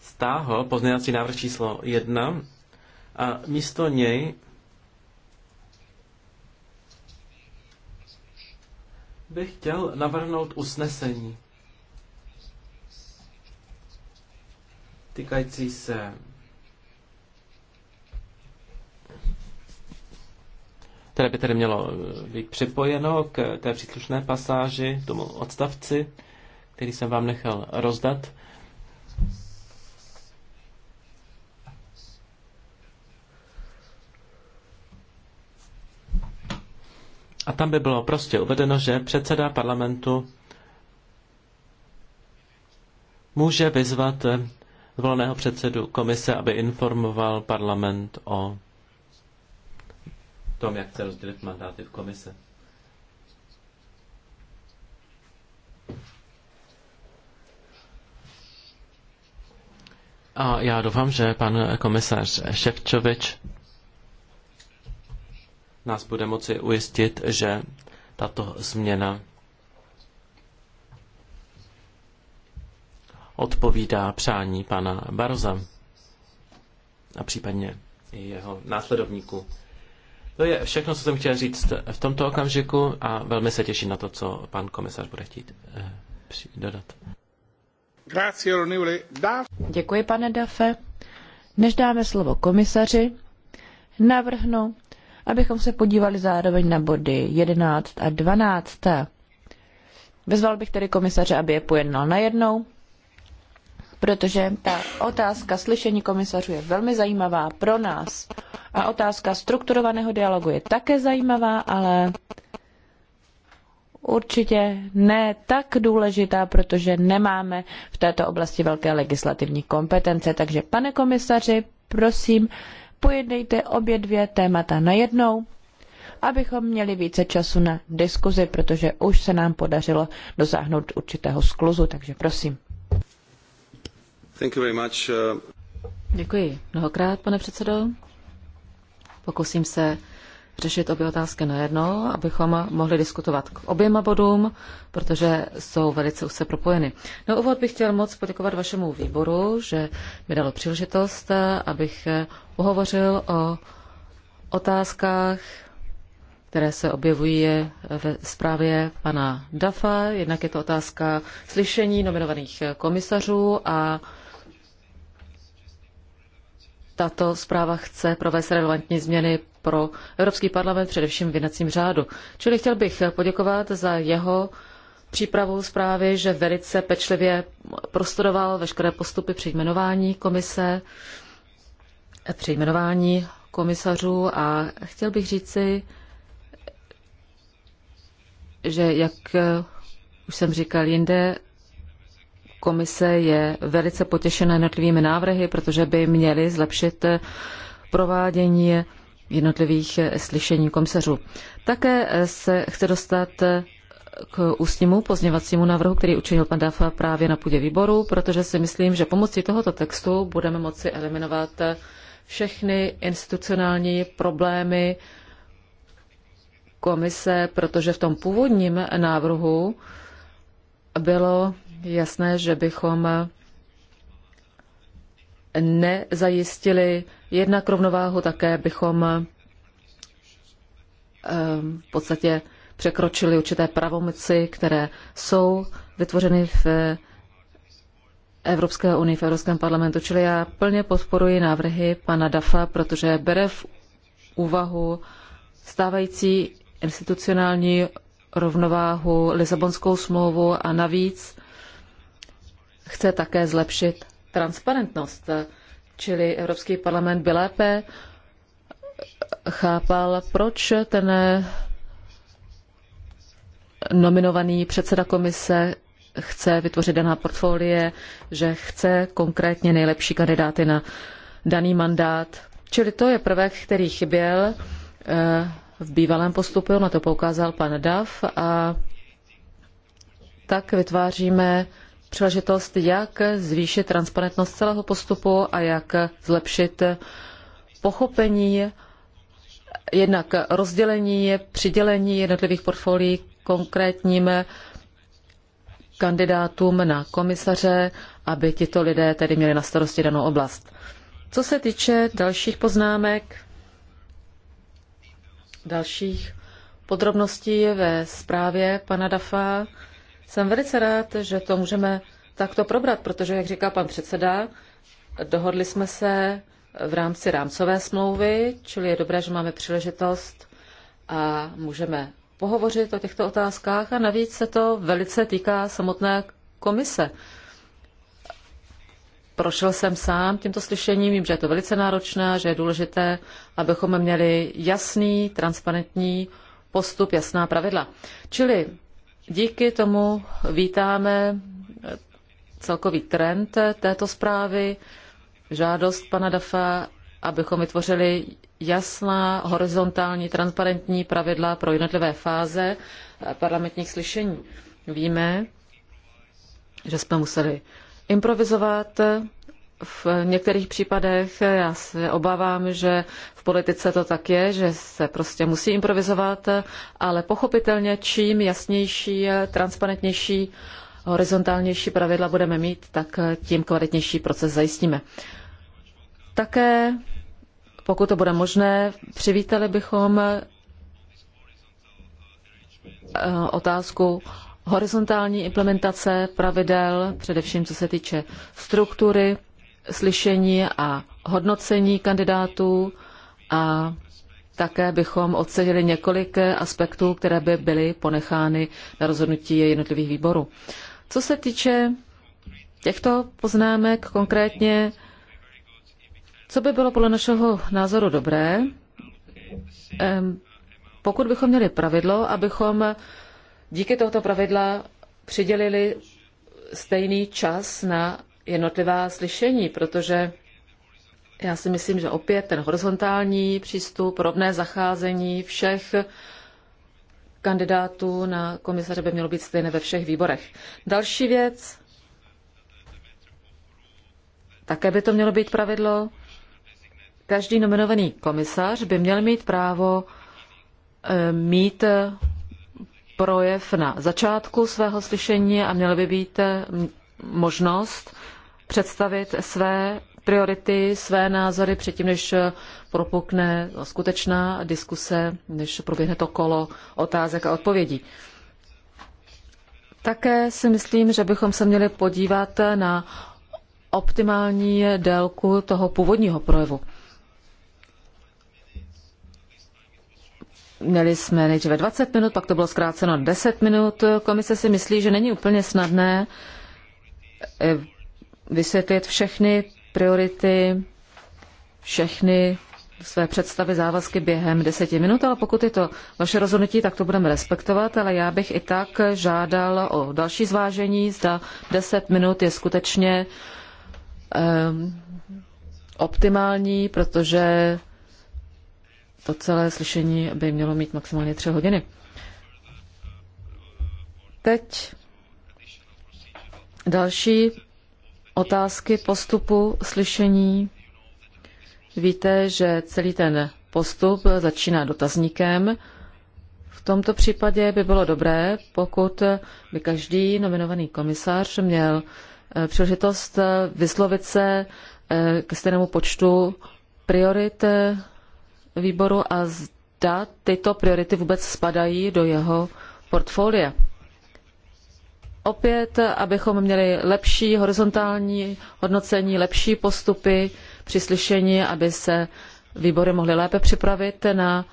stáhl pozměňovací návrh číslo 1 a místo něj bych chtěl navrhnout usnesení týkající se které by tedy mělo eh, být připojeno k té příslušné pasáži, tomu odstavci, který jsem vám nechal rozdat. A tam by bylo prostě uvedeno, že předseda parlamentu může vyzvat eh, zvoleného předsedu komise, aby informoval parlament o tom, jak chce rozdělit mandáty v komise. A já doufám, že pan komisař Ševčovič nás bude moci ujistit, že tato změna odpovídá přání pana Baroza a případně i jeho následovníku. To je všechno, co jsem chtěl říct v tomto okamžiku a velmi se těším na to, co pan komisař bude chtít eh, dodat. Děkuji, pane Dafe. Než dáme slovo komisaři, navrhnu, abychom se podívali zároveň na body 11 a 12. Vyzval bych tedy komisaře, aby je pojednal najednou protože ta otázka slyšení komisařů je velmi zajímavá pro nás a otázka strukturovaného dialogu je také zajímavá, ale určitě ne tak důležitá, protože nemáme v této oblasti velké legislativní kompetence. Takže pane komisaři, prosím, pojednejte obě dvě témata najednou, abychom měli více času na diskuzi, protože už se nám podařilo dosáhnout určitého skluzu, takže prosím. Uh, Děkuji mnohokrát, pane předsedo. Pokusím se řešit obě otázky najednou, abychom mohli diskutovat k oběma bodům, protože jsou velice už se propojeny. Na úvod bych chtěl moc poděkovat vašemu výboru, že mi dalo příležitost, abych pohovořil o otázkách, které se objevují ve zprávě pana Dafa. Jednak je to otázka slyšení nominovaných komisařů a tato zpráva chce provést relevantní změny pro Evropský parlament, především v jednacím řádu. Čili chtěl bych poděkovat za jeho přípravu zprávy, že velice pečlivě prostudoval veškeré postupy při jmenování komise, při jmenování komisařů a chtěl bych říci, že jak už jsem říkal jinde, komise je velice potěšena jednotlivými návrhy, protože by měly zlepšit eh, provádění jednotlivých eh, slyšení komisařů. Také eh, se chce dostat k ústnímu pozněvacímu návrhu, který učinil pan Dafa právě na půdě výboru, protože si myslím, že pomocí tohoto textu budeme moci eliminovat všechny institucionální problémy komise, protože v tom původním návrhu bylo jasné, že bychom nezajistili jednak rovnováhu, také bychom ehm, v podstatě překročili určité pravomoci, které jsou vytvořeny v Evropské unii, v Evropském parlamentu. Čili já plně podporuji návrhy pana Dafa, protože bere v úvahu stávající institucionální rovnováhu, Lisabonskou smlouvu a navíc chce také zlepšit transparentnost, čili Evropský parlament by lépe chápal, proč ten nominovaný předseda komise chce vytvořit daná portfolie, že chce konkrétně nejlepší kandidáty na daný mandát. Čili to je prvek, který chyběl eh, v bývalém postupu, na to poukázal pan Dav a tak vytváříme příležitost, jak zvýšit transparentnost celého postupu a jak zlepšit pochopení jednak rozdělení, přidělení jednotlivých portfolií konkrétním kandidátům na komisaře, aby tito lidé tedy měli na starosti danou oblast. Co se týče dalších poznámek, dalších podrobností ve zprávě pana Dafa, jsem velice rád, že to můžeme takto probrat, protože, jak říká pan předseda, dohodli jsme se v rámci rámcové smlouvy, čili je dobré, že máme příležitost a můžeme pohovořit o těchto otázkách a navíc se to velice týká samotné komise. Prošel jsem sám tímto slyšením, vím, že je to velice náročné, že je důležité, abychom měli jasný, transparentní postup, jasná pravidla. Čili Díky tomu vítáme celkový trend této zprávy, žádost pana Dafa, abychom vytvořili jasná, horizontální, transparentní pravidla pro jednotlivé fáze parlamentních slyšení. Víme, že jsme museli improvizovat, v některých případech já se obávám, že v politice to tak je, že se prostě musí improvizovat, ale pochopitelně čím jasnější, transparentnější, horizontálnější pravidla budeme mít, tak tím kvalitnější proces zajistíme. Také, pokud to bude možné, přivítali bychom eh, otázku horizontální implementace pravidel, především co se týče struktury slyšení a hodnocení kandidátů a také bychom ocenili několik aspektů, které by byly ponechány na rozhodnutí jednotlivých výborů. Co se týče těchto poznámek konkrétně, co by bylo podle našeho názoru dobré, pokud bychom měli pravidlo, abychom díky tohoto pravidla přidělili stejný čas na jednotlivá slyšení, protože já si myslím, že opět ten horizontální přístup, rovné zacházení všech kandidátů na komisaře by mělo být stejné ve všech výborech. Další věc, také by to mělo být pravidlo, každý nominovaný komisař by měl mít právo eh, mít eh, projev na začátku svého slyšení a měl by být eh, možnost představit své priority, své názory předtím, než propukne skutečná diskuse, než proběhne to kolo otázek a odpovědí. Také si myslím, že bychom se měli podívat na optimální délku toho původního projevu. Měli jsme nejdříve 20 minut, pak to bylo zkráceno 10 minut. Komise si myslí, že není úplně snadné eh, vysvětlit všechny priority, všechny své představy, závazky během deseti minut, ale pokud je to vaše rozhodnutí, tak to budeme respektovat, ale já bych i tak žádal o další zvážení, zda deset minut je skutečně um, optimální, protože to celé slyšení by mělo mít maximálně tři hodiny. Teď další otázky postupu slyšení. Víte, že celý ten postup začíná dotazníkem. V tomto případě by bylo dobré, pokud by každý nominovaný komisař měl eh, příležitost eh, vyslovit se eh, ke stejnému počtu priorit výboru a zda tyto priority vůbec spadají do jeho portfolia opět, abychom měli lepší horizontální hodnocení, lepší postupy při slyšení, aby se výbory mohly lépe připravit na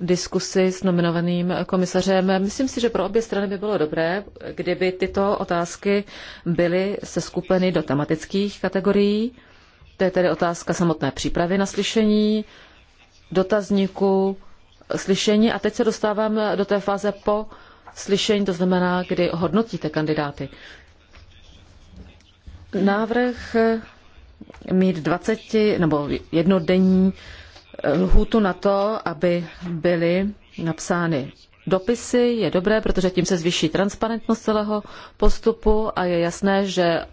diskusi s nominovaným komisařem. Myslím si, že pro obě strany by bylo dobré, kdyby tyto otázky byly seskupeny do tematických kategorií. To je tedy otázka samotné přípravy na slyšení, dotazníku, slyšení a teď se dostávám do té fáze po slyšení, to znamená, kdy hodnotíte kandidáty. Návrh eh, mít 20 nebo jednodenní eh, lhůtu na to, aby byly napsány dopisy, je dobré, protože tím se zvýší transparentnost celého postupu a je jasné, že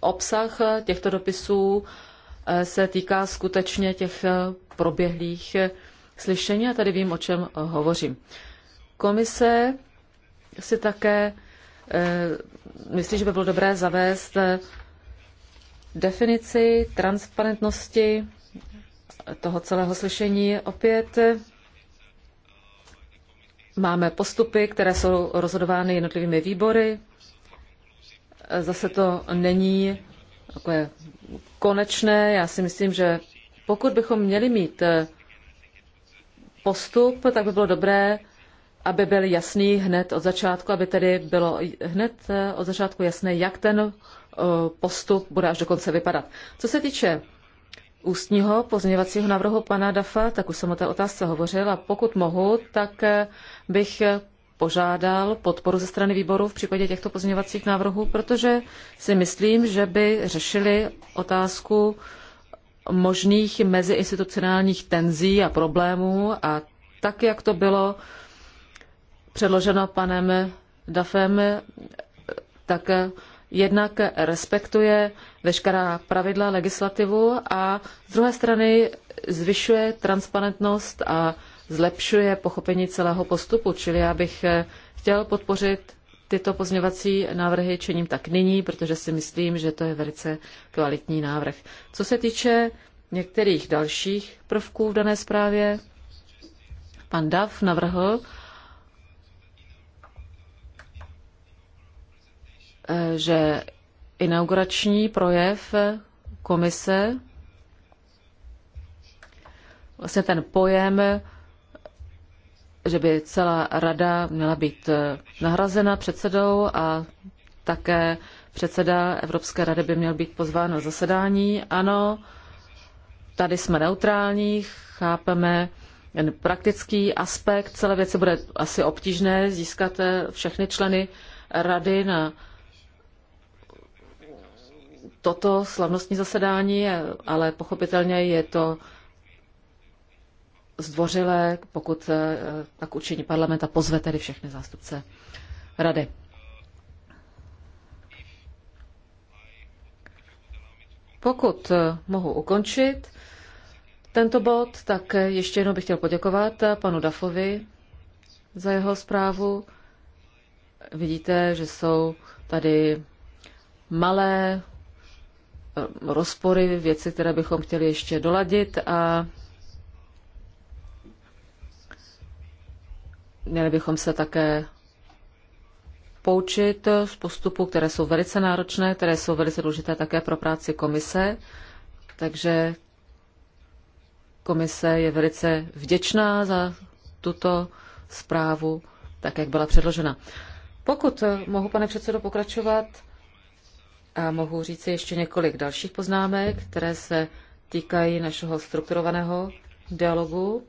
obsah těchto dopisů eh, se týká skutečně těch proběhlých slyšení a tady vím, o čem hovořím. Komise si také eh, myslím, že by bylo dobré zavést eh, definici transparentnosti toho celého slyšení. Opět eh, máme postupy, které jsou rozhodovány jednotlivými výbory. Zase to není takové konečné. Já si myslím, že pokud bychom měli mít postup, tak by bylo dobré aby byl jasný hned od začátku, aby tedy bylo hned eh, od začátku jasné, jak ten eh, postup bude až do konce vypadat. Co se týče ústního pozměňovacího návrhu pana Dafa, tak už jsem o té otázce hovořil a pokud mohu, tak eh, bych požádal podporu ze strany výboru v případě těchto pozměňovacích návrhů, protože si myslím, že by řešili otázku možných meziinstitucionálních tenzí a problémů a tak, jak to bylo předložena panem Dafem, eh, tak eh, jednak respektuje veškerá pravidla legislativu a z druhé strany zvyšuje transparentnost a zlepšuje pochopení celého postupu. Čili já bych eh, chtěl podpořit tyto pozměvací návrhy, činím tak nyní, protože si myslím, že to je velice kvalitní návrh. Co se týče některých dalších prvků v dané zprávě, pan Dav navrhl, že inaugurační projev komise, vlastně ten pojem, že by celá rada měla být nahrazena předsedou a také předseda Evropské rady by měl být pozván na zasedání. Ano, tady jsme neutrální, chápeme jen praktický aspekt celé věci. Bude asi obtížné získat eh, všechny členy rady na toto slavnostní zasedání, ale pochopitelně je to zdvořilé, pokud eh, tak učiní parlament a pozve tedy všechny zástupce rady. Pokud eh, mohu ukončit tento bod, tak eh, ještě jednou bych chtěl poděkovat panu Dafovi za jeho zprávu. Vidíte, že jsou tady malé Um, rozpory, věci, které bychom chtěli ještě doladit a měli bychom se také poučit z postupů, které jsou velice náročné, které jsou velice důležité také pro práci komise. Takže komise je velice vděčná za tuto zprávu, tak jak byla předložena. Pokud mohu, pane předsedo, pokračovat, a mohu říci ještě několik dalších poznámek, které se týkají našeho strukturovaného dialogu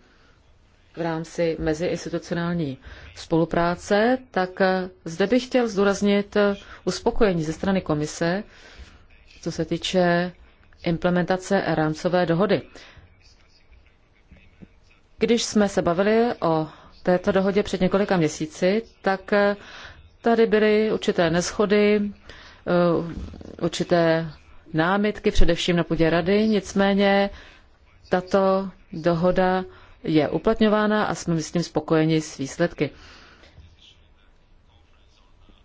v rámci meziinstitucionální spolupráce, tak eh, zde bych chtěl zdůraznit eh, uspokojení ze strany komise, co se týče implementace rámcové dohody. Když jsme se bavili o této dohodě před několika měsíci, tak eh, tady byly určité neschody, Eh, určité námitky, především na půdě rady, nicméně tato dohoda je uplatňována a jsme, myslím, spokojeni s výsledky.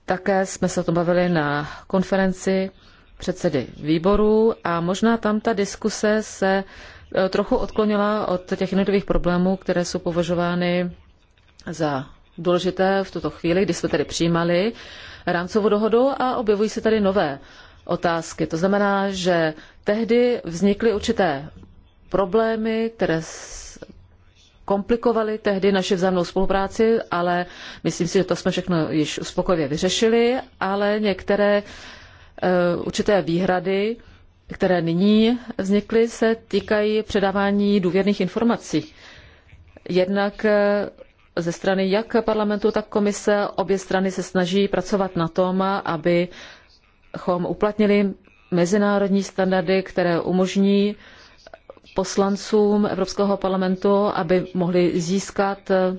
Také jsme se o tom bavili na konferenci předsedy výborů a možná tam ta diskuse se eh, trochu odklonila od těch jednotlivých problémů, které jsou považovány za důležité v tuto chvíli, kdy jsme tedy přijímali rámcovou dohodu a objevují se tady nové otázky. To znamená, že tehdy vznikly určité problémy, které komplikovaly tehdy naši vzájemnou spolupráci, ale myslím si, že to jsme všechno již uspokojivě vyřešili, ale některé eh, určité výhrady, které nyní vznikly, se týkají předávání důvěrných informací. Jednak eh, ze strany jak parlamentu, tak komise. Obě strany se snaží pracovat na tom, abychom uplatnili mezinárodní standardy, které umožní poslancům Evropského parlamentu, aby mohli získat eh,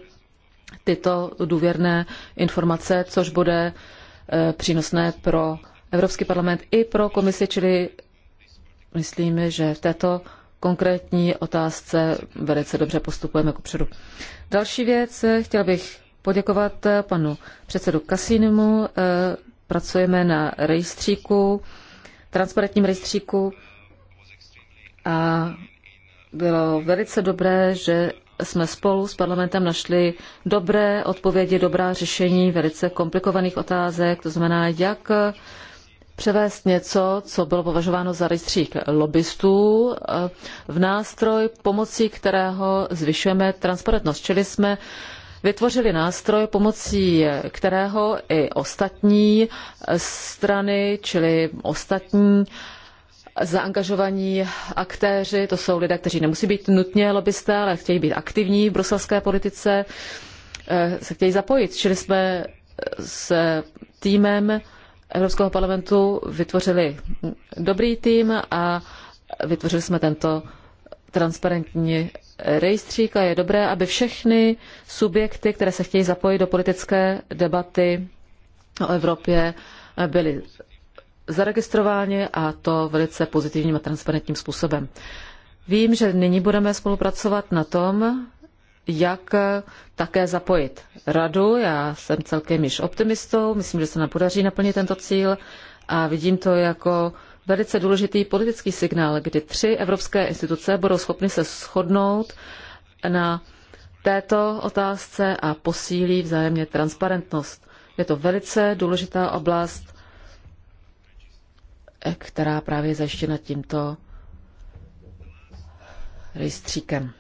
tyto důvěrné informace, což bude eh, přínosné pro Evropský parlament i pro komisi, čili myslím, že v této konkrétní otázce velice dobře postupujeme kupředu. Další věc, eh, chtěla bych poděkovat eh, panu předsedu Kasinimu. Eh, pracujeme na rejstříku, transparentním rejstříku a bylo velice dobré, že jsme spolu s parlamentem našli dobré odpovědi, dobrá řešení velice komplikovaných otázek, to znamená, jak převést něco, co bylo považováno za rejstřík lobbystů, eh, v nástroj, pomocí kterého zvyšujeme transparentnost. Čili jsme vytvořili nástroj, pomocí kterého i ostatní eh, strany, čili ostatní eh, zaangažovaní aktéři, to jsou lidé, kteří nemusí být nutně lobbysté, ale chtějí být aktivní v bruselské politice, se chtějí zapojit. Čili jsme s týmem Evropského parlamentu vytvořili dobrý tým a vytvořili jsme tento transparentní rejstřík a je dobré, aby všechny subjekty, které se chtějí zapojit do politické debaty o Evropě, byly zaregistrováni a to velice pozitivním a transparentním způsobem. Vím, že nyní budeme spolupracovat na tom, jak eh, také zapojit radu. Já jsem celkem již optimistou, myslím, že se nám podaří naplnit tento cíl a vidím to jako velice důležitý politický signál, kdy tři evropské instituce budou schopny se shodnout na této otázce a posílí vzájemně transparentnost. Je to velice důležitá oblast, eh, která právě je zajištěna tímto rejstříkem.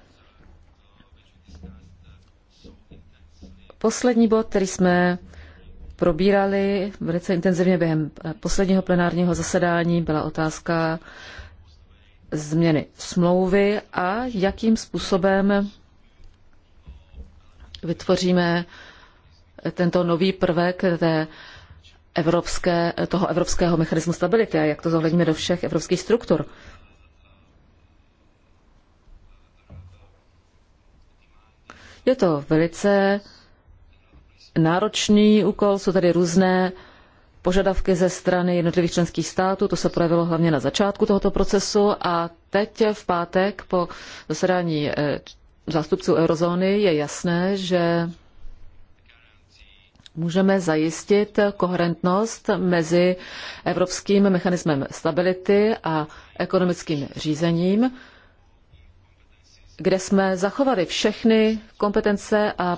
poslední bod, který jsme probírali velice intenzivně během posledního plenárního zasedání, byla otázka změny smlouvy a jakým způsobem vytvoříme tento nový prvek té evropské, toho evropského mechanismu stability a jak to zohledníme do všech evropských struktur. Je to velice náročný úkol, jsou tady různé požadavky ze strany jednotlivých členských států, to se projevilo hlavně na začátku tohoto procesu a teď v pátek po zasedání eh, zástupců eurozóny je jasné, že můžeme zajistit koherentnost mezi evropským mechanismem stability a ekonomickým řízením, kde jsme zachovali všechny kompetence a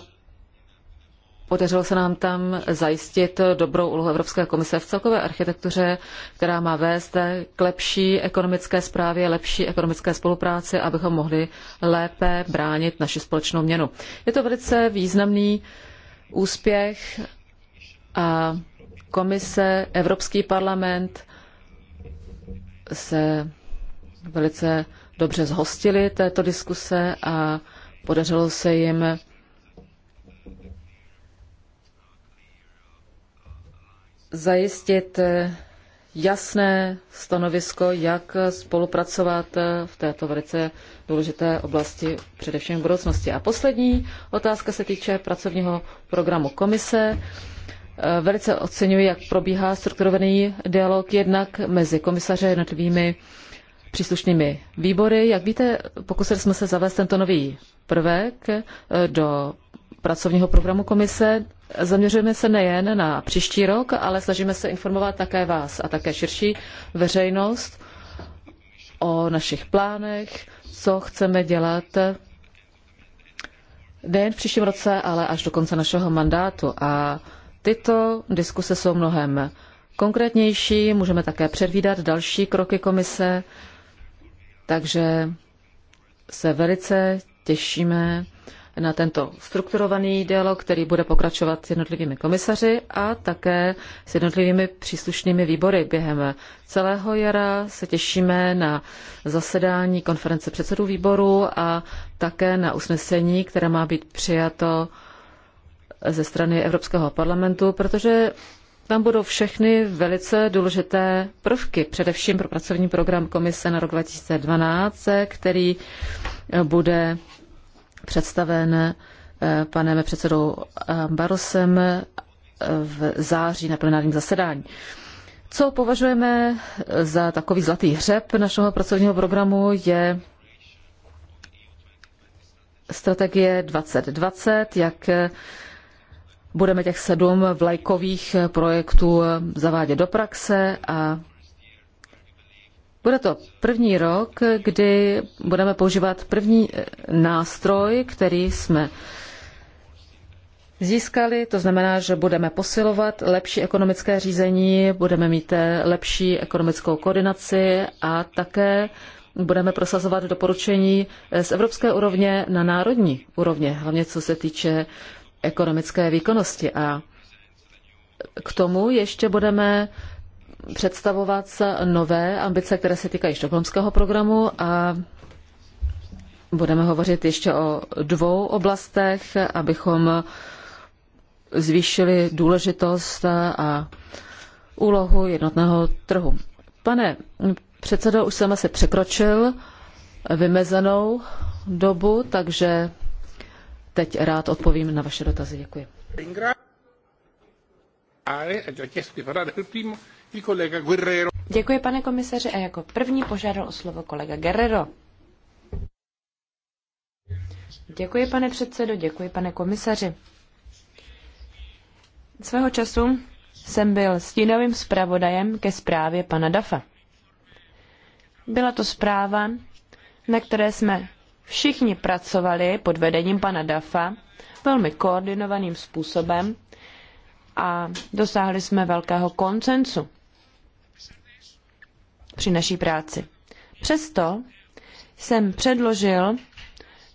Podařilo se nám tam zajistit dobrou úlohu Evropské komise v celkové architektuře, která má vést k lepší ekonomické správě, lepší ekonomické spolupráci, abychom mohli lépe bránit naši společnou měnu. Je to velice významný úspěch a komise, Evropský parlament se velice dobře zhostili této diskuse a podařilo se jim zajistit eh, jasné stanovisko, jak spolupracovat eh, v této velice důležité oblasti, především v budoucnosti. A poslední otázka se týče pracovního programu komise. Eh, velice oceňuji, jak probíhá strukturovaný dialog jednak mezi komisaře jednotlivými příslušnými výbory. Jak víte, pokusili jsme se zavést tento nový prvek do pracovního programu komise zaměřujeme se nejen na příští rok, ale snažíme se informovat také vás a také širší veřejnost o našich plánech, co chceme dělat nejen v příštím roce, ale až do konce našeho mandátu. A tyto diskuse jsou mnohem konkrétnější, můžeme také předvídat další kroky komise, takže se velice těšíme na tento strukturovaný dialog, který bude pokračovat s jednotlivými komisaři a také s jednotlivými příslušnými výbory. Během celého jara se těšíme na zasedání konference předsedů výboru a také na usnesení, které má být přijato ze strany Evropského parlamentu, protože tam budou všechny velice důležité prvky, především pro pracovní program komise na rok 2012, který bude představen eh, panem předsedou eh, Barosem eh, v září na plenárním zasedání. Co považujeme za takový zlatý hřeb našeho pracovního programu je strategie 2020, jak budeme těch sedm vlajkových projektů zavádět do praxe a bude to první rok, kdy budeme používat první eh, nástroj, který jsme získali, to znamená, že budeme posilovat lepší ekonomické řízení, budeme mít eh, lepší ekonomickou koordinaci a také budeme prosazovat doporučení eh, z evropské úrovně na národní úrovně, hlavně co se týče ekonomické výkonnosti. A k tomu ještě budeme představovat nové ambice, které se týkají štokholmského programu a budeme hovořit ještě o dvou oblastech, abychom zvýšili důležitost a úlohu jednotného trhu. Pane předsedo, už jsem asi překročil vymezenou dobu, takže teď rád odpovím na vaše dotazy. Děkuji. Děkuji, pane komisaři, a jako první požádal o slovo kolega Guerrero. Děkuji, pane předsedo, děkuji, pane komisaři. Svého času jsem byl stínovým zpravodajem ke zprávě pana Dafa. Byla to zpráva, na které jsme všichni pracovali pod vedením pana Dafa velmi koordinovaným způsobem a dosáhli jsme velkého koncensu při naší práci. Přesto jsem předložil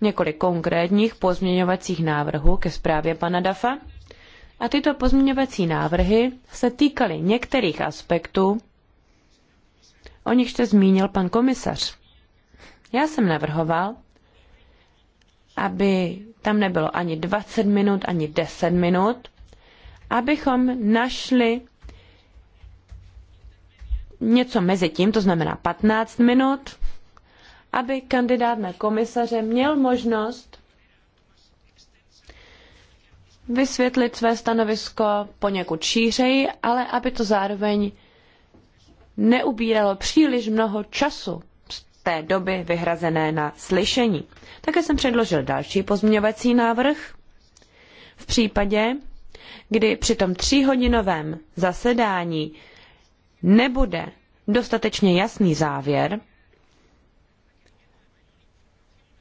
několik konkrétních pozměňovacích návrhů ke zprávě pana Dafa a tyto pozměňovací návrhy se týkaly některých aspektů, o nichž se zmínil pan komisař. Já jsem navrhoval, aby tam nebylo ani 20 minut, ani 10 minut, abychom našli něco mezi tím, to znamená 15 minut, aby kandidát na komisaře měl možnost vysvětlit své stanovisko poněkud šířeji, ale aby to zároveň neubíralo příliš mnoho času z té doby vyhrazené na slyšení. Také jsem předložil další pozměňovací návrh. V případě, kdy při tom tříhodinovém zasedání nebude dostatečně jasný závěr,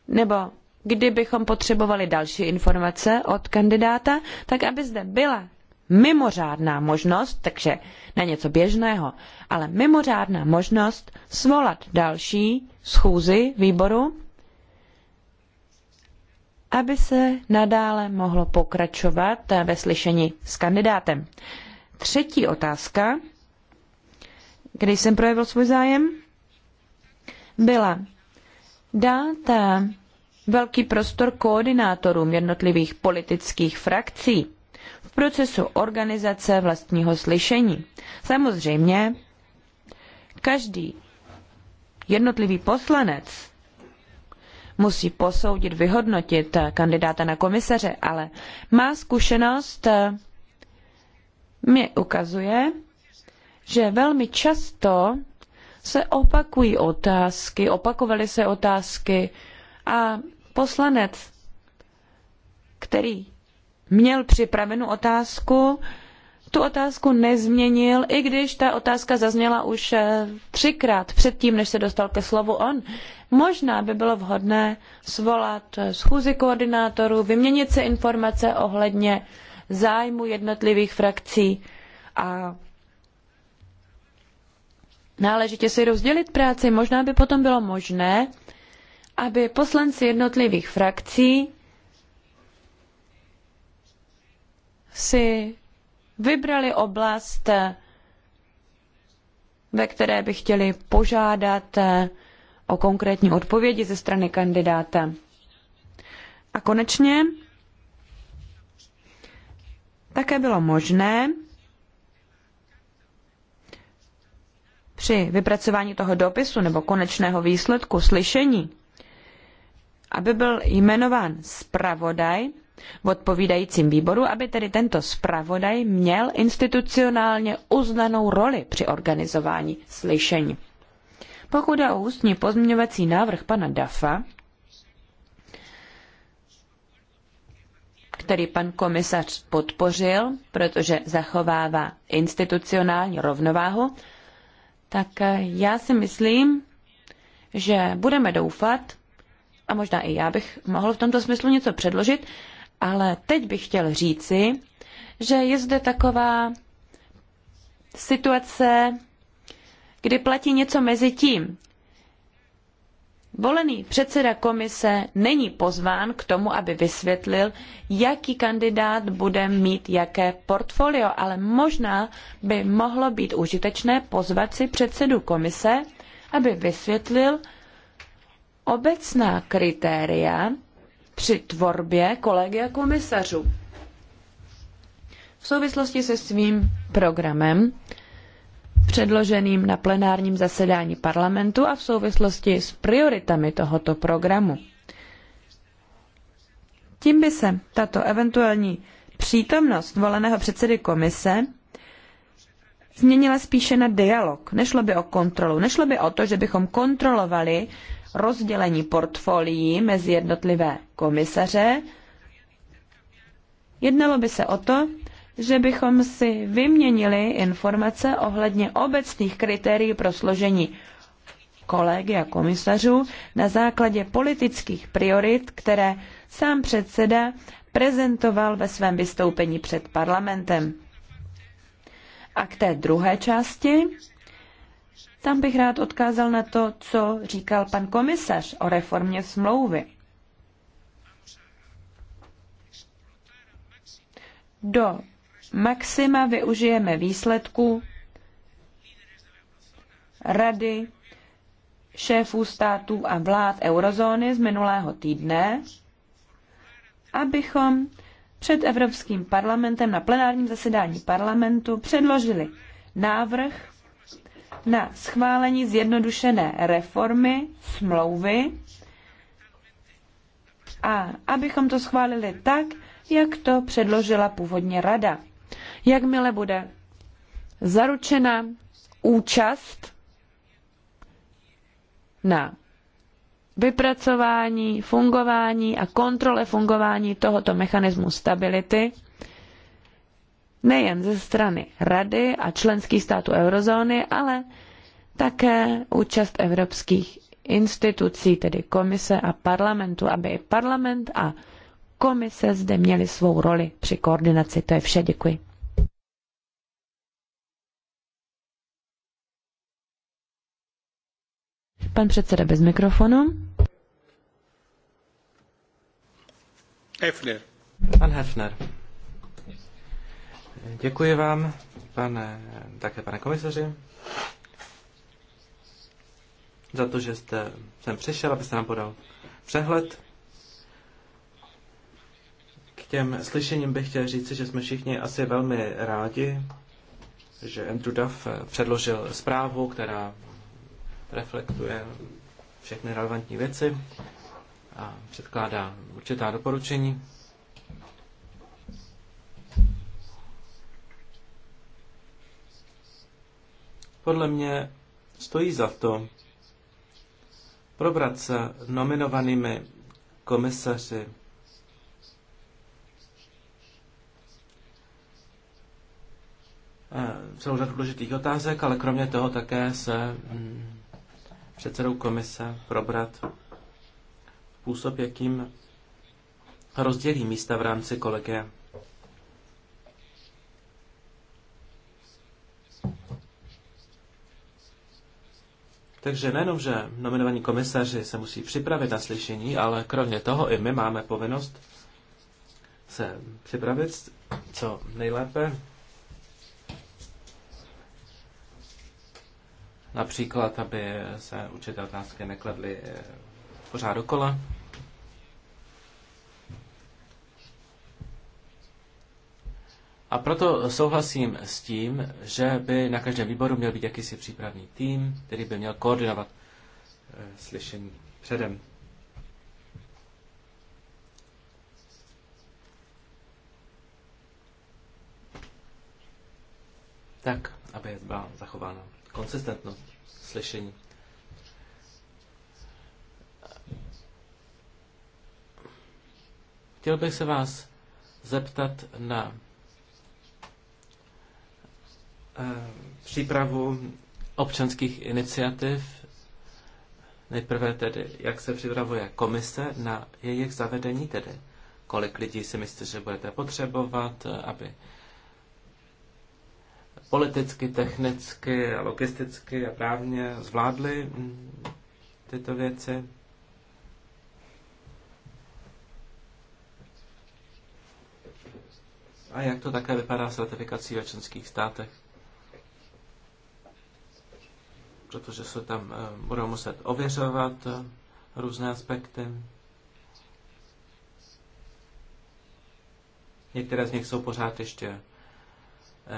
nebo kdybychom potřebovali další informace od kandidáta, tak aby zde byla mimořádná možnost, takže na něco běžného, ale mimořádná možnost svolat další schůzi výboru, aby se nadále mohlo pokračovat ve slyšení s kandidátem. Třetí otázka kde jsem projevil svůj zájem, byla dát eh, velký prostor koordinátorům jednotlivých politických frakcí v procesu organizace vlastního slyšení. Samozřejmě, každý jednotlivý poslanec musí posoudit, vyhodnotit eh, kandidáta na komisaře, ale má zkušenost eh, mi ukazuje, že velmi často se opakují otázky, opakovaly se otázky a poslanec, který měl připravenou otázku, tu otázku nezměnil, i když ta otázka zazněla už eh, třikrát předtím, než se dostal ke slovu on. Možná by bylo vhodné svolat eh, schůzi koordinátorů, vyměnit se informace ohledně zájmu jednotlivých frakcí a náležitě si rozdělit práci. Možná by potom bylo možné, aby poslanci jednotlivých frakcí si vybrali oblast, ve které by chtěli požádat eh, o konkrétní odpovědi ze strany kandidáta. A konečně také bylo možné, při vypracování toho dopisu nebo konečného výsledku slyšení, aby byl jmenován zpravodaj v odpovídajícím výboru, aby tedy tento zpravodaj měl institucionálně uznanou roli při organizování slyšení. Pokud je o ústní pozměňovací návrh pana Dafa, který pan komisař podpořil, protože zachovává institucionální rovnováhu, tak eh, já si myslím, že budeme doufat, a možná i já bych mohl v tomto smyslu něco předložit, ale teď bych chtěl říci, že je zde taková situace, kdy platí něco mezi tím, Volený předseda komise není pozván k tomu, aby vysvětlil, jaký kandidát bude mít jaké portfolio, ale možná by mohlo být užitečné pozvat si předsedu komise, aby vysvětlil obecná kritéria při tvorbě kolegia komisařů. V souvislosti se svým programem předloženým na plenárním zasedání parlamentu a v souvislosti s prioritami tohoto programu. Tím by se tato eventuální přítomnost voleného předsedy komise změnila spíše na dialog. Nešlo by o kontrolu, nešlo by o to, že bychom kontrolovali rozdělení portfolií mezi jednotlivé komisaře. Jednalo by se o to, že bychom si vyměnili informace ohledně obecných kritérií pro složení kolegy a komisařů na základě politických priorit, které sám předseda prezentoval ve svém vystoupení před parlamentem. A k té druhé části, tam bych rád odkázal na to, co říkal pan komisař o reformě smlouvy. Do maxima využijeme výsledku rady šéfů států a vlád eurozóny z minulého týdne, abychom před Evropským parlamentem na plenárním zasedání parlamentu předložili návrh na schválení zjednodušené reformy smlouvy a abychom to schválili tak, jak to předložila původně Rada. Jakmile bude zaručena účast na vypracování, fungování a kontrole fungování tohoto mechanismu stability, nejen ze strany Rady a členských států eurozóny, ale také účast evropských institucí, tedy komise a parlamentu, aby i parlament a komise zde měli svou roli při koordinaci. To je vše, děkuji. Pan předseda bez mikrofonu. Hefner. Pan Hefner. Děkuji vám, pane, také pane komisaři, za to, že jste sem přišel, abyste nám podal přehled. K těm slyšením bych chtěl říci, že jsme všichni asi velmi rádi, že Andrew Duff předložil zprávu, která reflektuje všechny relevantní věci a předkládá určitá doporučení. Podle mě stojí za to probrat se nominovanými komisaři eh, celou řadu důležitých otázek, ale kromě toho také se hm, předsedou komise probrat způsob, jakým rozdělí místa v rámci kolegia. Takže nejenom, že nominovaní komisaři se musí připravit na slyšení, ale kromě toho i my máme povinnost se připravit co nejlépe Například, aby se určité otázky nekladly eh, pořád dokola. A proto souhlasím s tím, že by na každém výboru měl být jakýsi přípravný tým, který by měl koordinovat eh, slyšení předem. Tak, aby byla zachována konsistentnost slyšení. Chtěl bych se vás zeptat na eh, přípravu občanských iniciativ. Nejprve tedy, jak se připravuje komise na jejich zavedení, tedy kolik lidí si myslíte, že budete potřebovat, eh, aby politicky, technicky, logisticky a právně zvládli mm, tyto věci. A jak to také vypadá s ratifikací ve členských státech? Protože se tam eh, budou muset ověřovat eh, různé aspekty. Některé z nich jsou pořád ještě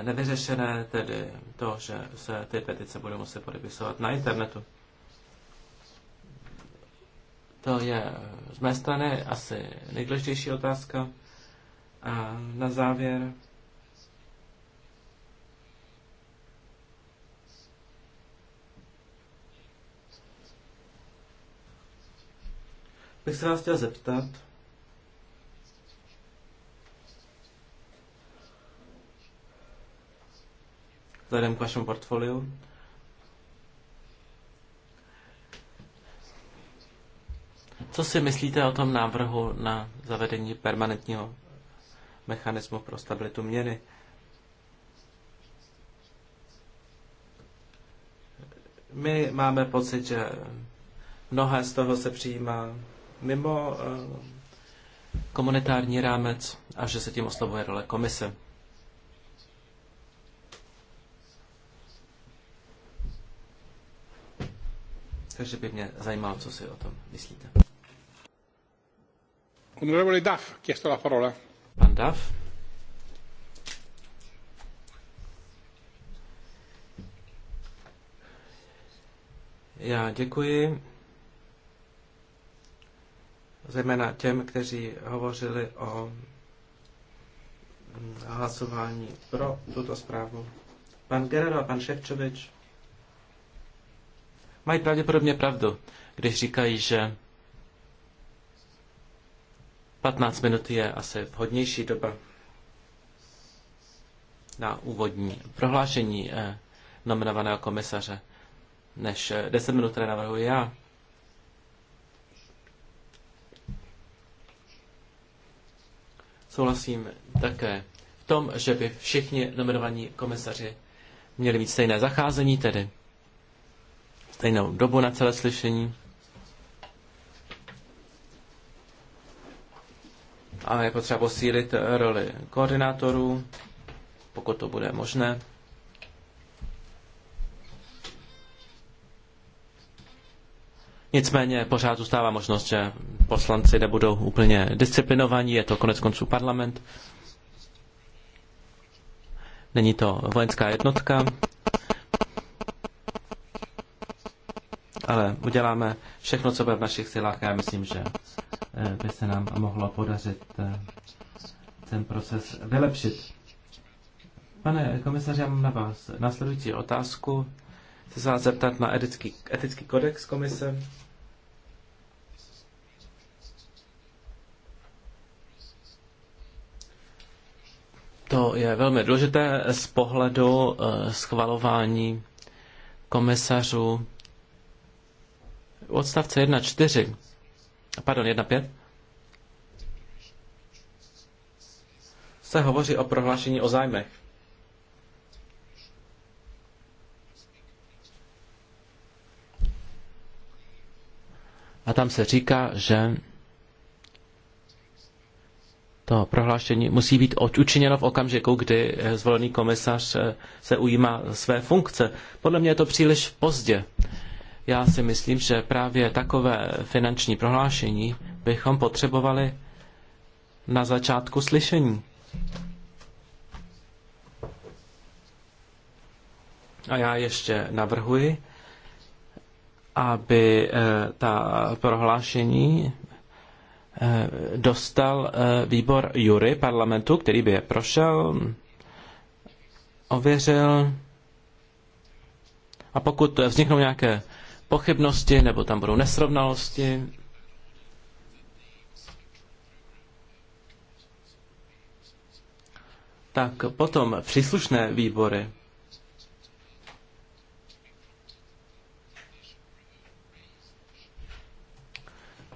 nevyřešené, tedy to, že se ty petice budou muset podepisovat na internetu. To je z mé strany asi nejdůležitější otázka. A na závěr bych se vás chtěl zeptat, vzhledem k vašemu portfoliu. Co si myslíte o tom návrhu na zavedení permanentního mechanismu pro stabilitu měny? My máme pocit, že mnohé z toho se přijímá mimo eh, komunitární rámec a že se tím oslovuje role komise. takže by mě zajímalo, co si o tom myslíte. Honorable Duff, chiesto la parola. Pan Duff. Já děkuji zejména těm, kteří hovořili o hlasování pro tuto zprávu. Pan Gerardo a pan Ševčovič mají pravděpodobně pravdu, když říkají, že 15 minut je asi vhodnější doba na úvodní prohlášení eh, nominovaného komisaře než 10 eh, minut, které navrhuji já. Souhlasím také v tom, že by všichni nominovaní komisaři měli mít stejné zacházení, tedy stejnou dobu na celé slyšení. A je potřeba posílit roli koordinátorů, pokud to bude možné. Nicméně pořád zůstává možnost, že poslanci nebudou úplně disciplinovaní, je to konec konců parlament. Není to vojenská jednotka, ale uděláme všechno, co bude v našich silách a já myslím, že eh, by se nám mohlo podařit eh, ten proces vylepšit. Pane komisaři, já mám na vás následující otázku. Chci se vás zeptat na etický, etický kodex komise. To je velmi důležité z pohledu eh, schvalování komisařů odstavce 1.4, pardon, 1.5, se hovoří o prohlášení o zájmech. A tam se říká, že to prohlášení musí být učiněno v okamžiku, kdy eh, zvolený komisař eh, se ujímá své funkce. Podle mě je to příliš pozdě já si myslím, že právě takové finanční prohlášení bychom potřebovali na začátku slyšení. A já ještě navrhuji, aby eh, ta prohlášení eh, dostal eh, výbor jury parlamentu, který by je prošel, ověřil a pokud vzniknou nějaké pochybnosti nebo tam budou nesrovnalosti. Tak potom příslušné výbory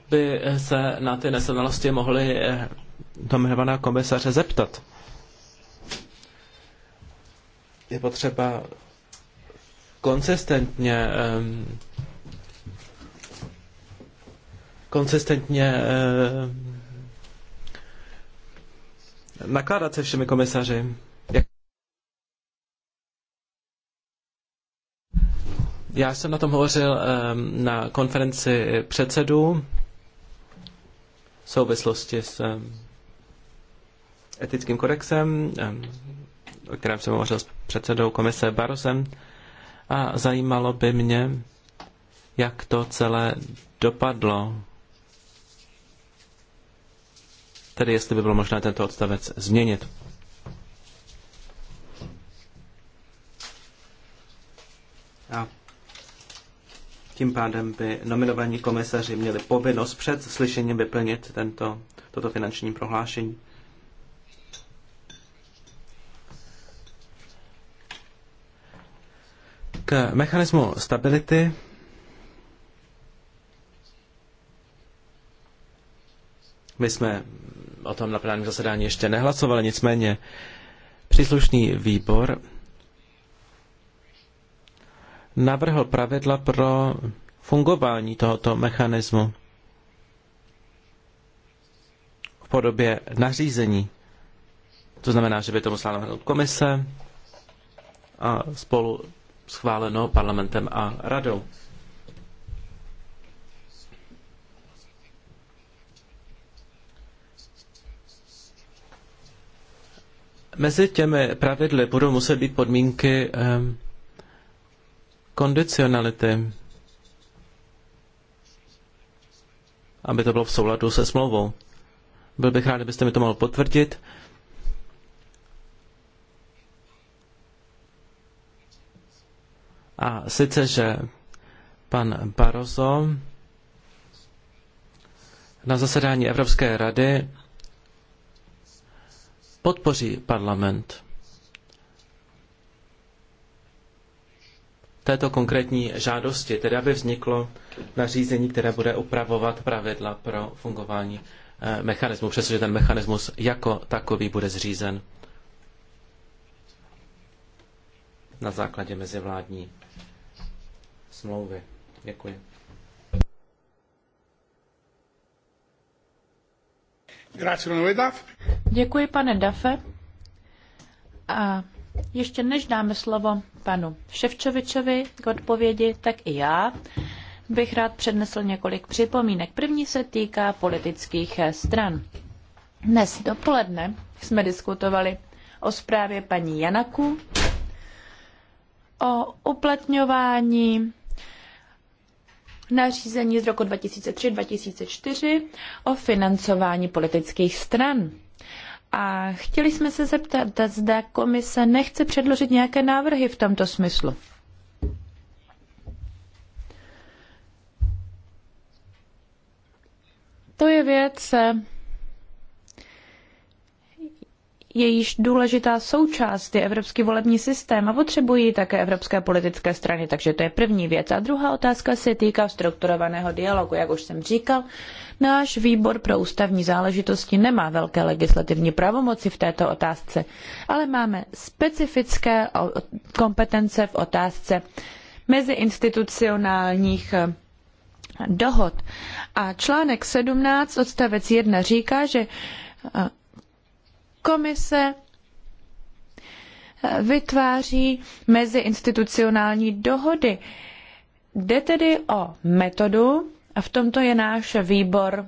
by se na ty nesrovnalosti mohli dominovaná eh, komisaře zeptat. Je potřeba konsistentně konsistentně nakládat se všemi komisaři. Já jsem na tom hovořil na konferenci předsedů v souvislosti s etickým kodexem, o kterém jsem hovořil s předsedou komise Barosem a zajímalo by mě, jak to celé dopadlo. Tedy jestli by bylo možné tento odstavec změnit. A tím pádem by nominovaní komisaři měli povinnost před slyšením vyplnit tento, toto finanční prohlášení. mechanismu stability. My jsme o tom na plánu zasedání ještě nehlasovali, nicméně příslušný výbor navrhl pravidla pro fungování tohoto mechanismu v podobě nařízení. To znamená, že by to musela navrhnout komise a spolu schváleno parlamentem a radou. Mezi těmi pravidly budou muset být podmínky ehm, kondicionality, aby to bylo v souladu se smlouvou. Byl bych rád, kdybyste mi to mohl potvrdit. A sice, že pan Barroso na zasedání Evropské rady podpoří parlament této konkrétní žádosti, tedy aby vzniklo nařízení, které bude upravovat pravidla pro fungování eh, mechanismu, přestože ten mechanismus jako takový bude zřízen. na základě mezivládní smlouvy. Děkuji. Děkuji, pane Dafe. A ještě než dáme slovo panu Ševčovičovi k odpovědi, tak i já bych rád přednesl několik připomínek. První se týká politických stran. Dnes dopoledne jsme diskutovali o zprávě paní Janaku o uplatňování nařízení z roku 2003-2004 o financování politických stran. A chtěli jsme se zeptat, zda komise nechce předložit nějaké návrhy v tomto smyslu. To je věc, jejíž důležitá součást je evropský volební systém a potřebují také evropské politické strany, takže to je první věc. A druhá otázka se týká strukturovaného dialogu. Jak už jsem říkal, náš výbor pro ústavní záležitosti nemá velké legislativní pravomoci v této otázce, ale máme specifické kompetence v otázce meziinstitucionálních eh, dohod. A článek 17 odstavec 1 říká, že eh, komise eh, vytváří meziinstitucionální dohody. Jde tedy o metodu a v tomto je náš výbor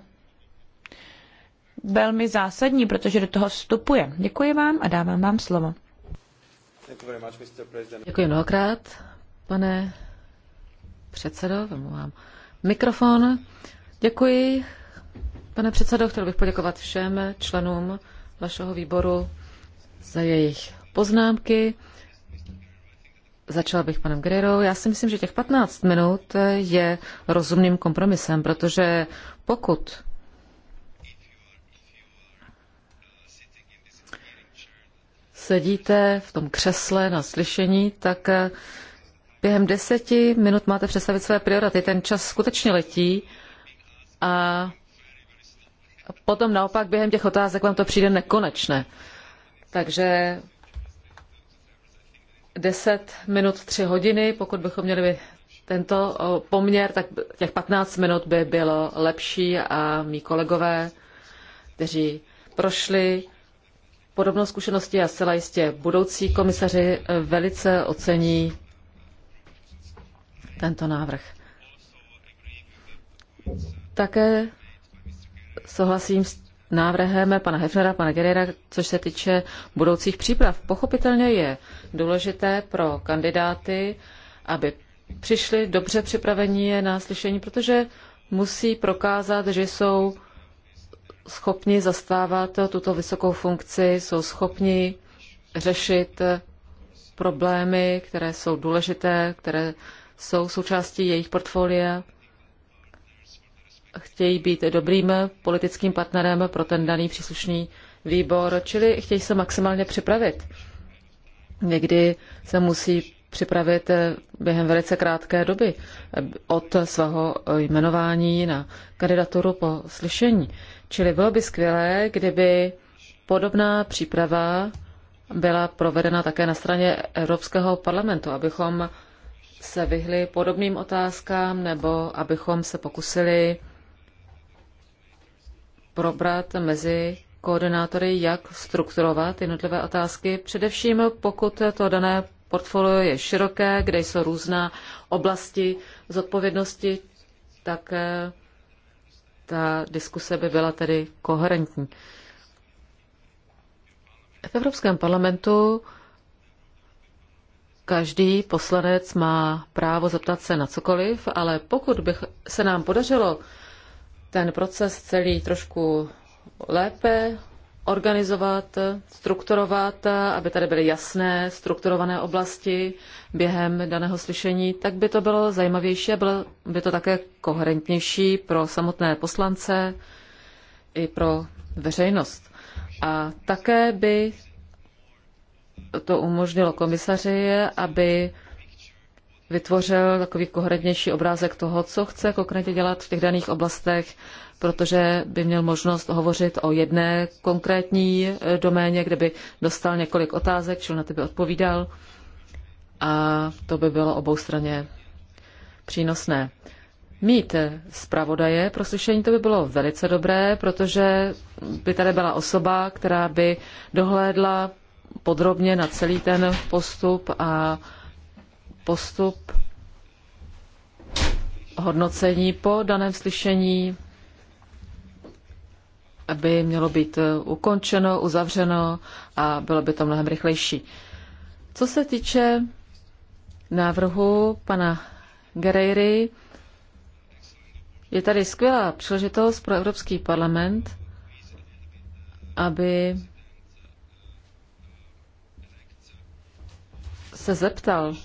velmi zásadní, protože do toho vstupuje. Děkuji vám a dávám vám slovo. Děkuji mnohokrát, pane předsedo, vemu vám mikrofon. Děkuji, pane předsedo, chtěl bych poděkovat všem členům vašeho výboru za jejich poznámky. Začala bych panem Guerrero. Já si myslím, že těch 15 minut je rozumným kompromisem, protože pokud sedíte v tom křesle na slyšení, tak eh, během deseti minut máte představit své priority. Ten čas skutečně letí a potom naopak během těch otázek vám to přijde nekonečné. Takže 10 minut 3 hodiny, pokud bychom měli tento poměr, tak těch 15 minut by bylo lepší a mý kolegové, kteří prošli podobnou zkušenosti a zcela jistě budoucí komisaři e, velice ocení tento návrh. Také souhlasím s návrhem pana Hefnera, pana Gerera, což se týče budoucích příprav. Pochopitelně je důležité pro kandidáty, aby přišli dobře je na slyšení, protože musí prokázat, že jsou schopni zastávat tuto vysokou funkci, jsou schopni řešit problémy, které jsou důležité, které jsou součástí jejich portfolia, chtějí být dobrým politickým partnerem pro ten daný příslušný výbor, čili chtějí se maximálně připravit. Někdy se musí připravit během velice krátké doby od svého jmenování na kandidaturu po slyšení. Čili bylo by skvělé, kdyby podobná příprava byla provedena také na straně Evropského parlamentu, abychom se vyhli podobným otázkám nebo abychom se pokusili probrat mezi koordinátory, jak strukturovat jednotlivé otázky, především pokud to dané portfolio je široké, kde jsou různá oblasti zodpovědnosti, tak eh, ta diskuse by byla tedy koherentní. V Evropském parlamentu každý poslanec má právo zeptat se na cokoliv, ale pokud by se nám podařilo ten proces celý trošku lépe organizovat, strukturovat, aby tady byly jasné, strukturované oblasti během daného slyšení, tak by to bylo zajímavější a bylo by to také koherentnější pro samotné poslance i pro veřejnost. A také by to umožnilo komisaři, aby vytvořil takový kohrednější obrázek toho, co chce konkrétně dělat v těch daných oblastech, protože by měl možnost hovořit o jedné konkrétní eh, doméně, kde by dostal několik otázek, čili na ty by odpovídal a to by bylo oboustranně přínosné. Mít eh, zpravodaje pro slyšení to by bylo velice dobré, protože by tady byla osoba, která by dohlédla podrobně na celý ten postup a postup hodnocení po daném slyšení by mělo být ukončeno, uzavřeno a bylo by to mnohem rychlejší. Co se týče návrhu pana Gerejry, je tady skvělá příležitost pro Evropský parlament, aby se zeptal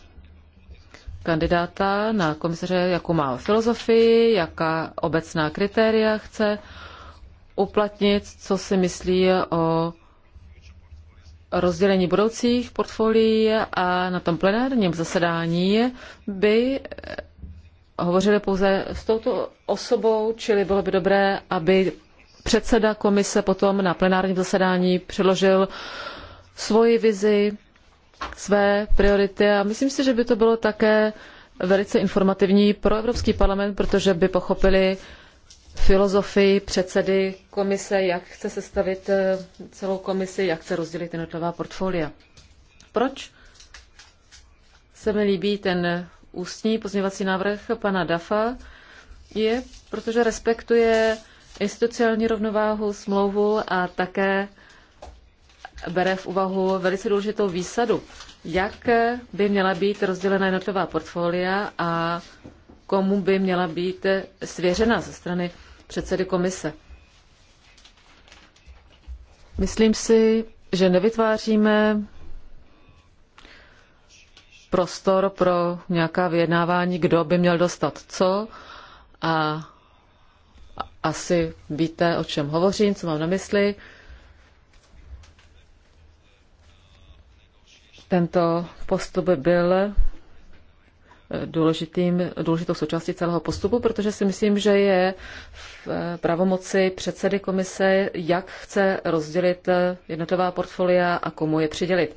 kandidáta na komisaře, jakou má filozofii, jaká obecná kritéria chce uplatnit, co si myslí o rozdělení budoucích portfolií a na tom plenárním zasedání by hovořili pouze s touto osobou, čili bylo by dobré, aby předseda komise potom na plenárním zasedání přiložil svoji vizi své priority a myslím si, že by to bylo také velice informativní pro Evropský parlament, protože by pochopili filozofii předsedy komise, jak chce sestavit eh, celou komisi, jak chce rozdělit jednotlivá portfolia. Proč se mi líbí ten ústní pozměvací návrh pana Dafa? Je, protože respektuje institucionální rovnováhu, smlouvu a také bere v úvahu velice důležitou výsadu, jak by měla být rozdělena jednotlivá portfolia a komu by měla být svěřena ze strany předsedy komise. Myslím si, že nevytváříme prostor pro nějaká vyjednávání, kdo by měl dostat co a asi víte, o čem hovořím, co mám na mysli. Tento postup byl eh, důležitým, důležitou součástí celého postupu, protože si myslím, že je v eh, pravomoci předsedy komise, jak chce rozdělit eh, jednotlivá portfolia a komu je přidělit.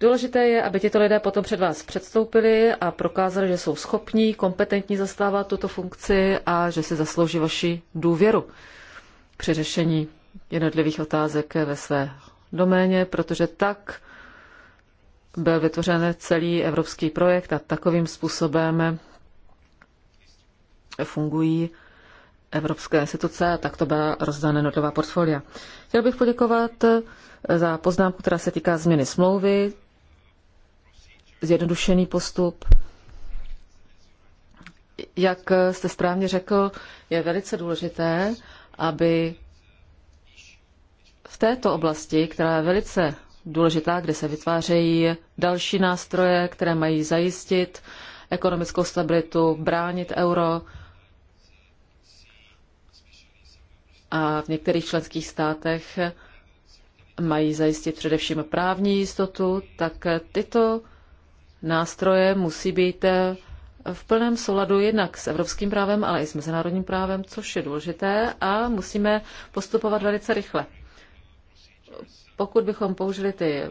Důležité je, aby tyto lidé potom před vás předstoupili a prokázali, že jsou schopní, kompetentní zastávat tuto funkci a že si zaslouží vaši důvěru při řešení jednotlivých otázek ve své doméně, protože tak byl vytvořen celý evropský projekt a takovým způsobem fungují evropské instituce a tak to byla rozdána jednotlivá portfolia. Chtěl bych poděkovat za poznámku, která se týká změny smlouvy, zjednodušený postup. Jak jste správně řekl, je velice důležité, aby v této oblasti, která je velice důležitá, kde se vytvářejí další nástroje, které mají zajistit ekonomickou stabilitu, bránit euro. A v některých členských státech mají zajistit především právní jistotu, tak tyto nástroje musí být v plném souladu jednak s evropským právem, ale i s mezinárodním právem, což je důležité a musíme postupovat velice rychle. Pokud bychom použili ty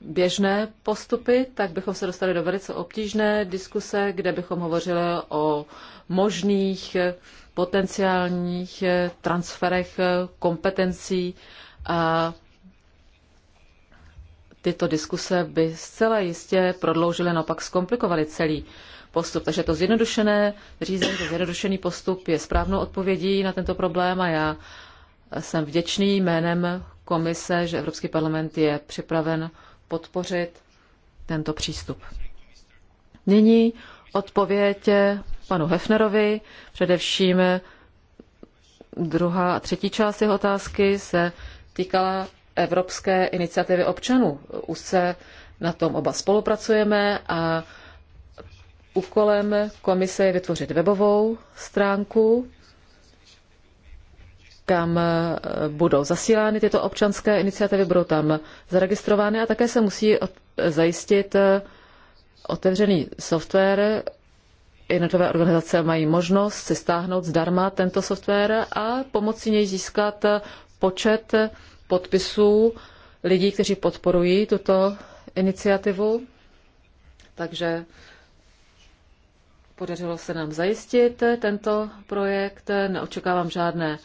běžné postupy, tak bychom se dostali do velice obtížné diskuse, kde bychom hovořili o možných potenciálních transferech kompetencí a tyto diskuse by zcela jistě prodloužily, naopak zkomplikovaly celý postup. Takže to zjednodušené řízení, to zjednodušený postup je správnou odpovědí na tento problém a já jsem vděčný jménem komise, že Evropský parlament je připraven podpořit tento přístup. Nyní odpověď panu Hefnerovi. Především druhá a třetí část jeho otázky se týkala Evropské iniciativy občanů. Už se na tom oba spolupracujeme a úkolem komise je vytvořit webovou stránku kam eh, budou zasílány tyto občanské iniciativy, budou tam zaregistrovány a také se musí zajistit eh, otevřený software. Jednotlivé organizace mají možnost si stáhnout zdarma tento software a pomocí něj získat eh, počet podpisů lidí, kteří podporují tuto iniciativu. Takže podařilo se nám zajistit tento projekt. Neočekávám žádné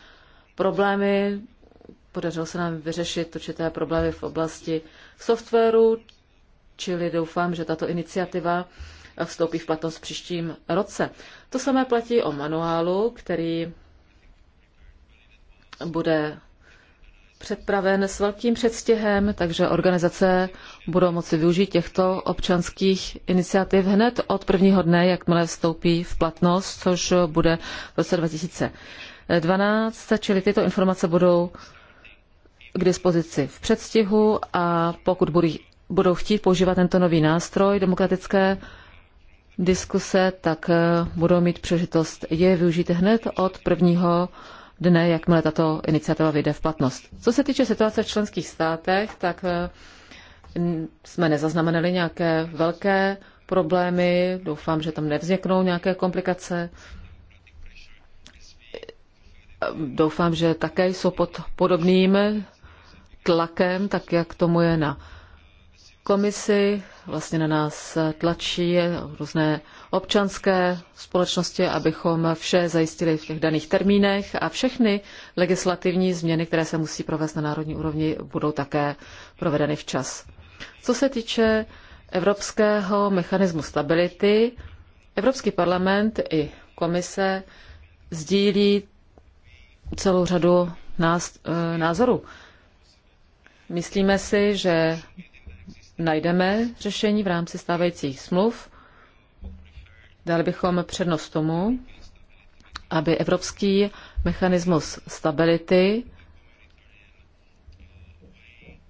problémy. Podařilo se nám vyřešit určité problémy v oblasti softwaru, čili doufám, že tato iniciativa vstoupí v platnost příštím roce. To samé platí o manuálu, který bude předpraven s velkým předstihem, takže organizace budou moci využít těchto občanských iniciativ hned od prvního dne, jakmile vstoupí v platnost, což bude v roce 2000. 12, čili tyto informace budou k dispozici v předstihu a pokud budou chtít používat tento nový nástroj demokratické diskuse, tak eh, budou mít přežitost. je využít hned od prvního dne, jakmile tato iniciativa vyjde v platnost. Co se týče situace v členských státech, tak eh, jsme nezaznamenali nějaké velké problémy. Doufám, že tam nevzniknou nějaké komplikace doufám, že také jsou pod podobným tlakem, tak jak tomu je na komisi, vlastně na nás tlačí různé občanské společnosti, abychom vše zajistili v těch daných termínech a všechny legislativní změny, které se musí provést na národní úrovni, budou také provedeny včas. Co se týče evropského mechanismu stability, Evropský parlament i komise sdílí celou řadu nás, e, názorů. Myslíme si, že najdeme řešení v rámci stávajících smluv. Dali bychom přednost tomu, aby evropský mechanismus stability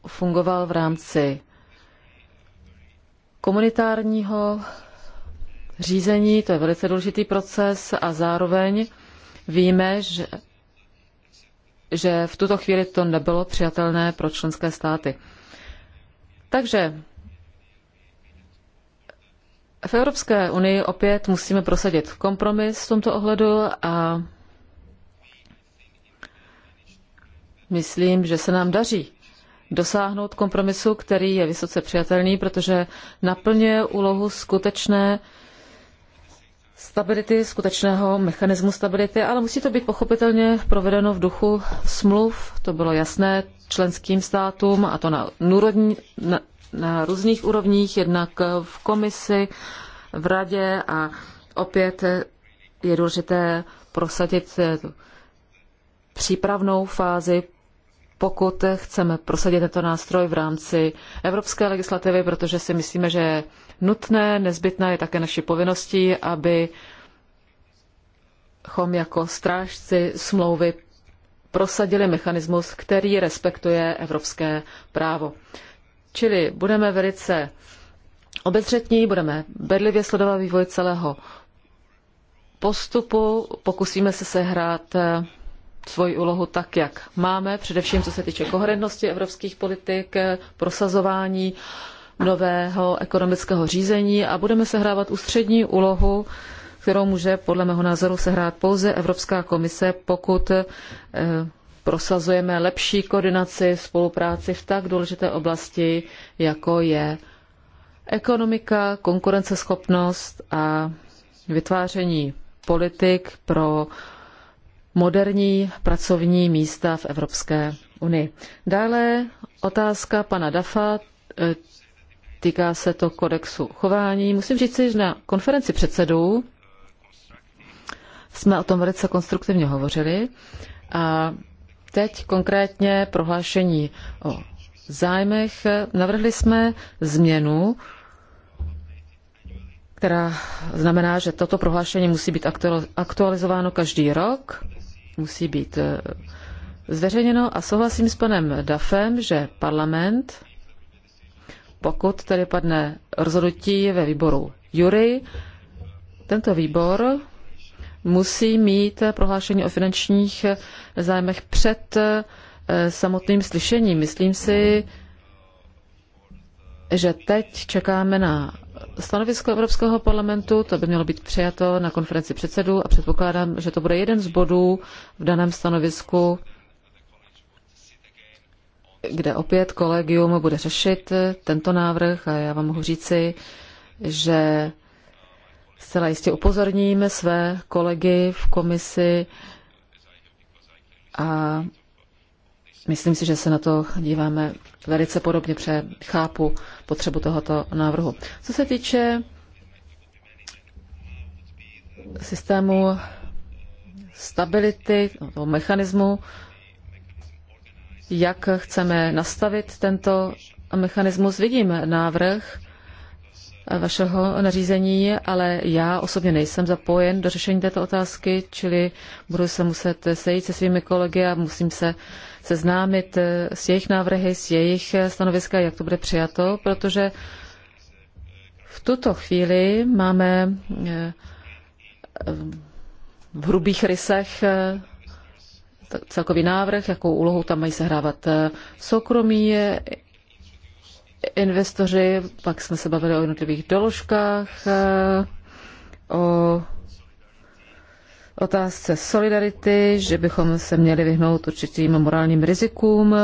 fungoval v rámci komunitárního řízení, to je velice důležitý proces a zároveň víme, že že v tuto chvíli to nebylo přijatelné pro členské státy. Takže v Evropské unii opět musíme prosadit kompromis v tomto ohledu a myslím, že se nám daří dosáhnout kompromisu, který je vysoce přijatelný, protože naplňuje úlohu skutečné stability, skutečného mechanismu stability, ale musí to být pochopitelně provedeno v duchu smluv. To bylo jasné členským státům a to na, úrovni, na, na různých úrovních, jednak v komisi, v radě a opět je důležité prosadit přípravnou fázi, pokud chceme prosadit tento nástroj v rámci evropské legislativy, protože si myslíme, že nutné, nezbytné je také naši povinností, aby chom jako strážci smlouvy prosadili mechanismus, který respektuje evropské právo. Čili budeme velice obezřetní, budeme bedlivě sledovat vývoj celého postupu, pokusíme se sehrát eh, svoji úlohu tak, jak máme, především co se týče koherentnosti evropských politik, eh, prosazování nového ekonomického řízení a budeme sehrávat ústřední úlohu, kterou může podle mého názoru sehrát pouze Evropská komise, pokud eh, prosazujeme lepší koordinaci, spolupráci v tak důležité oblasti, jako je ekonomika, konkurenceschopnost a vytváření politik pro moderní pracovní místa v Evropské unii. Dále otázka pana Dafa, eh, Týká se to kodexu chování. Musím říct, že na konferenci předsedů jsme o tom velice konstruktivně hovořili a teď konkrétně prohlášení o zájmech navrhli jsme změnu, která znamená, že toto prohlášení musí být aktualizováno každý rok, musí být eh, zveřejněno a souhlasím s panem Dafem, že parlament pokud tedy padne rozhodnutí ve výboru jury, tento výbor musí mít prohlášení o finančních zájmech před eh, samotným slyšením. Myslím si, že teď čekáme na stanovisko Evropského parlamentu, to by mělo být přijato na konferenci předsedů a předpokládám, že to bude jeden z bodů v daném stanovisku kde opět kolegium bude řešit eh, tento návrh a já vám mohu říci, že zcela jistě upozorníme své kolegy v komisi a myslím si, že se na to díváme velice podobně, protože chápu potřebu tohoto návrhu. Co se týče systému stability, toho mechanismu jak chceme nastavit tento mechanismus. Vidím návrh vašeho nařízení, ale já osobně nejsem zapojen do řešení této otázky, čili budu se muset sejít se svými kolegy a musím se seznámit s jejich návrhy, s jejich stanoviska, jak to bude přijato, protože v tuto chvíli máme eh, v hrubých rysech eh, celkový návrh, jakou úlohu tam mají sehrávat eh, soukromí eh, investoři, pak jsme se bavili o jednotlivých doložkách, eh, o otázce solidarity, že bychom se měli vyhnout určitým morálním rizikům,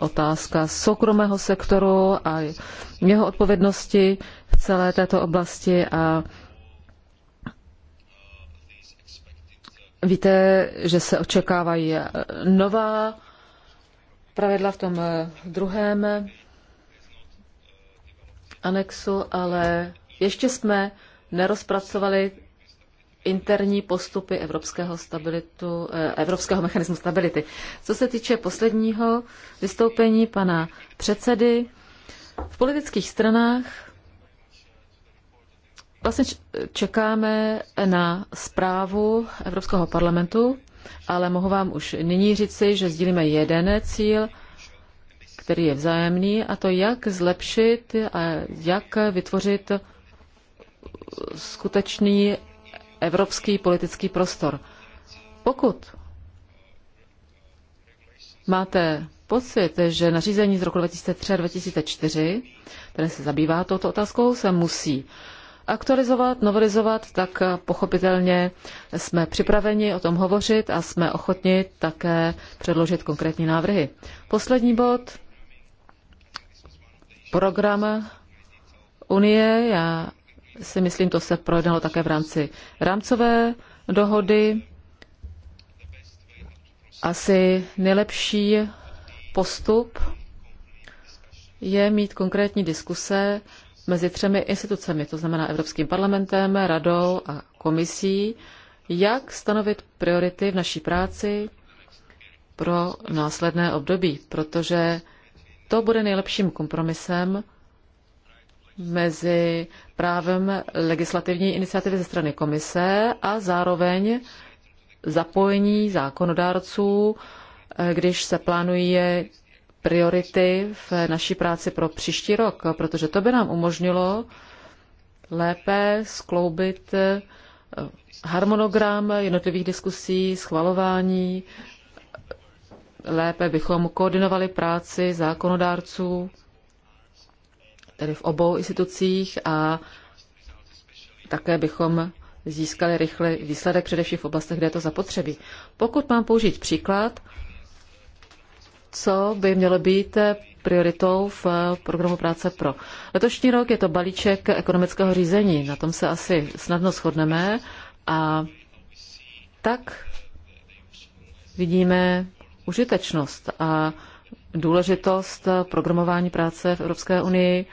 otázka soukromého sektoru a jeho odpovědnosti v celé této oblasti a Víte, že se očekávají nová pravidla v tom eh, druhém eh, anexu, ale ještě jsme nerozpracovali interní postupy evropského, stabilitu, eh, evropského mechanismu stability. Co se týče posledního vystoupení pana předsedy, v politických stranách vlastně čekáme na zprávu Evropského parlamentu, ale mohu vám už nyní říci, že sdílíme jeden cíl, který je vzájemný, a to jak zlepšit a jak vytvořit skutečný evropský politický prostor. Pokud máte pocit, že nařízení z roku 2003 a 2004, které se zabývá touto otázkou, se musí aktualizovat, novelizovat, tak pochopitelně jsme připraveni o tom hovořit a jsme ochotni také předložit konkrétní návrhy. Poslední bod. Program Unie. Já si myslím, to se projednalo také v rámci rámcové dohody. Asi nejlepší postup je mít konkrétní diskuse mezi třemi institucemi, to znamená Evropským parlamentem, radou a komisí, jak stanovit priority v naší práci pro následné období, protože to bude nejlepším kompromisem mezi právem legislativní iniciativy ze strany komise a zároveň zapojení zákonodárců, eh, když se plánuje priority v naší práci pro příští rok, protože to by nám umožnilo lépe skloubit eh, harmonogram jednotlivých diskusí, schvalování, lépe bychom koordinovali práci zákonodárců, tedy v obou institucích a také bychom získali rychle výsledek především v oblastech, kde je to zapotřebí. Pokud mám použít příklad, co by mělo být prioritou v programu práce pro. Letošní rok je to balíček ekonomického řízení, na tom se asi snadno shodneme a tak vidíme užitečnost a důležitost programování práce v Evropské unii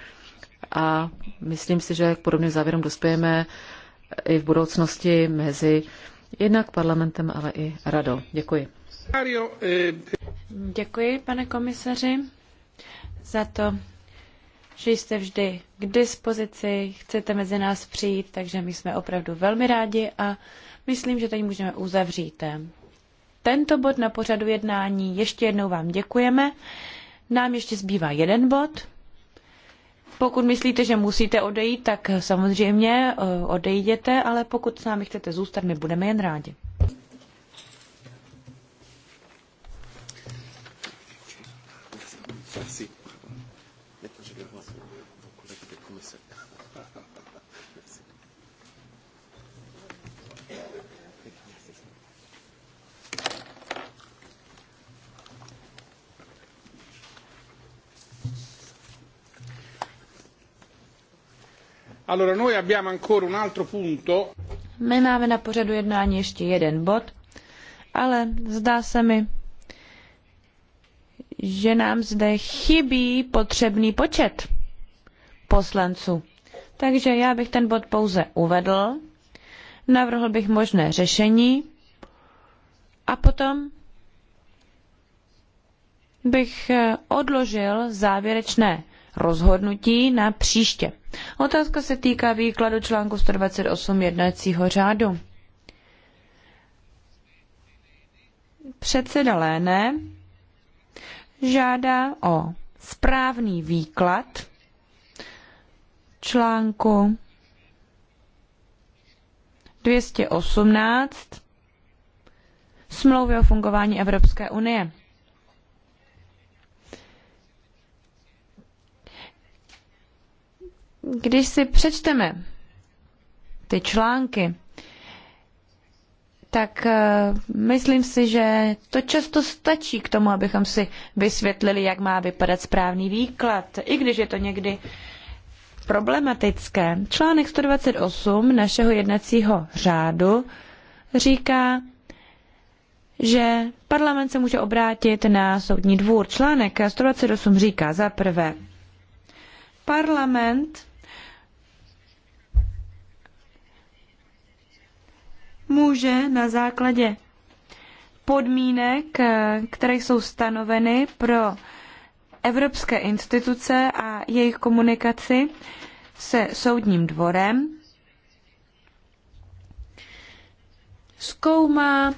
a myslím si, že k podobným závěrům dospějeme i v budoucnosti mezi jednak parlamentem, ale i radou. Děkuji. Eh, Děkuji, pane komisaři, za to, že jste vždy k dispozici, chcete mezi nás přijít, takže my jsme opravdu velmi rádi a myslím, že teď můžeme uzavřít eh, tento bod na pořadu jednání. Ještě jednou vám děkujeme. Nám ještě zbývá jeden bod. Pokud myslíte, že musíte odejít, tak samozřejmě eh, odejděte, ale pokud s námi chcete zůstat, my budeme jen rádi. My máme na pořadu jednání ještě jeden bod, ale zdá se mi, že nám zde chybí potřebný počet poslanců. Takže já bych ten bod pouze uvedl, navrhl bych možné řešení a potom bych eh, odložil závěrečné rozhodnutí na příště. Otázka se týká výkladu článku 128 jednacího řádu. Předseda Léne žádá o správný výklad článku 218 smlouvy o fungování Evropské unie. Když si přečteme ty články, tak eh, myslím si, že to často stačí k tomu, abychom si vysvětlili, jak má vypadat správný výklad, i když je to někdy problematické. Článek 128 našeho jednacího řádu říká, že parlament se může obrátit na soudní dvůr. Článek 128 říká za prvé, parlament může na základě podmínek, eh, které jsou stanoveny pro evropské instituce a jejich komunikaci se soudním dvorem, zkoumá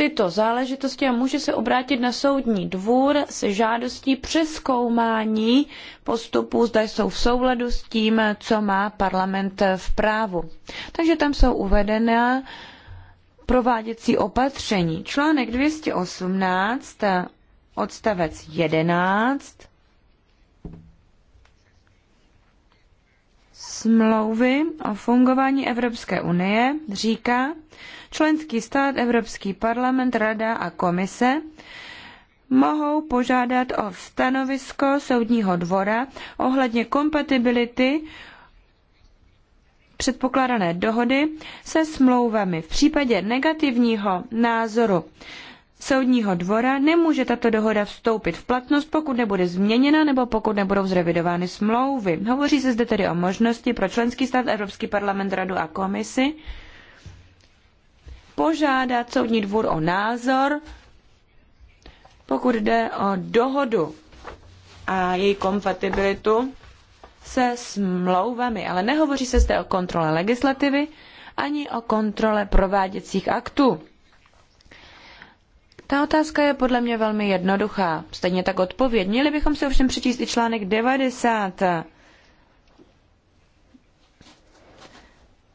tyto záležitosti a může se obrátit na soudní dvůr se žádostí přeskoumání postupů, zda jsou v souladu s tím, co má parlament v právu. Takže tam jsou uvedena prováděcí opatření. Článek 218, odstavec 11, smlouvy o fungování Evropské unie říká, Členský stát, Evropský parlament, Rada a Komise mohou požádat o stanovisko soudního dvora ohledně kompatibility předpokládané dohody se smlouvami. V případě negativního názoru soudního dvora nemůže tato dohoda vstoupit v platnost, pokud nebude změněna nebo pokud nebudou zrevidovány smlouvy. Hovoří se zde tedy o možnosti pro členský stát, Evropský parlament, Radu a komisi požádat soudní dvůr o názor, pokud jde o dohodu a její kompatibilitu se smlouvami, ale nehovoří se zde o kontrole legislativy ani o kontrole prováděcích aktů. Ta otázka je podle mě velmi jednoduchá. Stejně tak odpověď. Měli bychom si ovšem přečíst i článek 90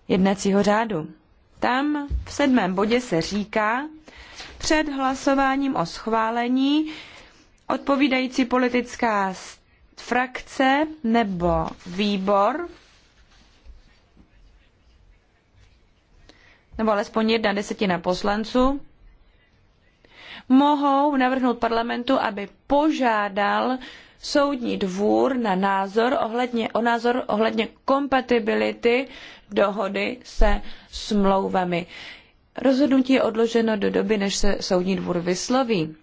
jednacího řádu tam v sedmém bodě se říká, před hlasováním o schválení odpovídající politická frakce nebo výbor nebo alespoň jedna desetina poslanců mohou navrhnout parlamentu, aby požádal soudní dvůr na názor ohledně, o názor ohledně kompatibility dohody se smlouvami. Rozhodnutí je odloženo do doby, než se soudní dvůr vysloví.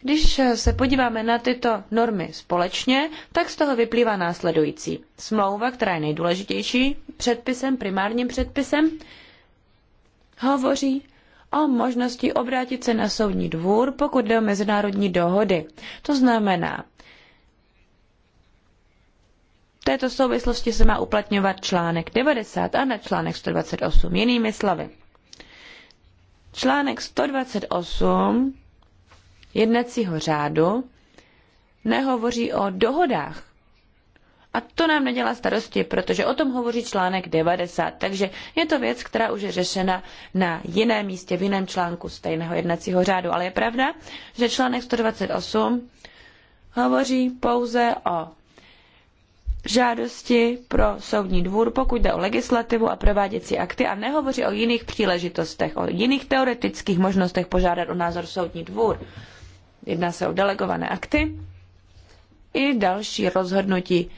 Když se podíváme na tyto normy společně, tak z toho vyplývá následující. Smlouva, která je nejdůležitější předpisem, primárním předpisem, hovoří o možnosti obrátit se na soudní dvůr, pokud jde o mezinárodní dohody. To znamená, této souvislosti se má uplatňovat článek 90 a ne článek 128. Jinými slovy, článek 128 jednacího řádu nehovoří o dohodách. A to nám nedělá starosti, protože o tom hovoří článek 90. Takže je to věc, která už je řešena na jiném místě, v jiném článku stejného jednacího řádu. Ale je pravda, že článek 128 hovoří pouze o žádosti pro soudní dvůr, pokud jde o legislativu a prováděcí akty a nehovoří o jiných příležitostech, o jiných teoretických možnostech požádat o názor soudní dvůr. Jedná se o delegované akty i další rozhodnutí,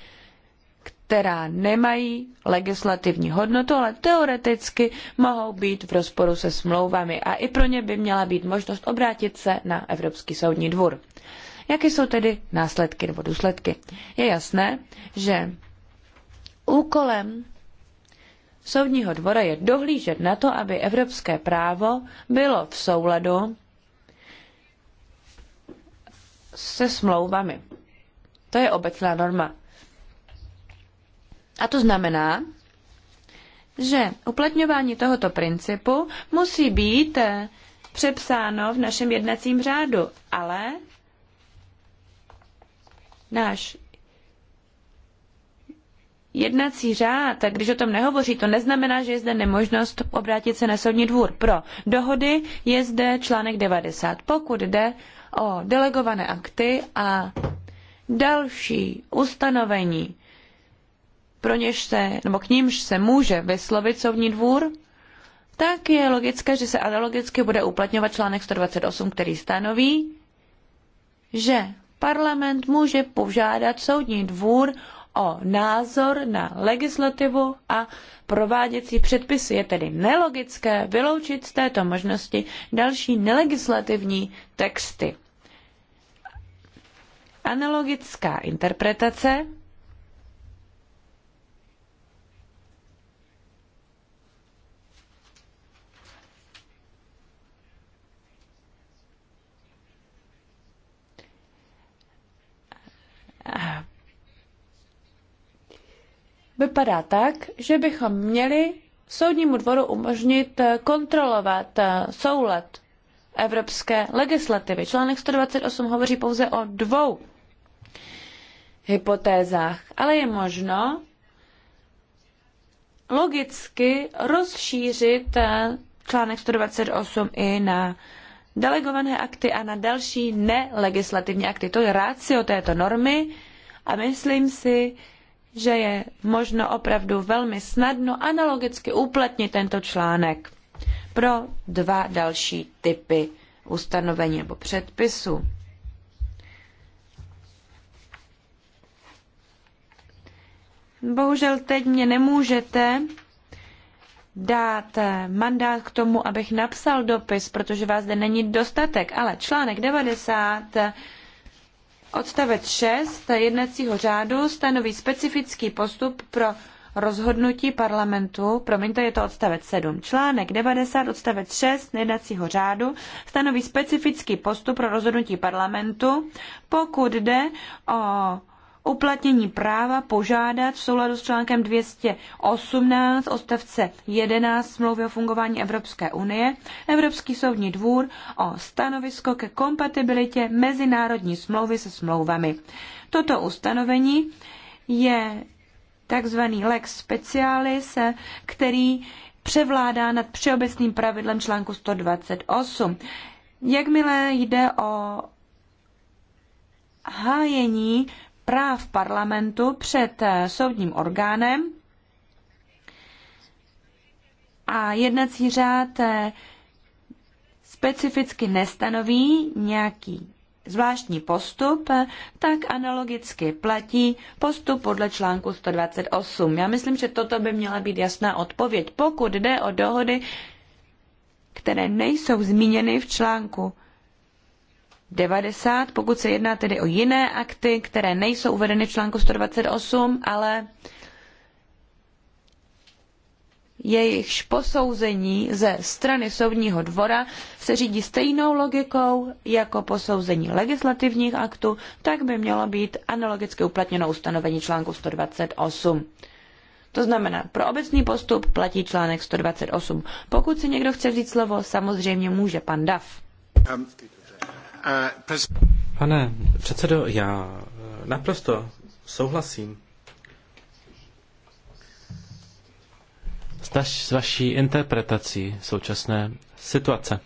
která nemají legislativní hodnotu, ale teoreticky mohou být v rozporu se smlouvami a i pro ně by měla být možnost obrátit se na Evropský soudní dvůr. Jaké jsou tedy následky nebo důsledky? Je jasné, že úkolem soudního dvora je dohlížet na to, aby evropské právo bylo v souladu se smlouvami. To je obecná norma. A to znamená, že uplatňování tohoto principu musí být eh, přepsáno v našem jednacím řádu, ale náš jednací řád, a když o tom nehovoří, to neznamená, že je zde nemožnost obrátit se na soudní dvůr. Pro dohody je zde článek 90. Pokud jde o delegované akty a další ustanovení, pro něž se, nebo k nímž se může vyslovit soudní dvůr, tak je logické, že se analogicky bude uplatňovat článek 128, který stanoví, že parlament může požádat soudní dvůr o názor na legislativu a prováděcí předpisy. Je tedy nelogické vyloučit z této možnosti další nelegislativní texty. Analogická interpretace vypadá tak, že bychom měli soudnímu dvoru umožnit eh, kontrolovat eh, soulad evropské legislativy. Článek 128 hovoří pouze o dvou hypotézách, ale je možno logicky rozšířit eh, článek 128 i na delegované akty a na další nelegislativní akty. To je rácio této normy a myslím si, že je možno opravdu velmi snadno analogicky uplatnit tento článek pro dva další typy ustanovení nebo předpisu. Bohužel teď mě nemůžete dát mandát k tomu, abych napsal dopis, protože vás zde není dostatek, ale článek 90 Odstavec 6 jednacího řádu stanoví specifický postup pro rozhodnutí parlamentu, promiňte, je to odstavec 7, článek 90, odstavec 6 jednacího řádu stanoví specifický postup pro rozhodnutí parlamentu, pokud jde o uplatnění práva požádat v souladu s článkem 218 odstavce 11 smlouvy o fungování Evropské unie Evropský soudní dvůr o stanovisko ke kompatibilitě mezinárodní smlouvy se smlouvami. Toto ustanovení je takzvaný lex specialis, který převládá nad všeobecným pravidlem článku 128. Jakmile jde o hájení práv parlamentu před eh, soudním orgánem a jednací řád eh, specificky nestanoví nějaký zvláštní postup, eh, tak analogicky platí postup podle článku 128. Já myslím, že toto by měla být jasná odpověď. Pokud jde o dohody, které nejsou zmíněny v článku 90, pokud se jedná tedy o jiné akty, které nejsou uvedeny v článku 128, ale jejichž posouzení ze strany soudního dvora se řídí stejnou logikou jako posouzení legislativních aktů, tak by mělo být analogicky uplatněno ustanovení článku 128. To znamená, pro obecný postup platí článek 128. Pokud si někdo chce vzít slovo, samozřejmě může pan Dav. Um, Pane předsedo, já eh, naprosto souhlasím s vaší interpretací současné situace.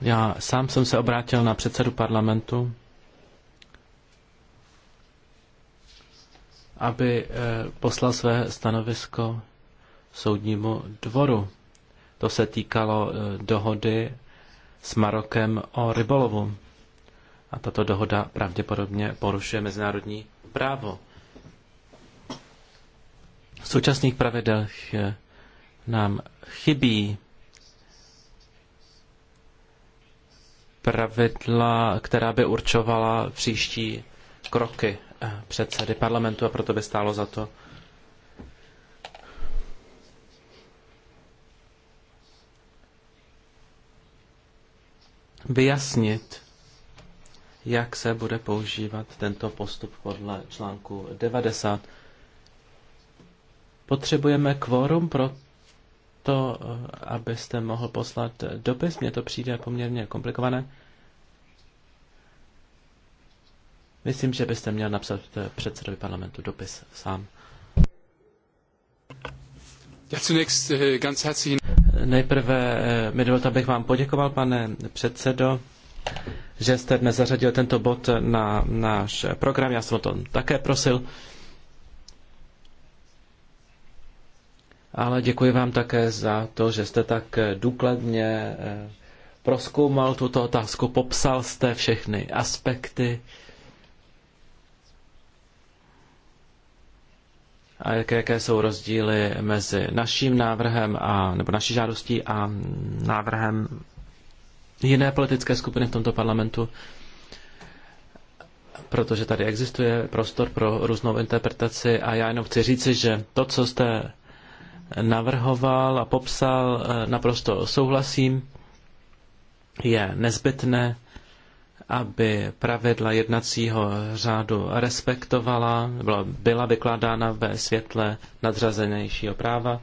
Já sám jsem se obrátil na předsedu parlamentu, aby eh, poslal své stanovisko soudnímu dvoru. To se týkalo e, dohody s Marokem o rybolovu. A tato dohoda pravděpodobně porušuje mezinárodní právo. V současných pravidelch e, nám chybí pravidla, která by určovala příští kroky e, předsedy parlamentu a proto by stálo za to vyjasnit, jak se bude používat tento postup podle článku 90. Potřebujeme kvórum pro to, abyste mohl poslat dopis. Mně to přijde poměrně komplikované. Myslím, že byste měl napsat předsedovi parlamentu dopis sám. Ja, zunächst äh, ganz herzlichen Nejprve eh, mi dovolte, abych vám poděkoval, pane předsedo, že jste dnes zařadil tento bod na náš program. Já jsem o to také prosil. Ale děkuji vám také za to, že jste tak eh, důkladně eh, proskoumal tuto otázku, popsal jste všechny aspekty a jaké, jaké jsou rozdíly mezi naším návrhem a, nebo naší žádostí a návrhem jiné politické skupiny v tomto parlamentu, protože tady existuje prostor pro různou interpretaci a já jenom chci říci, že to, co jste navrhoval a popsal, e, naprosto souhlasím, je nezbytné aby pravidla jednacího řádu respektovala, byla, byla vykládána ve světle nadřazenějšího práva.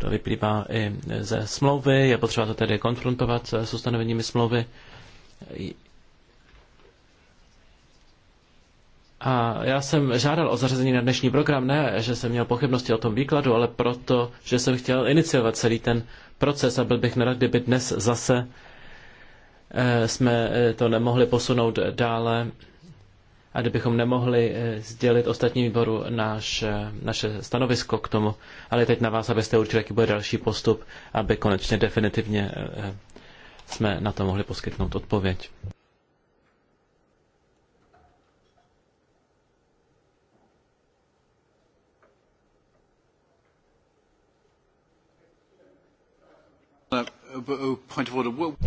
To vyplývá i ze smlouvy, je potřeba to tedy konfrontovat s ustanoveními smlouvy. A já jsem žádal o zařazení na dnešní program, ne, že jsem měl pochybnosti o tom výkladu, ale proto, že jsem chtěl iniciovat celý ten proces a byl bych nerad, kdyby dnes zase eh, jsme eh, to nemohli posunout dále a kdybychom nemohli eh, sdělit ostatní výboru náš, naše stanovisko k tomu, ale teď na vás, abyste určili, jaký bude další postup, aby konečně definitivně jsme na to mohli poskytnout odpověď.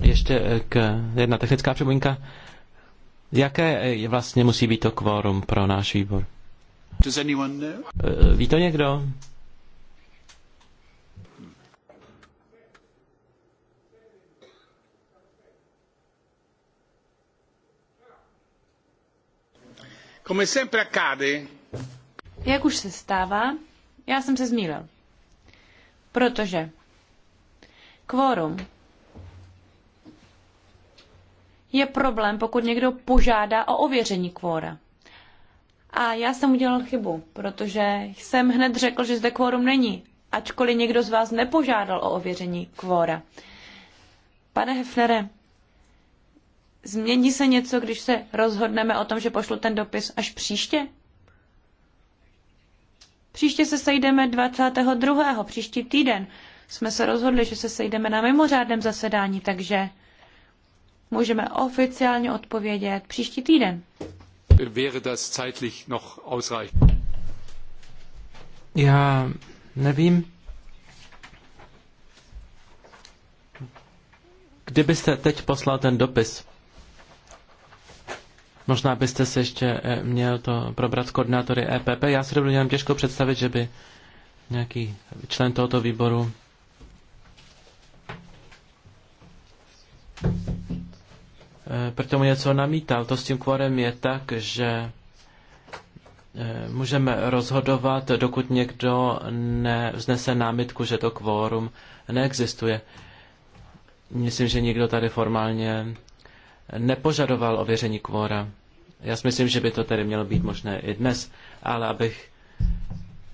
Ještě eh, k jedna technická připomínka. Jaké eh, vlastně musí být to kvórum pro náš výbor? Eh, ví to někdo? Jak už se stává, já jsem se zmýlil. Protože Kvorum. Je problém, pokud někdo požádá o ověření kvóra. A já jsem udělal chybu, protože jsem hned řekl, že zde kvórum není, ačkoliv někdo z vás nepožádal o ověření kvóra. Pane Hefnere, změní se něco, když se rozhodneme o tom, že pošlu ten dopis až příště? Příště se sejdeme 22. příští týden jsme se rozhodli, že se sejdeme na mimořádném zasedání, takže můžeme oficiálně odpovědět příští týden. Wäre das zeitlich noch ausreichend? Já nevím. Kdybyste teď poslal ten dopis, možná byste se ještě eh, měl to probrat s koordinátory EPP. Já si dovolím těžko představit, že by nějaký člen tohoto výboru Eh, proto mu něco namítal. To s tím kvorem je tak, že eh, můžeme rozhodovat, dokud někdo nevznese námitku, že to kvórum neexistuje. Myslím, že nikdo tady formálně nepožadoval ověření kvóra. Já si myslím, že by to tedy mělo být možné i dnes, ale abych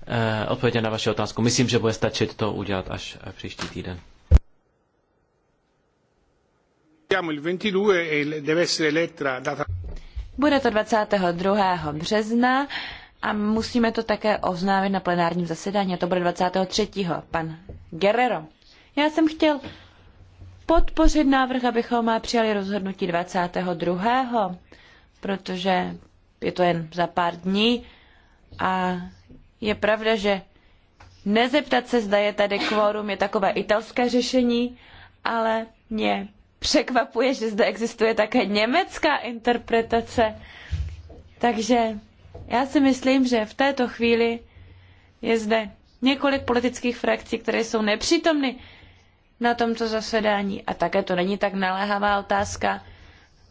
eh, odpověděl na vaši otázku, myslím, že bude stačit to udělat až příští týden. E bude to 22. března a musíme to také oznámit na plenárním zasedání a to bude 23. pan Guerrero. Já jsem chtěl podpořit návrh, abychom přijali rozhodnutí 22. protože je to jen za pár dní a je pravda, že nezeptat se, zda je tady kvórum, je takové italské řešení, ale mě překvapuje, že zde existuje také německá interpretace. Takže já si myslím, že v této chvíli je zde několik politických frakcí, které jsou nepřítomny na tomto zasedání. A také to není tak naléhavá otázka,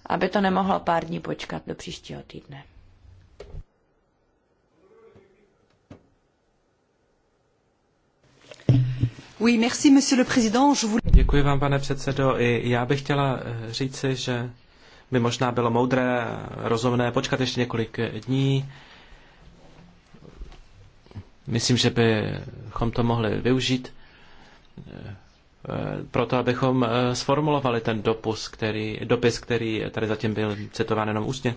aby to nemohlo pár dní počkat do příštího týdne. Děkuji vám, pane předsedo. I já bych chtěla eh, říci, že by možná bylo moudré, rozumné počkat ještě několik eh, dní. Myslím, že bychom to mohli využít eh, proto, abychom sformulovali ten dopis, který, dopis, který tady zatím byl citován jenom ústně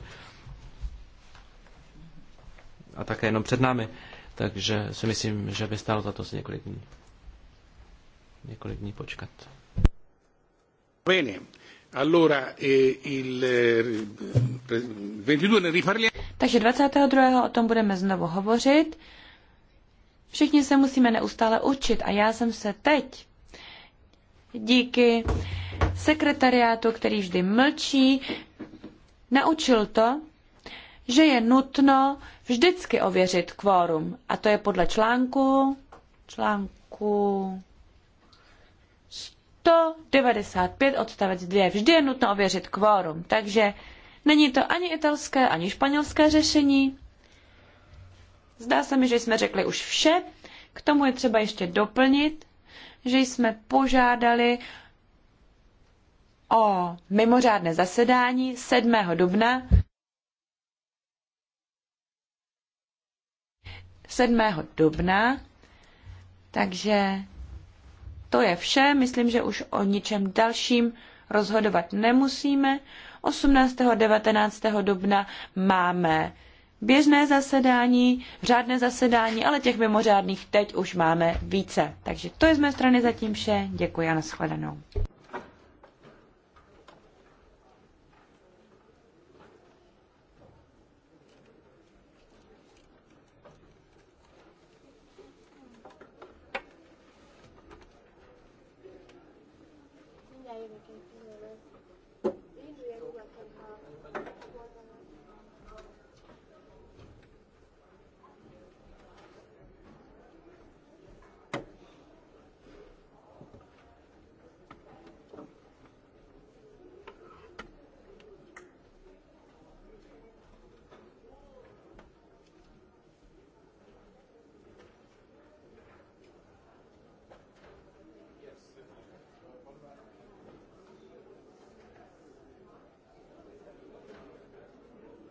a také jenom před námi. Takže si myslím, že by stálo za to si několik dní několik dní počkat. Eh, il 22 eh, Takže 22. o tom budeme znovu hovořit. Všichni se musíme neustále učit a já jsem se teď díky sekretariátu, který vždy mlčí, naučil to, že je nutno vždycky ověřit kvórum. A to je podle článku, článku 195 odstavec 2. Vždy je nutno ověřit kvórum, takže není to ani italské, ani španělské řešení. Zdá se mi, že jsme řekli už vše. K tomu je třeba ještě doplnit, že jsme požádali o mimořádné zasedání 7. dubna 7. dubna, takže to je vše, myslím, že už o ničem dalším rozhodovat nemusíme. 18. a 19. dubna máme běžné zasedání, řádné zasedání, ale těch mimořádných teď už máme více. Takže to je z mé strany zatím vše. Děkuji a nashledanou.